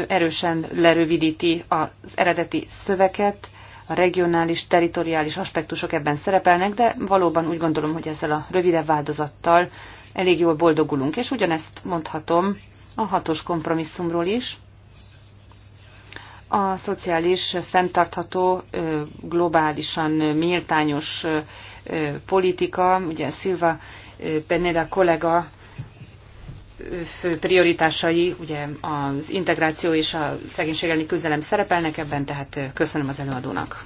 erősen lerövidíti az eredeti szöveget, a regionális, teritoriális aspektusok ebben szerepelnek, de valóban úgy gondolom, hogy ezzel a rövidebb változattal elég jól boldogulunk, és ugyanezt mondhatom a hatos kompromisszumról is. A szociális, fenntartható, globálisan méltányos politika, ugye Szilva Peneda kollega fő prioritásai, ugye az integráció és a szegénység elleni küzdelem szerepelnek ebben, tehát köszönöm az előadónak.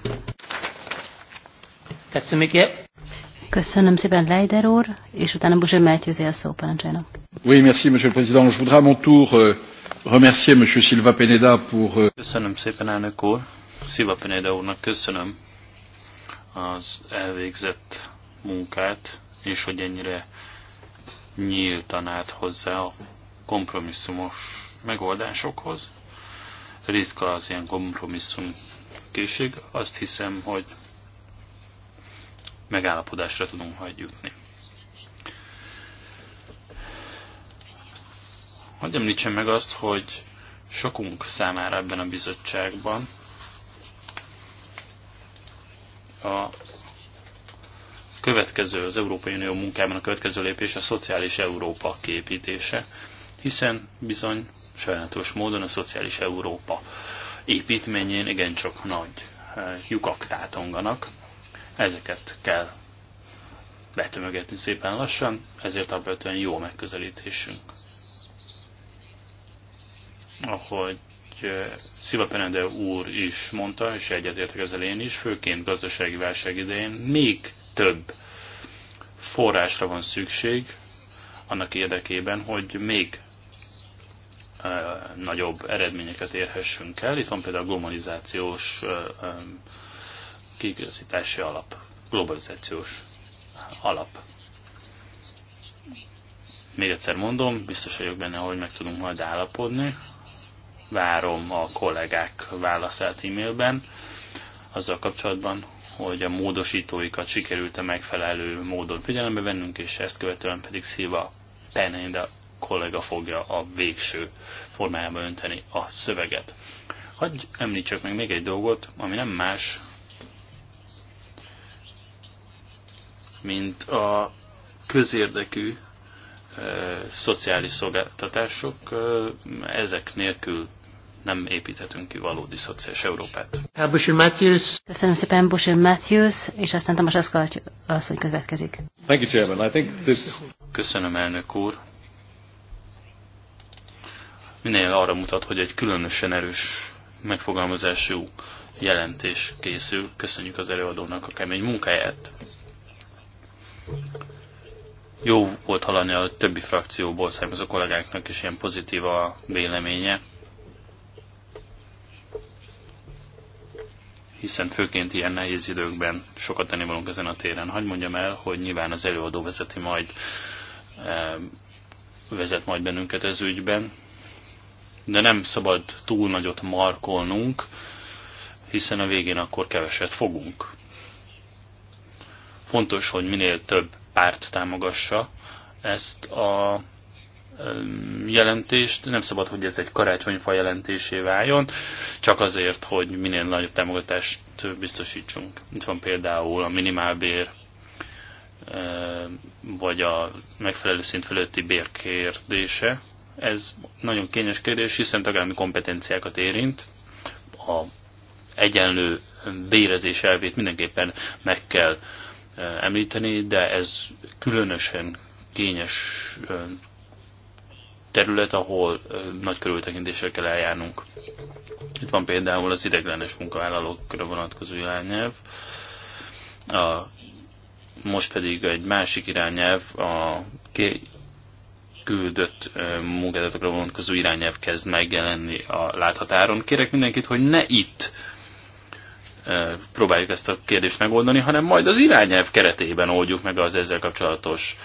Köszönöm szépen Leider úr, és utána Buzső Mátyőzi a szó parancsának. Oui, merci, monsieur le président. Je voudrais à mon tour euh, remercier monsieur Silva Peneda pour... Euh, köszönöm szépen, elnök úr. Silva Peneda úrnak köszönöm az elvégzett munkát, és hogy ennyire nyíltan állt hozzá a kompromisszumos megoldásokhoz. Ritka az ilyen kompromisszum készség. Azt hiszem, hogy megállapodásra tudunk majd jutni. Hogy említsem meg azt, hogy sokunk számára ebben a bizottságban a következő, az Európai Unió munkában a következő lépés a szociális Európa képítése, hiszen bizony sajátos módon a szociális Európa építményén igencsak nagy eh, lyukak tátonganak. Ezeket kell betömögetni szépen lassan, ezért alapvetően jó megközelítésünk. Ahogy eh, Sziva Penede úr is mondta, és egyetértek ezzel én is, főként gazdasági válság idején még több forrásra van szükség annak érdekében, hogy még nagyobb eredményeket érhessünk el. Itt van például a globalizációs kiigazítási alap, globalizációs alap. Még egyszer mondom, biztos vagyok benne, hogy meg tudunk majd állapodni. Várom a kollégák válaszát e-mailben azzal kapcsolatban, hogy a módosítóikat sikerült a megfelelő módon figyelembe vennünk, és ezt követően pedig Szilva Penenda kollega fogja a végső formájába önteni a szöveget. Hagy említsek meg még egy dolgot, ami nem más, mint a közérdekű e, szociális szolgáltatások. Eh, ezek nélkül nem építhetünk ki valódi szociális Európát. Matthews. Köszönöm szépen Busher Matthews, és aztán Tamas Aszkal asszony következik. Thank you, Chairman. I think this... Köszönöm, elnök úr. Minél arra mutat, hogy egy különösen erős megfogalmazású jelentés készül. Köszönjük az előadónak a kemény munkáját. Jó volt hallani a többi frakcióból származó kollégáknak is ilyen pozitív a véleménye. hiszen főként ilyen nehéz időkben sokat tenni valunk ezen a téren. Hagy mondjam el, hogy nyilván az előadó vezeti majd, eh, vezet majd bennünket ez ügyben, de nem szabad túl nagyot markolnunk, hiszen a végén akkor keveset fogunk. Fontos, hogy minél több párt támogassa ezt a jelentést, nem szabad, hogy ez egy karácsonyfa jelentésé váljon, csak azért, hogy minél nagyobb támogatást biztosítsunk. Itt van például a minimálbér, vagy a megfelelő szint fölötti bér kérdése. Ez nagyon kényes kérdés, hiszen tagállami kompetenciákat érint. A egyenlő bérezés elvét mindenképpen meg kell említeni, de ez különösen kényes terület, ahol nagy körültekintéssel kell eljárnunk. Itt van például az ideglenes munkavállalókra vonatkozó irányelv, a, most pedig egy másik irányelv, a küldött munkálatokra vonatkozó irányelv kezd megjelenni a láthatáron. Kérek mindenkit, hogy ne itt próbáljuk ezt a kérdést megoldani, hanem majd az irányelv keretében oldjuk meg az ezzel kapcsolatos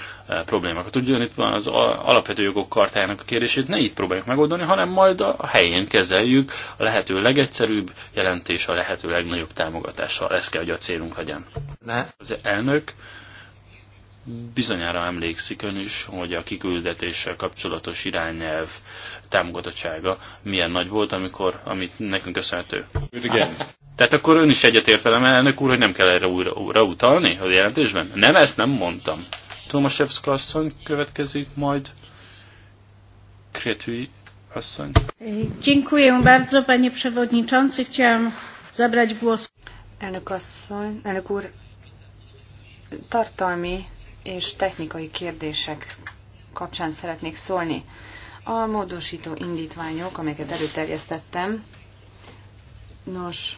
problémákat. Ugyan itt van az alapvető jogok kartájának a kérdését, ne így próbáljuk megoldani, hanem majd a helyén kezeljük a lehető legegyszerűbb jelentés, a lehető legnagyobb támogatással. Ez kell, hogy a célunk legyen. Ne. Az elnök Bizonyára emlékszik ön is, hogy a kiküldetéssel kapcsolatos irányelv támogatottsága milyen nagy volt, amikor, amit nekünk köszönhető. Igen. Tehát akkor ön is egyetért velem, elnök úr, hogy nem kell erre újra, újra utalni a jelentésben? Nem, ezt nem mondtam. Tomaszewska asszony következik, majd Kretűi asszony. Dziękuję bardzo, panie przewodniczący. Chciałam zabrać głos. Elnök asszony, elnök úr, tartalmi és technikai kérdések kapcsán szeretnék szólni. A módosító indítványok, amelyeket előterjesztettem, nos,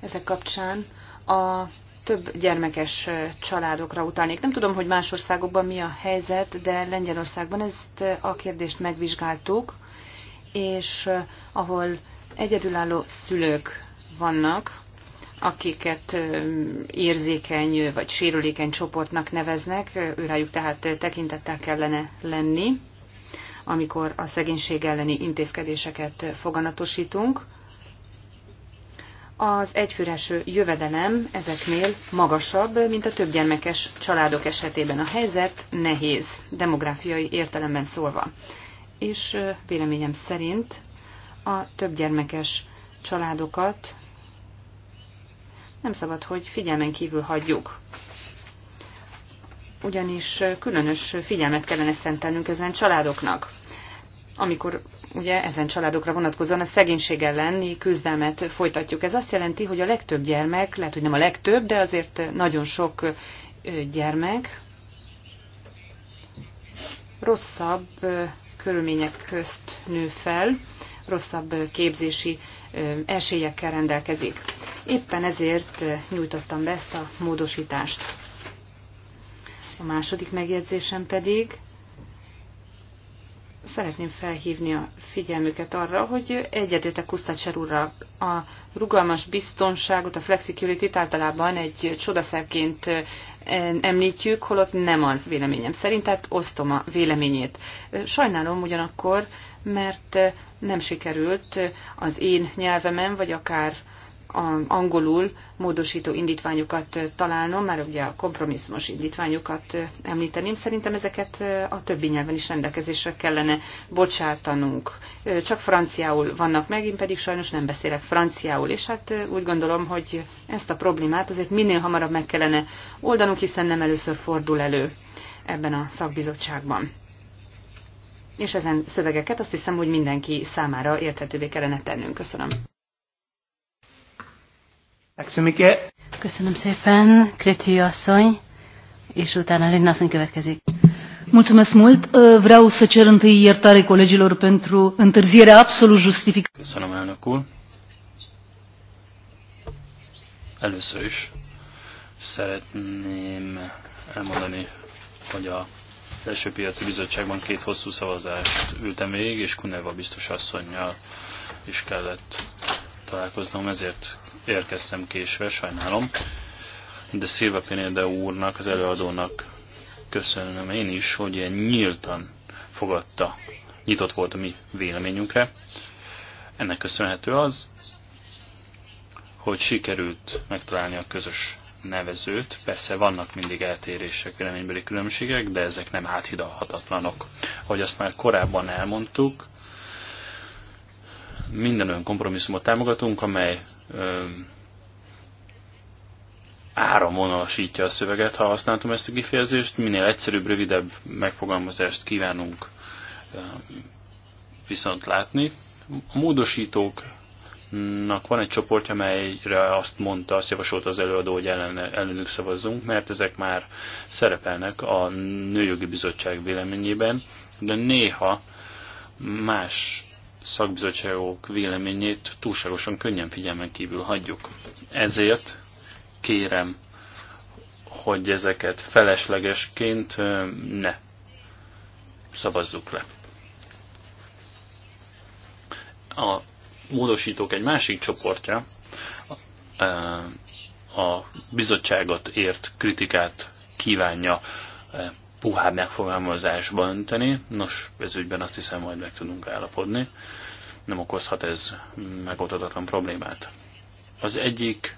ezek kapcsán a több gyermekes családokra utalnék. Nem tudom, hogy más országokban mi a helyzet, de Lengyelországban ezt a kérdést megvizsgáltuk, és eh, ahol egyedülálló szülők vannak, akiket érzékeny vagy sérülékeny csoportnak neveznek, őrájuk tehát tekintettel kellene lenni, amikor a szegénység elleni intézkedéseket foganatosítunk. Az egyfőreső jövedelem ezeknél magasabb, mint a többgyermekes családok esetében. A helyzet nehéz, demográfiai értelemben szólva. És véleményem szerint a többgyermekes családokat nem szabad, hogy figyelmen kívül hagyjuk. Ugyanis különös figyelmet kellene szentelnünk ezen családoknak. Amikor ugye ezen családokra vonatkozóan a szegénység elleni küzdelmet folytatjuk. Ez azt jelenti, hogy a legtöbb gyermek, lehet, hogy nem a legtöbb, de azért nagyon sok gyermek rosszabb körülmények közt nő fel, rosszabb képzési esélyekkel rendelkezik. Éppen ezért nyújtottam be ezt a módosítást. A második megjegyzésem pedig, szeretném felhívni a figyelmüket arra, hogy egyetértek Kusztácser úrral. A rugalmas biztonságot, a flexicurity általában egy csodaszerként említjük, holott nem az véleményem szerint, tehát osztom a véleményét. Sajnálom ugyanakkor, mert nem sikerült az én nyelvemen, vagy akár angolul módosító indítványokat találnom, már ugye a kompromisszumos indítványokat említeném. Szerintem ezeket a többi nyelven is rendelkezésre kellene bocsátanunk. Csak franciául vannak meg, én pedig sajnos nem beszélek franciául, és hát úgy gondolom, hogy ezt a problémát azért minél hamarabb meg kellene oldanunk, hiszen nem először fordul elő ebben a szakbizottságban és ezen szövegeket azt hiszem, hogy mindenki számára érthetővé kellene tennünk. Köszönöm. Köszönöm szépen, Kreti asszony, és utána Linna asszony következik. Mulțumesc mult. Vreau să cer întâi iertare colegilor pentru întârzierea absolut justificată. Köszönöm, elnök úr. Először is szeretném elmondani, hogy a Első piaci bizottságban két hosszú szavazást ültem végig, és Kuneva biztos asszonynal is kellett találkoznom, ezért érkeztem késve, sajnálom. De Szilva Pénéde úrnak, az előadónak köszönöm én is, hogy ilyen nyíltan fogadta, nyitott volt a mi véleményünkre. Ennek köszönhető az, hogy sikerült megtalálni a közös nevezőt. Persze vannak mindig eltérések, véleménybeli különbségek, de ezek nem áthidalhatatlanok. Ahogy azt már korábban elmondtuk, minden olyan kompromisszumot támogatunk, amely ö, áramvonalasítja a szöveget, ha használtam ezt a kifejezést, minél egyszerűbb, rövidebb megfogalmazást kívánunk ö, viszont látni. A módosítók nak van egy csoport, amelyre azt mondta, azt javasolta az előadó, hogy ellen, ellenük szavazzunk, mert ezek már szerepelnek a Nőjogi Bizottság véleményében, de néha más szakbizottságok véleményét túlságosan könnyen figyelmen kívül hagyjuk. Ezért kérem, hogy ezeket feleslegesként ne szavazzuk le. A módosítók egy másik csoportja a bizottságot ért kritikát kívánja puhább megfogalmazásba önteni. Nos, ez ügyben azt hiszem majd meg tudunk állapodni. Nem okozhat ez megoldhatatlan problémát. Az egyik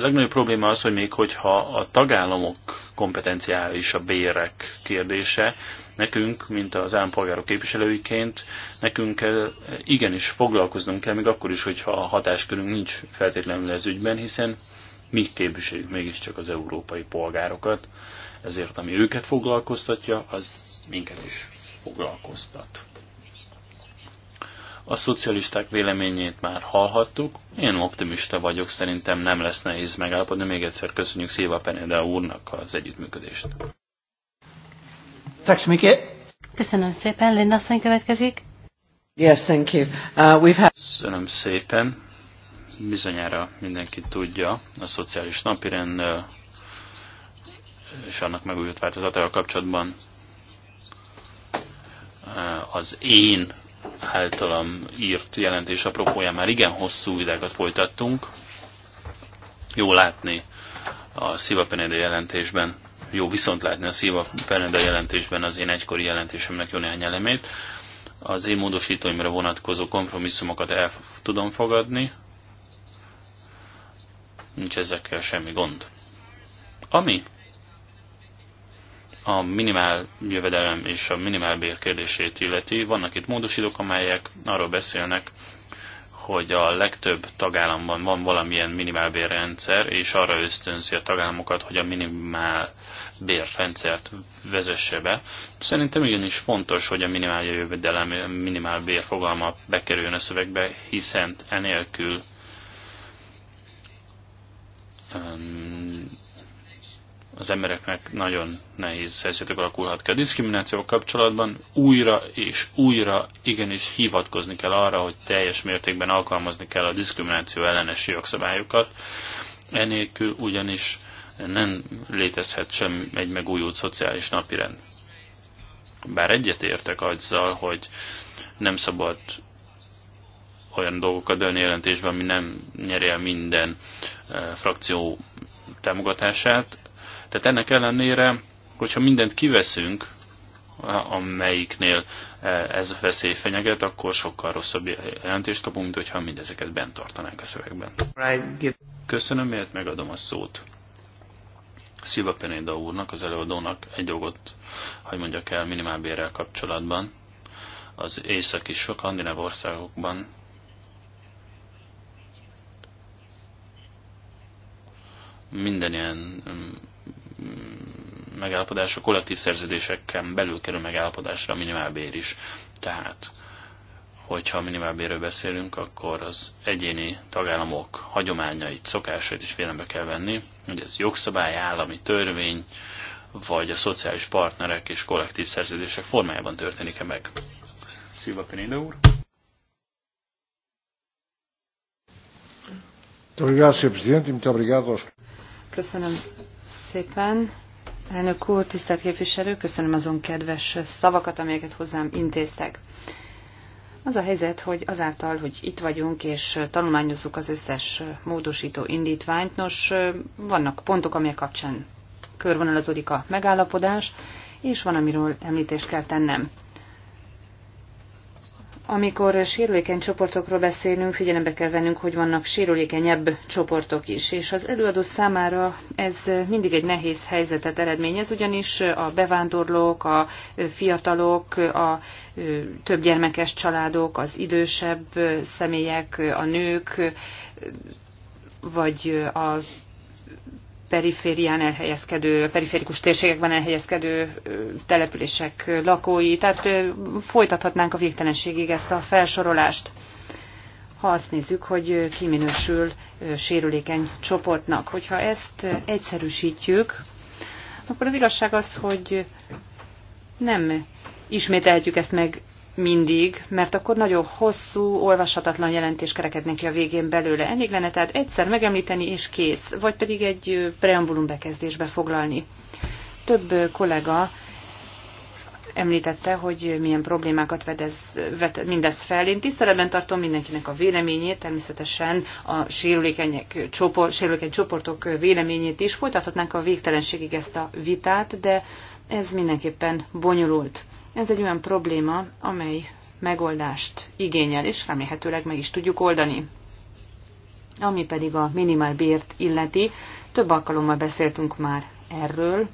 legnagyobb probléma az, hogy még hogyha a tagállamok kompetenciája és a bérek kérdése. Nekünk, mint az állampolgárok képviselőiként, nekünk kell, igenis foglalkoznunk kell, még akkor is, hogyha a hatáskörünk nincs feltétlenül ez ügyben, hiszen mi képviseljük mégiscsak az európai polgárokat, ezért ami őket foglalkoztatja, az minket is foglalkoztat. A szocialisták véleményét már hallhattuk. Én optimista vagyok, szerintem nem lesz nehéz megállapodni. Még egyszer köszönjük Szilva Peneda úrnak az együttműködést. Köszönöm szépen. Linda asszony következik. Yes, thank you. Uh, we've had... Köszönöm szépen. Bizonyára mindenki tudja, a szociális napirend és annak megújult változatával kapcsolatban uh, az én általam írt jelentés apropóján már igen hosszú vitákat folytattunk. Jó látni a Sziva Penede jelentésben, jó viszont látni a Sziva Penede jelentésben az én egykori jelentésemnek jó néhány elemét. Az én módosítóimra vonatkozó kompromisszumokat el tudom fogadni, nincs ezekkel semmi gond. Ami a minimál jövedelem és a minimálbér kérdését illeti. Vannak itt módosítók, amelyek arról beszélnek, hogy a legtöbb tagállamban van valamilyen bérrendszer, és arra ösztönzi a tagállamokat, hogy a minimál bérrendszert vezesse be. Szerintem ugyanis fontos, hogy a minimál jövedelem, minimál bér fogalma bekerüljön a szövegbe, hiszen enélkül az embereknek nagyon nehéz helyzetek alakulhat ki. A diszkriminációval kapcsolatban újra és újra igenis hivatkozni kell arra, hogy teljes mértékben alkalmazni kell a diszkrimináció ellenes jogszabályokat. Enélkül ugyanis nem létezhet sem egy megújult szociális napirend. Bár egyet értek azzal, hogy nem szabad olyan dolgokat dönni jelentésben, ami nem nyeri el minden eh, frakció támogatását, tehát ennek ellenére, hogyha mindent kiveszünk, amelyiknél e, ez a veszély fenyeget, akkor sokkal rosszabb jelentést kapunk, mint hogyha mindezeket bent tartanánk a szövegben. Köszönöm, miért megadom a szót. Szilva Penéda úrnak, az előadónak egy dolgot, hogy mondjak el, minimálbérrel kapcsolatban. Az északi sok andinev országokban minden ilyen mm, megállapodás a kollektív szerződéseken belül kerül megállapodásra a minimálbér is. Tehát, hogyha a minimálbérről beszélünk, akkor az egyéni tagállamok hagyományait, szokásait is figyelembe kell venni, hogy ez jogszabály, állami törvény, vagy a szociális partnerek és kollektív szerződések formájában történik-e meg. Szilva Pineda úr. E Köszönöm szépen. Elnök úr, tisztelt képviselő, köszönöm azon kedves szavakat, amelyeket hozzám intéztek. Az a helyzet, hogy azáltal, hogy itt vagyunk és tanulmányozzuk az összes módosító indítványt, nos, vannak pontok, amelyek kapcsán körvonalazódik a megállapodás, és van, amiről említést kell tennem. Amikor sérülékeny csoportokról beszélünk, figyelembe kell vennünk, hogy vannak sérülékenyebb csoportok is, és az előadó számára ez mindig egy nehéz helyzetet eredményez, ugyanis a bevándorlók, a fiatalok, a több gyermekes családok, az idősebb személyek, a nők, vagy a periférián elhelyezkedő, periférikus térségekben elhelyezkedő települések lakói. Tehát folytathatnánk a végtelenségig ezt a felsorolást. Ha azt nézzük, hogy ki minősül sérülékeny csoportnak. Hogyha ezt egyszerűsítjük, akkor az igazság az, hogy nem ismételhetjük ezt meg mindig, mert akkor nagyon hosszú, olvashatatlan jelentés kerekednek ki a végén belőle. Elég lenne tehát egyszer megemlíteni és kész, vagy pedig egy preambulum bekezdésbe foglalni. Több kollega említette, hogy milyen problémákat vedez, vet, mindez fel. Én tiszteletben tartom mindenkinek a véleményét, természetesen a sérülékenyek, csopor, sérülékeny csoportok véleményét is. Folytathatnánk a végtelenségig ezt a vitát, de ez mindenképpen bonyolult. Ez egy olyan probléma, amely megoldást igényel, és remélhetőleg meg is tudjuk oldani. Ami pedig a minimálbért illeti, több alkalommal beszéltünk már erről,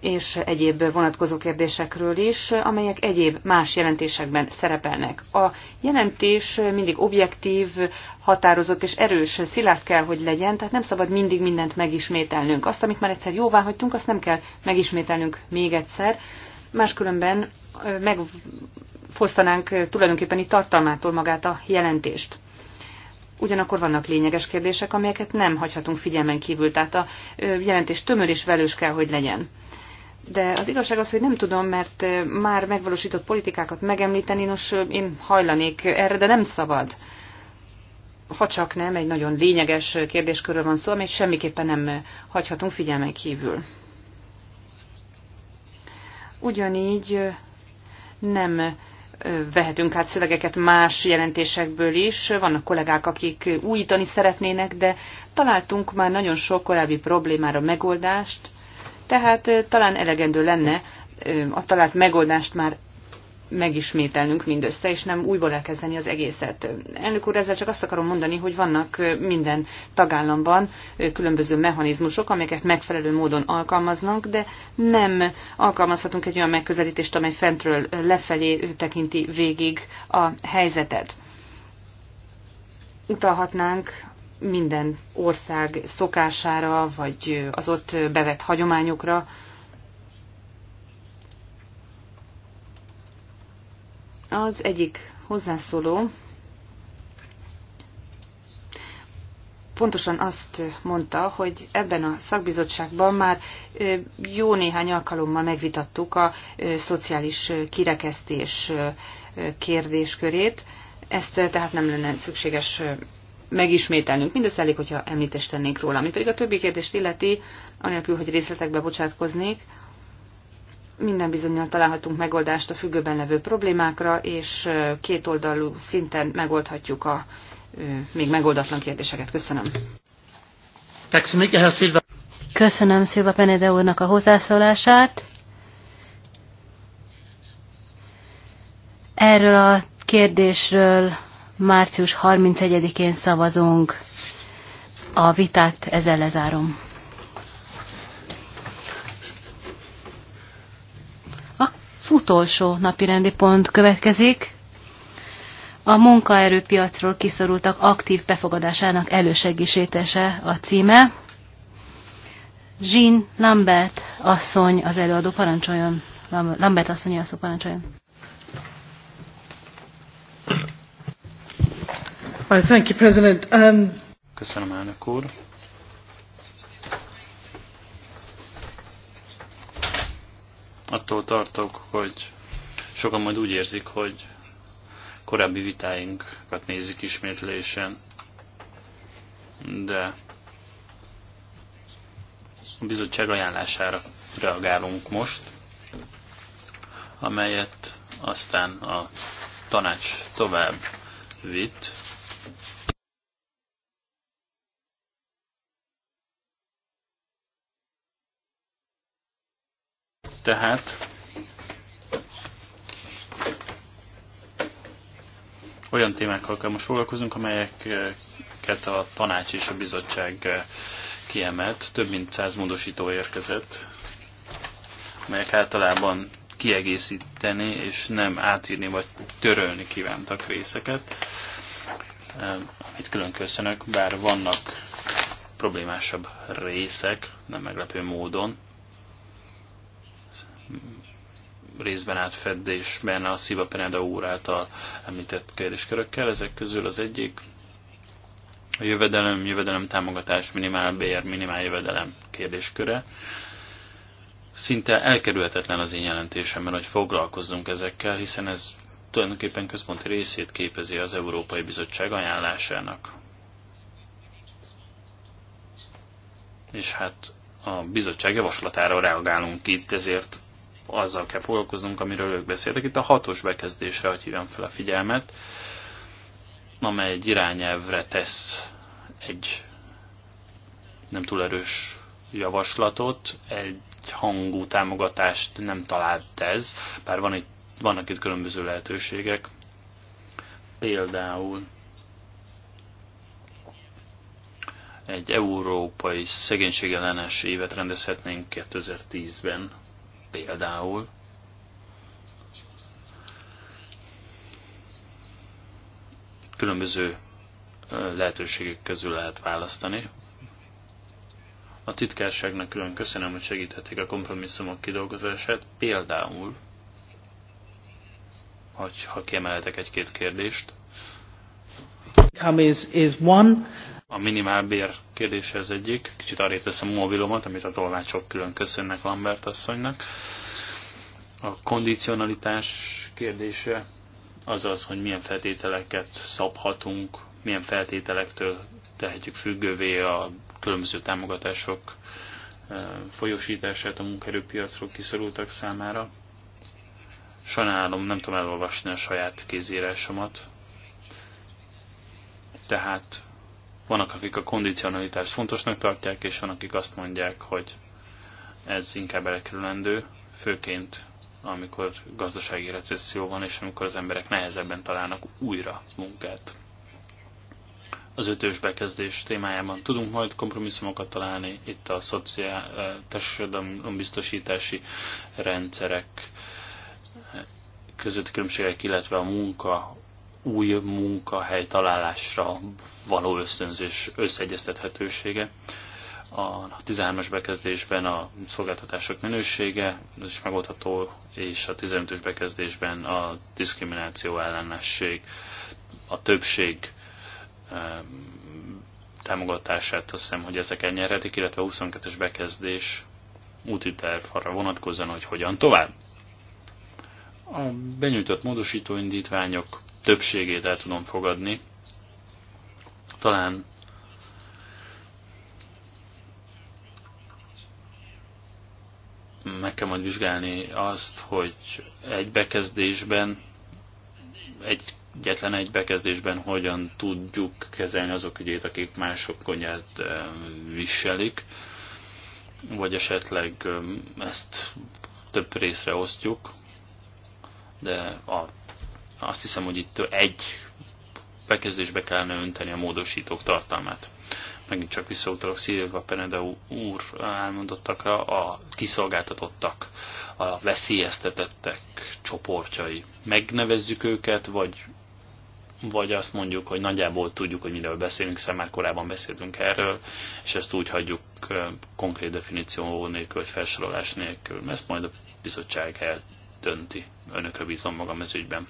és egyéb vonatkozó kérdésekről is, amelyek egyéb más jelentésekben szerepelnek. A jelentés mindig objektív, határozott és erős, szilárd kell, hogy legyen, tehát nem szabad mindig mindent megismételnünk. Azt, amit már egyszer jóvá hagytunk, azt nem kell megismételnünk még egyszer, máskülönben megfosztanánk tulajdonképpen itt tartalmától magát a jelentést. Ugyanakkor vannak lényeges kérdések, amelyeket nem hagyhatunk figyelmen kívül, tehát a jelentés tömör és velős kell, hogy legyen. De az igazság az, hogy nem tudom, mert már megvalósított politikákat megemlíteni, nos, én hajlanék erre, de nem szabad. Ha csak nem, egy nagyon lényeges kérdéskörről van szó, amit semmiképpen nem hagyhatunk figyelmen kívül. Ugyanígy nem vehetünk át szövegeket más jelentésekből is. Vannak kollégák, akik újítani szeretnének, de találtunk már nagyon sok korábbi problémára megoldást, tehát talán elegendő lenne a talált megoldást már megismételnünk mindössze, és nem újból elkezdeni az egészet. Elnök úr, ezzel csak azt akarom mondani, hogy vannak minden tagállamban különböző mechanizmusok, amelyeket megfelelő módon alkalmaznak, de nem alkalmazhatunk egy olyan megközelítést, amely fentről lefelé tekinti végig a helyzetet. Utalhatnánk minden ország szokására, vagy az ott bevett hagyományokra. Az egyik hozzászóló pontosan azt mondta, hogy ebben a szakbizottságban már jó néhány alkalommal megvitattuk a szociális kirekesztés kérdéskörét, ezt tehát nem lenne szükséges megismételnünk. Mindössze elég, hogyha említést tennénk róla. Ami pedig a többi kérdést illeti, anélkül, hogy részletekbe bocsátkoznék, minden bizonyal találhatunk megoldást a függőben levő problémákra, és kétoldalú szinten megoldhatjuk a még megoldatlan kérdéseket. Köszönöm. Köszönöm Szilva Penede úrnak a hozzászólását. Erről a kérdésről március 31-én szavazunk. A vitát ezzel lezárom. Az utolsó napi rendi pont következik. A munkaerőpiacról kiszorultak aktív befogadásának elősegítése a címe. Jean Lambert asszony az előadó parancsoljon. Lambert asszony a szó parancsoljon. Thank you, President. Um... Köszönöm, elnök úr. Attól tartok, hogy sokan majd úgy érzik, hogy korábbi vitáinkat nézik ismétlésen, de a bizottság ajánlására reagálunk most, amelyet aztán a tanács tovább vitt, Tehát olyan témákkal kell most foglalkozunk, amelyeket a tanács és a bizottság kiemelt. Több mint száz módosító érkezett, amelyek általában kiegészíteni és nem átírni vagy törölni kívántak részeket. Itt külön köszönök, bár vannak problémásabb részek, nem meglepő módon, részben átfedésben a Sziva Peneda úr által említett kérdéskörökkel. Ezek közül az egyik a jövedelem, jövedelem támogatás, minimál bér, minimál jövedelem kérdésköre. Szinte elkerülhetetlen az én jelentésemben, hogy foglalkozzunk ezekkel, hiszen ez tulajdonképpen központi részét képezi az Európai Bizottság ajánlásának. És hát a bizottság javaslatára reagálunk itt, ezért azzal kell foglalkoznunk, amiről ők beszéltek. Itt a hatos bekezdésre, hogy hívjam fel a figyelmet, amely egy irányelvre tesz egy nem túl erős javaslatot, egy hangú támogatást nem talált ez, bár van itt, vannak itt különböző lehetőségek. Például egy európai szegénységellenes évet rendezhetnénk 2010-ben, Például különböző lehetőségek közül lehet választani. A titkárságnak külön köszönöm, hogy segíthetik a kompromisszumok kidolgozását. Például, hogy, ha kiemelhetek egy-két kérdést. Is, is one, a minimálbér kérdése az egyik. Kicsit arra teszem a mobilomat, amit a tolmácsok külön köszönnek Lambert asszonynak. A kondicionalitás kérdése az az, hogy milyen feltételeket szabhatunk, milyen feltételektől tehetjük függővé a különböző támogatások eh, folyosítását a munkaerőpiacról kiszorultak számára. Sajnálom, nem tudom elolvasni a saját kézírásomat. Tehát vannak, akik a kondicionalitást fontosnak tartják, és vannak, akik azt mondják, hogy ez inkább elkerülendő, főként amikor gazdasági recesszió van, és amikor az emberek nehezebben találnak újra munkát. Az ötös bekezdés témájában tudunk majd kompromisszumokat találni, itt a szociális biztosítási rendszerek közötti különbségek, illetve a munka új munkahely találásra való ösztönzés összeegyeztethetősége. A 13-as bekezdésben a szolgáltatások minősége, ez is megoldható, és a 15-ös bekezdésben a diszkrimináció ellenesség, a többség támogatását azt hiszem, hogy ezek elnyerhetik, illetve a 22-es bekezdés úti terv arra vonatkozzon, hogy hogyan tovább. A benyújtott módosítóindítványok indítványok többségét el tudom fogadni. Talán meg kell majd vizsgálni azt, hogy egy bekezdésben, egyetlen egy bekezdésben hogyan tudjuk kezelni azok ügyét, akik mások konyát viselik, vagy esetleg ezt több részre osztjuk, de a azt hiszem, hogy itt egy bekezdésbe kellene önteni a módosítók tartalmát. Megint csak visszautalok Szilva Penedeu úr elmondottakra, a kiszolgáltatottak, a veszélyeztetettek csoportjai. Megnevezzük őket, vagy vagy azt mondjuk, hogy nagyjából tudjuk, hogy miről beszélünk, hiszen már korábban beszéltünk erről, és ezt úgy hagyjuk konkrét definíció nélkül, vagy felsorolás nélkül. Ezt majd a bizottság eldönti. Önökre bízom magam ez ügyben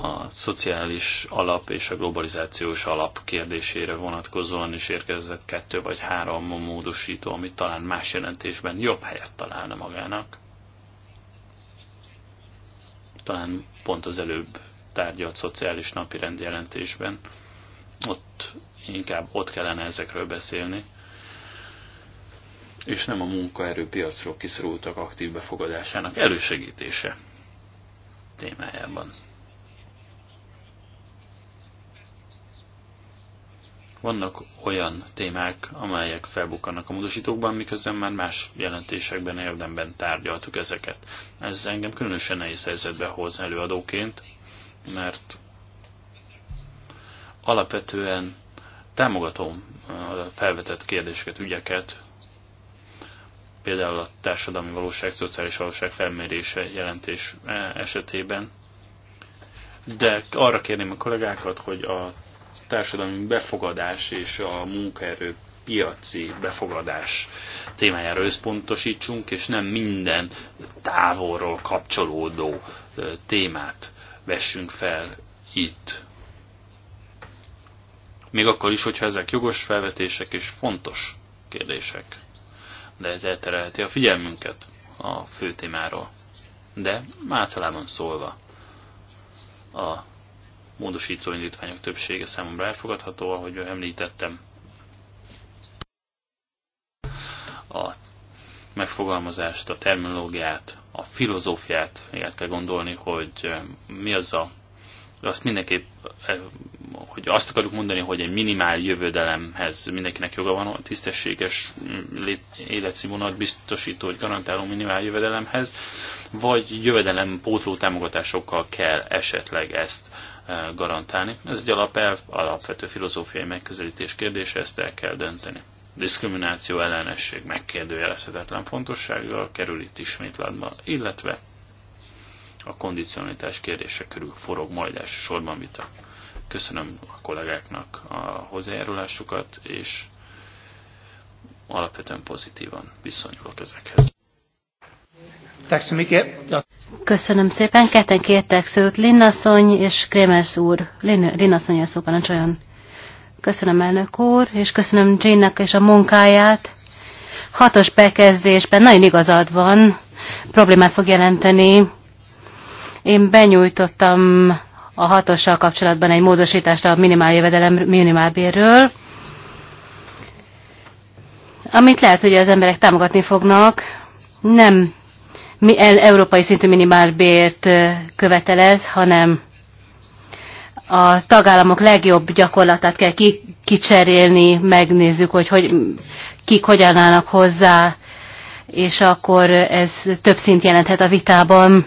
a szociális alap és a globalizációs alap kérdésére vonatkozóan is érkezett kettő vagy három módosító, amit talán más jelentésben jobb helyet találna magának. Talán pont az előbb tárgyalt szociális napirend jelentésben. Ott inkább ott kellene ezekről beszélni és nem a munkaerőpiacról kiszorultak aktív befogadásának elősegítése témájában. Vannak olyan témák, amelyek felbukkannak a módosítókban, miközben már más jelentésekben érdemben tárgyaltuk ezeket. Ez engem különösen nehéz helyzetbe hoz előadóként, mert alapvetően támogatom a felvetett kérdéseket, ügyeket, például a társadalmi valóság, szociális valóság felmérése jelentés e, esetében. De arra kérném a kollégákat, hogy a társadalmi befogadás és a munkaerő piaci befogadás témájára összpontosítsunk, és nem minden távolról kapcsolódó e, témát vessünk fel itt. Még akkor is, hogyha ezek jogos felvetések és fontos kérdések de ez elterelheti a figyelmünket a fő témáról. De általában szólva a módosító indítványok többsége számomra elfogadható, ahogy említettem. A megfogalmazást, a terminológiát, a filozófiát, el kell gondolni, hogy eh, mi az a azt mindenképp, eh, hogy azt akarjuk mondani, hogy egy minimál jövedelemhez mindenkinek joga van, a tisztességes mm, életszínvonalat biztosító, hogy garantáló minimál jövedelemhez, vagy jövedelem pótló támogatásokkal kell esetleg ezt eh, garantálni. Ez egy alapelv, alapvető filozófiai megközelítés kérdése, ezt el kell dönteni. diszkrimináció ellenesség megkérdőjelezhetetlen fontossággal kerül itt ismétlatba, illetve a kondicionalitás kérdése körül forog majd elsősorban vita. Köszönöm a kollégáknak a hozzájárulásukat, és alapvetően pozitívan viszonyulok ezekhez. Köszönöm szépen. Ketten kértek szót Linnasszony és Krémers úr. Lin, Linnasszony a szó Köszönöm elnök úr, és köszönöm Jeannek és a munkáját. Hatos bekezdésben nagyon igazad van, problémát fog jelenteni én benyújtottam a hatossal kapcsolatban egy módosítást a jövedelem minimálbérről, amit lehet, hogy az emberek támogatni fognak, nem mi el, európai szintű minimálbért követelez, hanem a tagállamok legjobb gyakorlatát kell ki, kicserélni, megnézzük, hogy, hogy kik hogyan állnak hozzá, és akkor ez több szint jelenthet a vitában.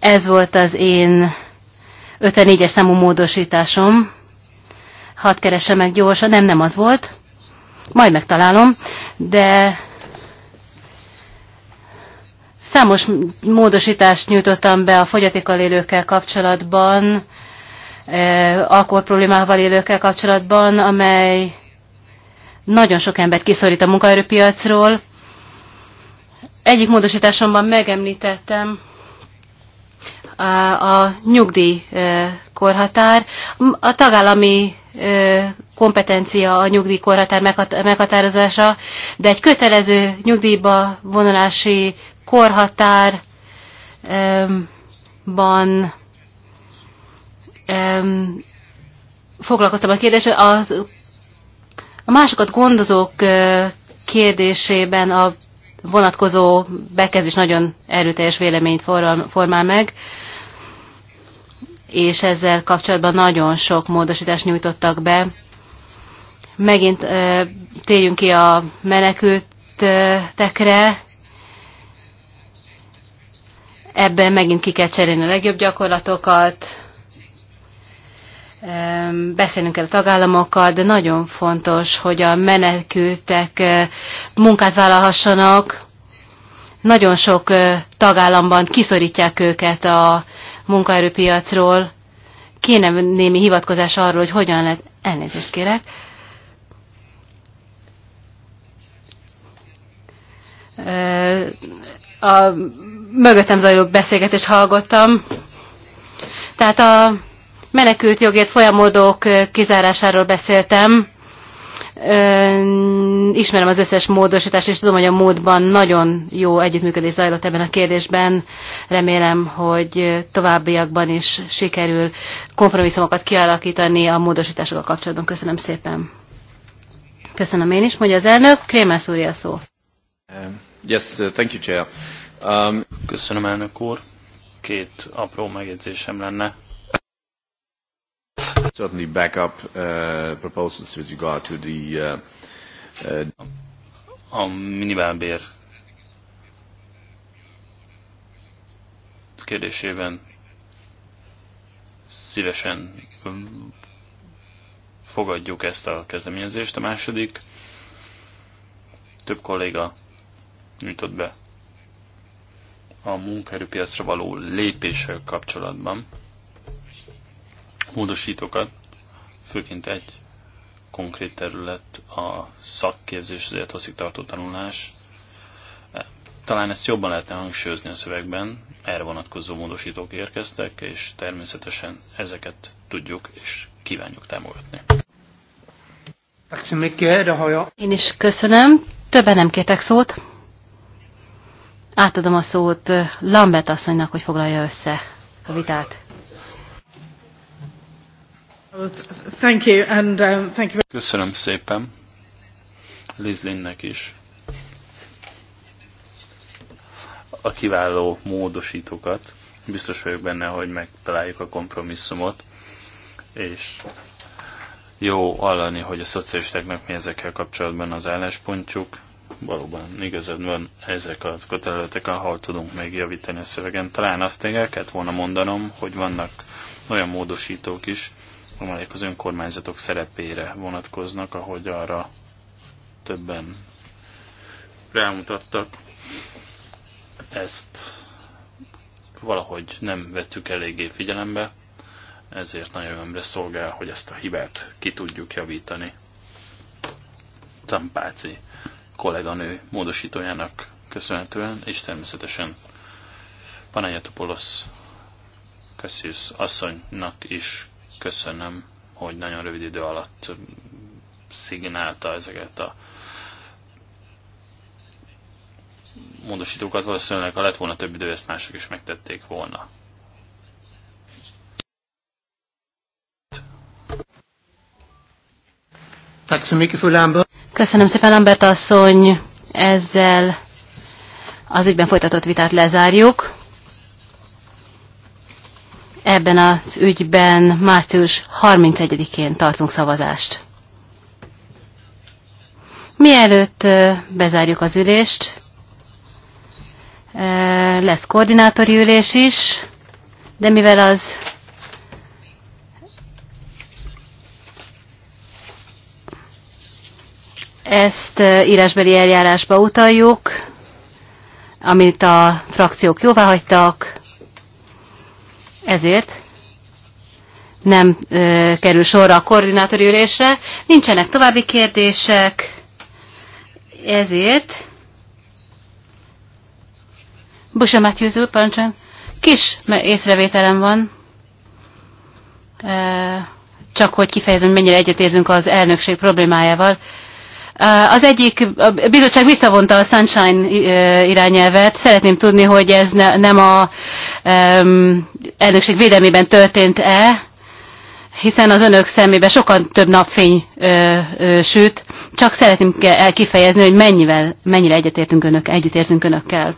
Ez volt az én 54-es számú módosításom. Hadd keresem meg gyorsan, nem, nem az volt. Majd megtalálom, de számos módosítást nyújtottam be a fogyatékkal élőkkel kapcsolatban, e, alkoholproblémával élőkkel kapcsolatban, amely nagyon sok embert kiszorít a munkaerőpiacról. Egyik módosításomban megemlítettem, a korhatár. A tagállami kompetencia a nyugdíjkorhatár meghatározása, de egy kötelező nyugdíjba vonulási korhatárban foglalkoztam a kérdésre. A, a másokat gondozók kérdésében a vonatkozó bekezdés nagyon erőteljes véleményt formál meg és ezzel kapcsolatban nagyon sok módosítást nyújtottak be. Megint e, térjünk ki a menekültekre. Ebben megint ki kell cserélni a legjobb gyakorlatokat. E, beszélnünk kell a tagállamokkal, de nagyon fontos, hogy a menekültek e, munkát vállalhassanak. Nagyon sok e, tagállamban kiszorítják őket a munkaerőpiacról, kéne némi hivatkozás arról, hogy hogyan lehet, elnézést kérek, a mögöttem zajló beszélgetést hallgattam. Tehát a menekült jogért folyamodók kizárásáról beszéltem, ismerem az összes módosítást, és tudom, hogy a módban nagyon jó együttműködés zajlott ebben a kérdésben. Remélem, hogy továbbiakban is sikerül kompromisszumokat kialakítani a módosításokkal kapcsolatban. Köszönöm szépen. Köszönöm én is, mondja az elnök. Krémász úr a szó. Uh, yes, uh, thank you, Chair. Um... Köszönöm, elnök úr. Két apró megjegyzésem lenne Certainly back up uh, proposals with regard to the uh, uh, a minimálbér kérdésében szívesen fogadjuk ezt a kezdeményezést. A második több kolléga nyújtott be a munkaerőpiacra való lépéssel kapcsolatban módosítókat, főként egy konkrét terület a szakképzés, az élethosszig tartó tanulás. Talán ezt jobban lehetne hangsúlyozni a szövegben, erre vonatkozó módosítók érkeztek, és természetesen ezeket tudjuk és kívánjuk támogatni. Én is köszönöm. Többen nem kértek szót. Átadom a szót Lambert asszonynak, hogy foglalja össze a vitát. Um, Köszönöm szépen Lizlinnek is a kiváló módosítókat. Biztos vagyok benne, hogy megtaláljuk a kompromisszumot, és jó hallani, hogy a szocialistáknak mi ezekkel kapcsolatban az álláspontjuk. Valóban igazad van, ezek a területek, ahol tudunk még javítani a szövegen. Talán azt még el kellett volna mondanom, hogy vannak olyan módosítók is, amelyek az önkormányzatok szerepére vonatkoznak, ahogy arra többen rámutattak. Ezt valahogy nem vettük eléggé figyelembe, ezért nagyon örömre szolgál, hogy ezt a hibát ki tudjuk javítani. Campáci kolléganő módosítójának köszönhetően, és természetesen Panayotopoulos Cassius asszonynak is köszönöm, hogy nagyon rövid idő alatt szignálta ezeket a módosítókat. Valószínűleg, ha lett volna több idő, ezt mások is megtették volna. Köszönöm szépen, Lambert asszony. Ezzel az ügyben folytatott vitát lezárjuk. Ebben az ügyben március 31-én tartunk szavazást. Mielőtt bezárjuk az ülést, lesz koordinátori ülés is, de mivel az ezt írásbeli eljárásba utaljuk, amit a frakciók jóváhagytak, ezért nem ö, kerül sorra a koordinátori ülésre. Nincsenek további kérdések, ezért Busa Matthews úr, parancsán, Kis észrevételem van, ö, csak hogy kifejezem, mennyire egyetérzünk az elnökség problémájával. Ö, az egyik, a bizottság visszavonta a Sunshine irányelvet. Szeretném tudni, hogy ez ne, nem a um, elnökség védelmében történt-e, hiszen az önök szemébe sokan több napfény ö, ö, süt. Csak szeretném el kifejezni, hogy mennyivel, mennyire egyetértünk önök, együttérzünk önökkel.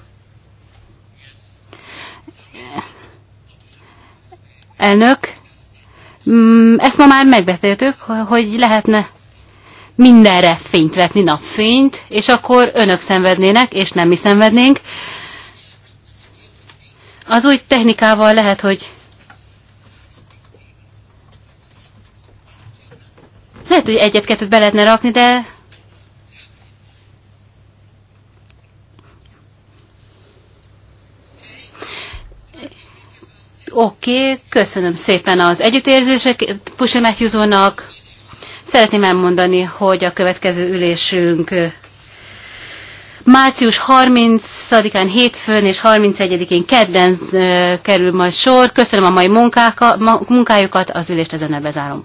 Elnök, mm, ezt ma már megbeszéltük, hogy lehetne mindenre fényt vetni, napfényt, és akkor önök szenvednének, és nem mi szenvednénk. Az új technikával lehet, hogy lehet, hogy egyet-kettőt be lehetne rakni, de Oké, okay, köszönöm szépen az együttérzések Pusha Matthews nak Szeretném elmondani, hogy a következő ülésünk március 30-án hétfőn és 31-én kedden kerül majd sor. Köszönöm a mai munkákat, munkájukat, az ülést ezen bezárom.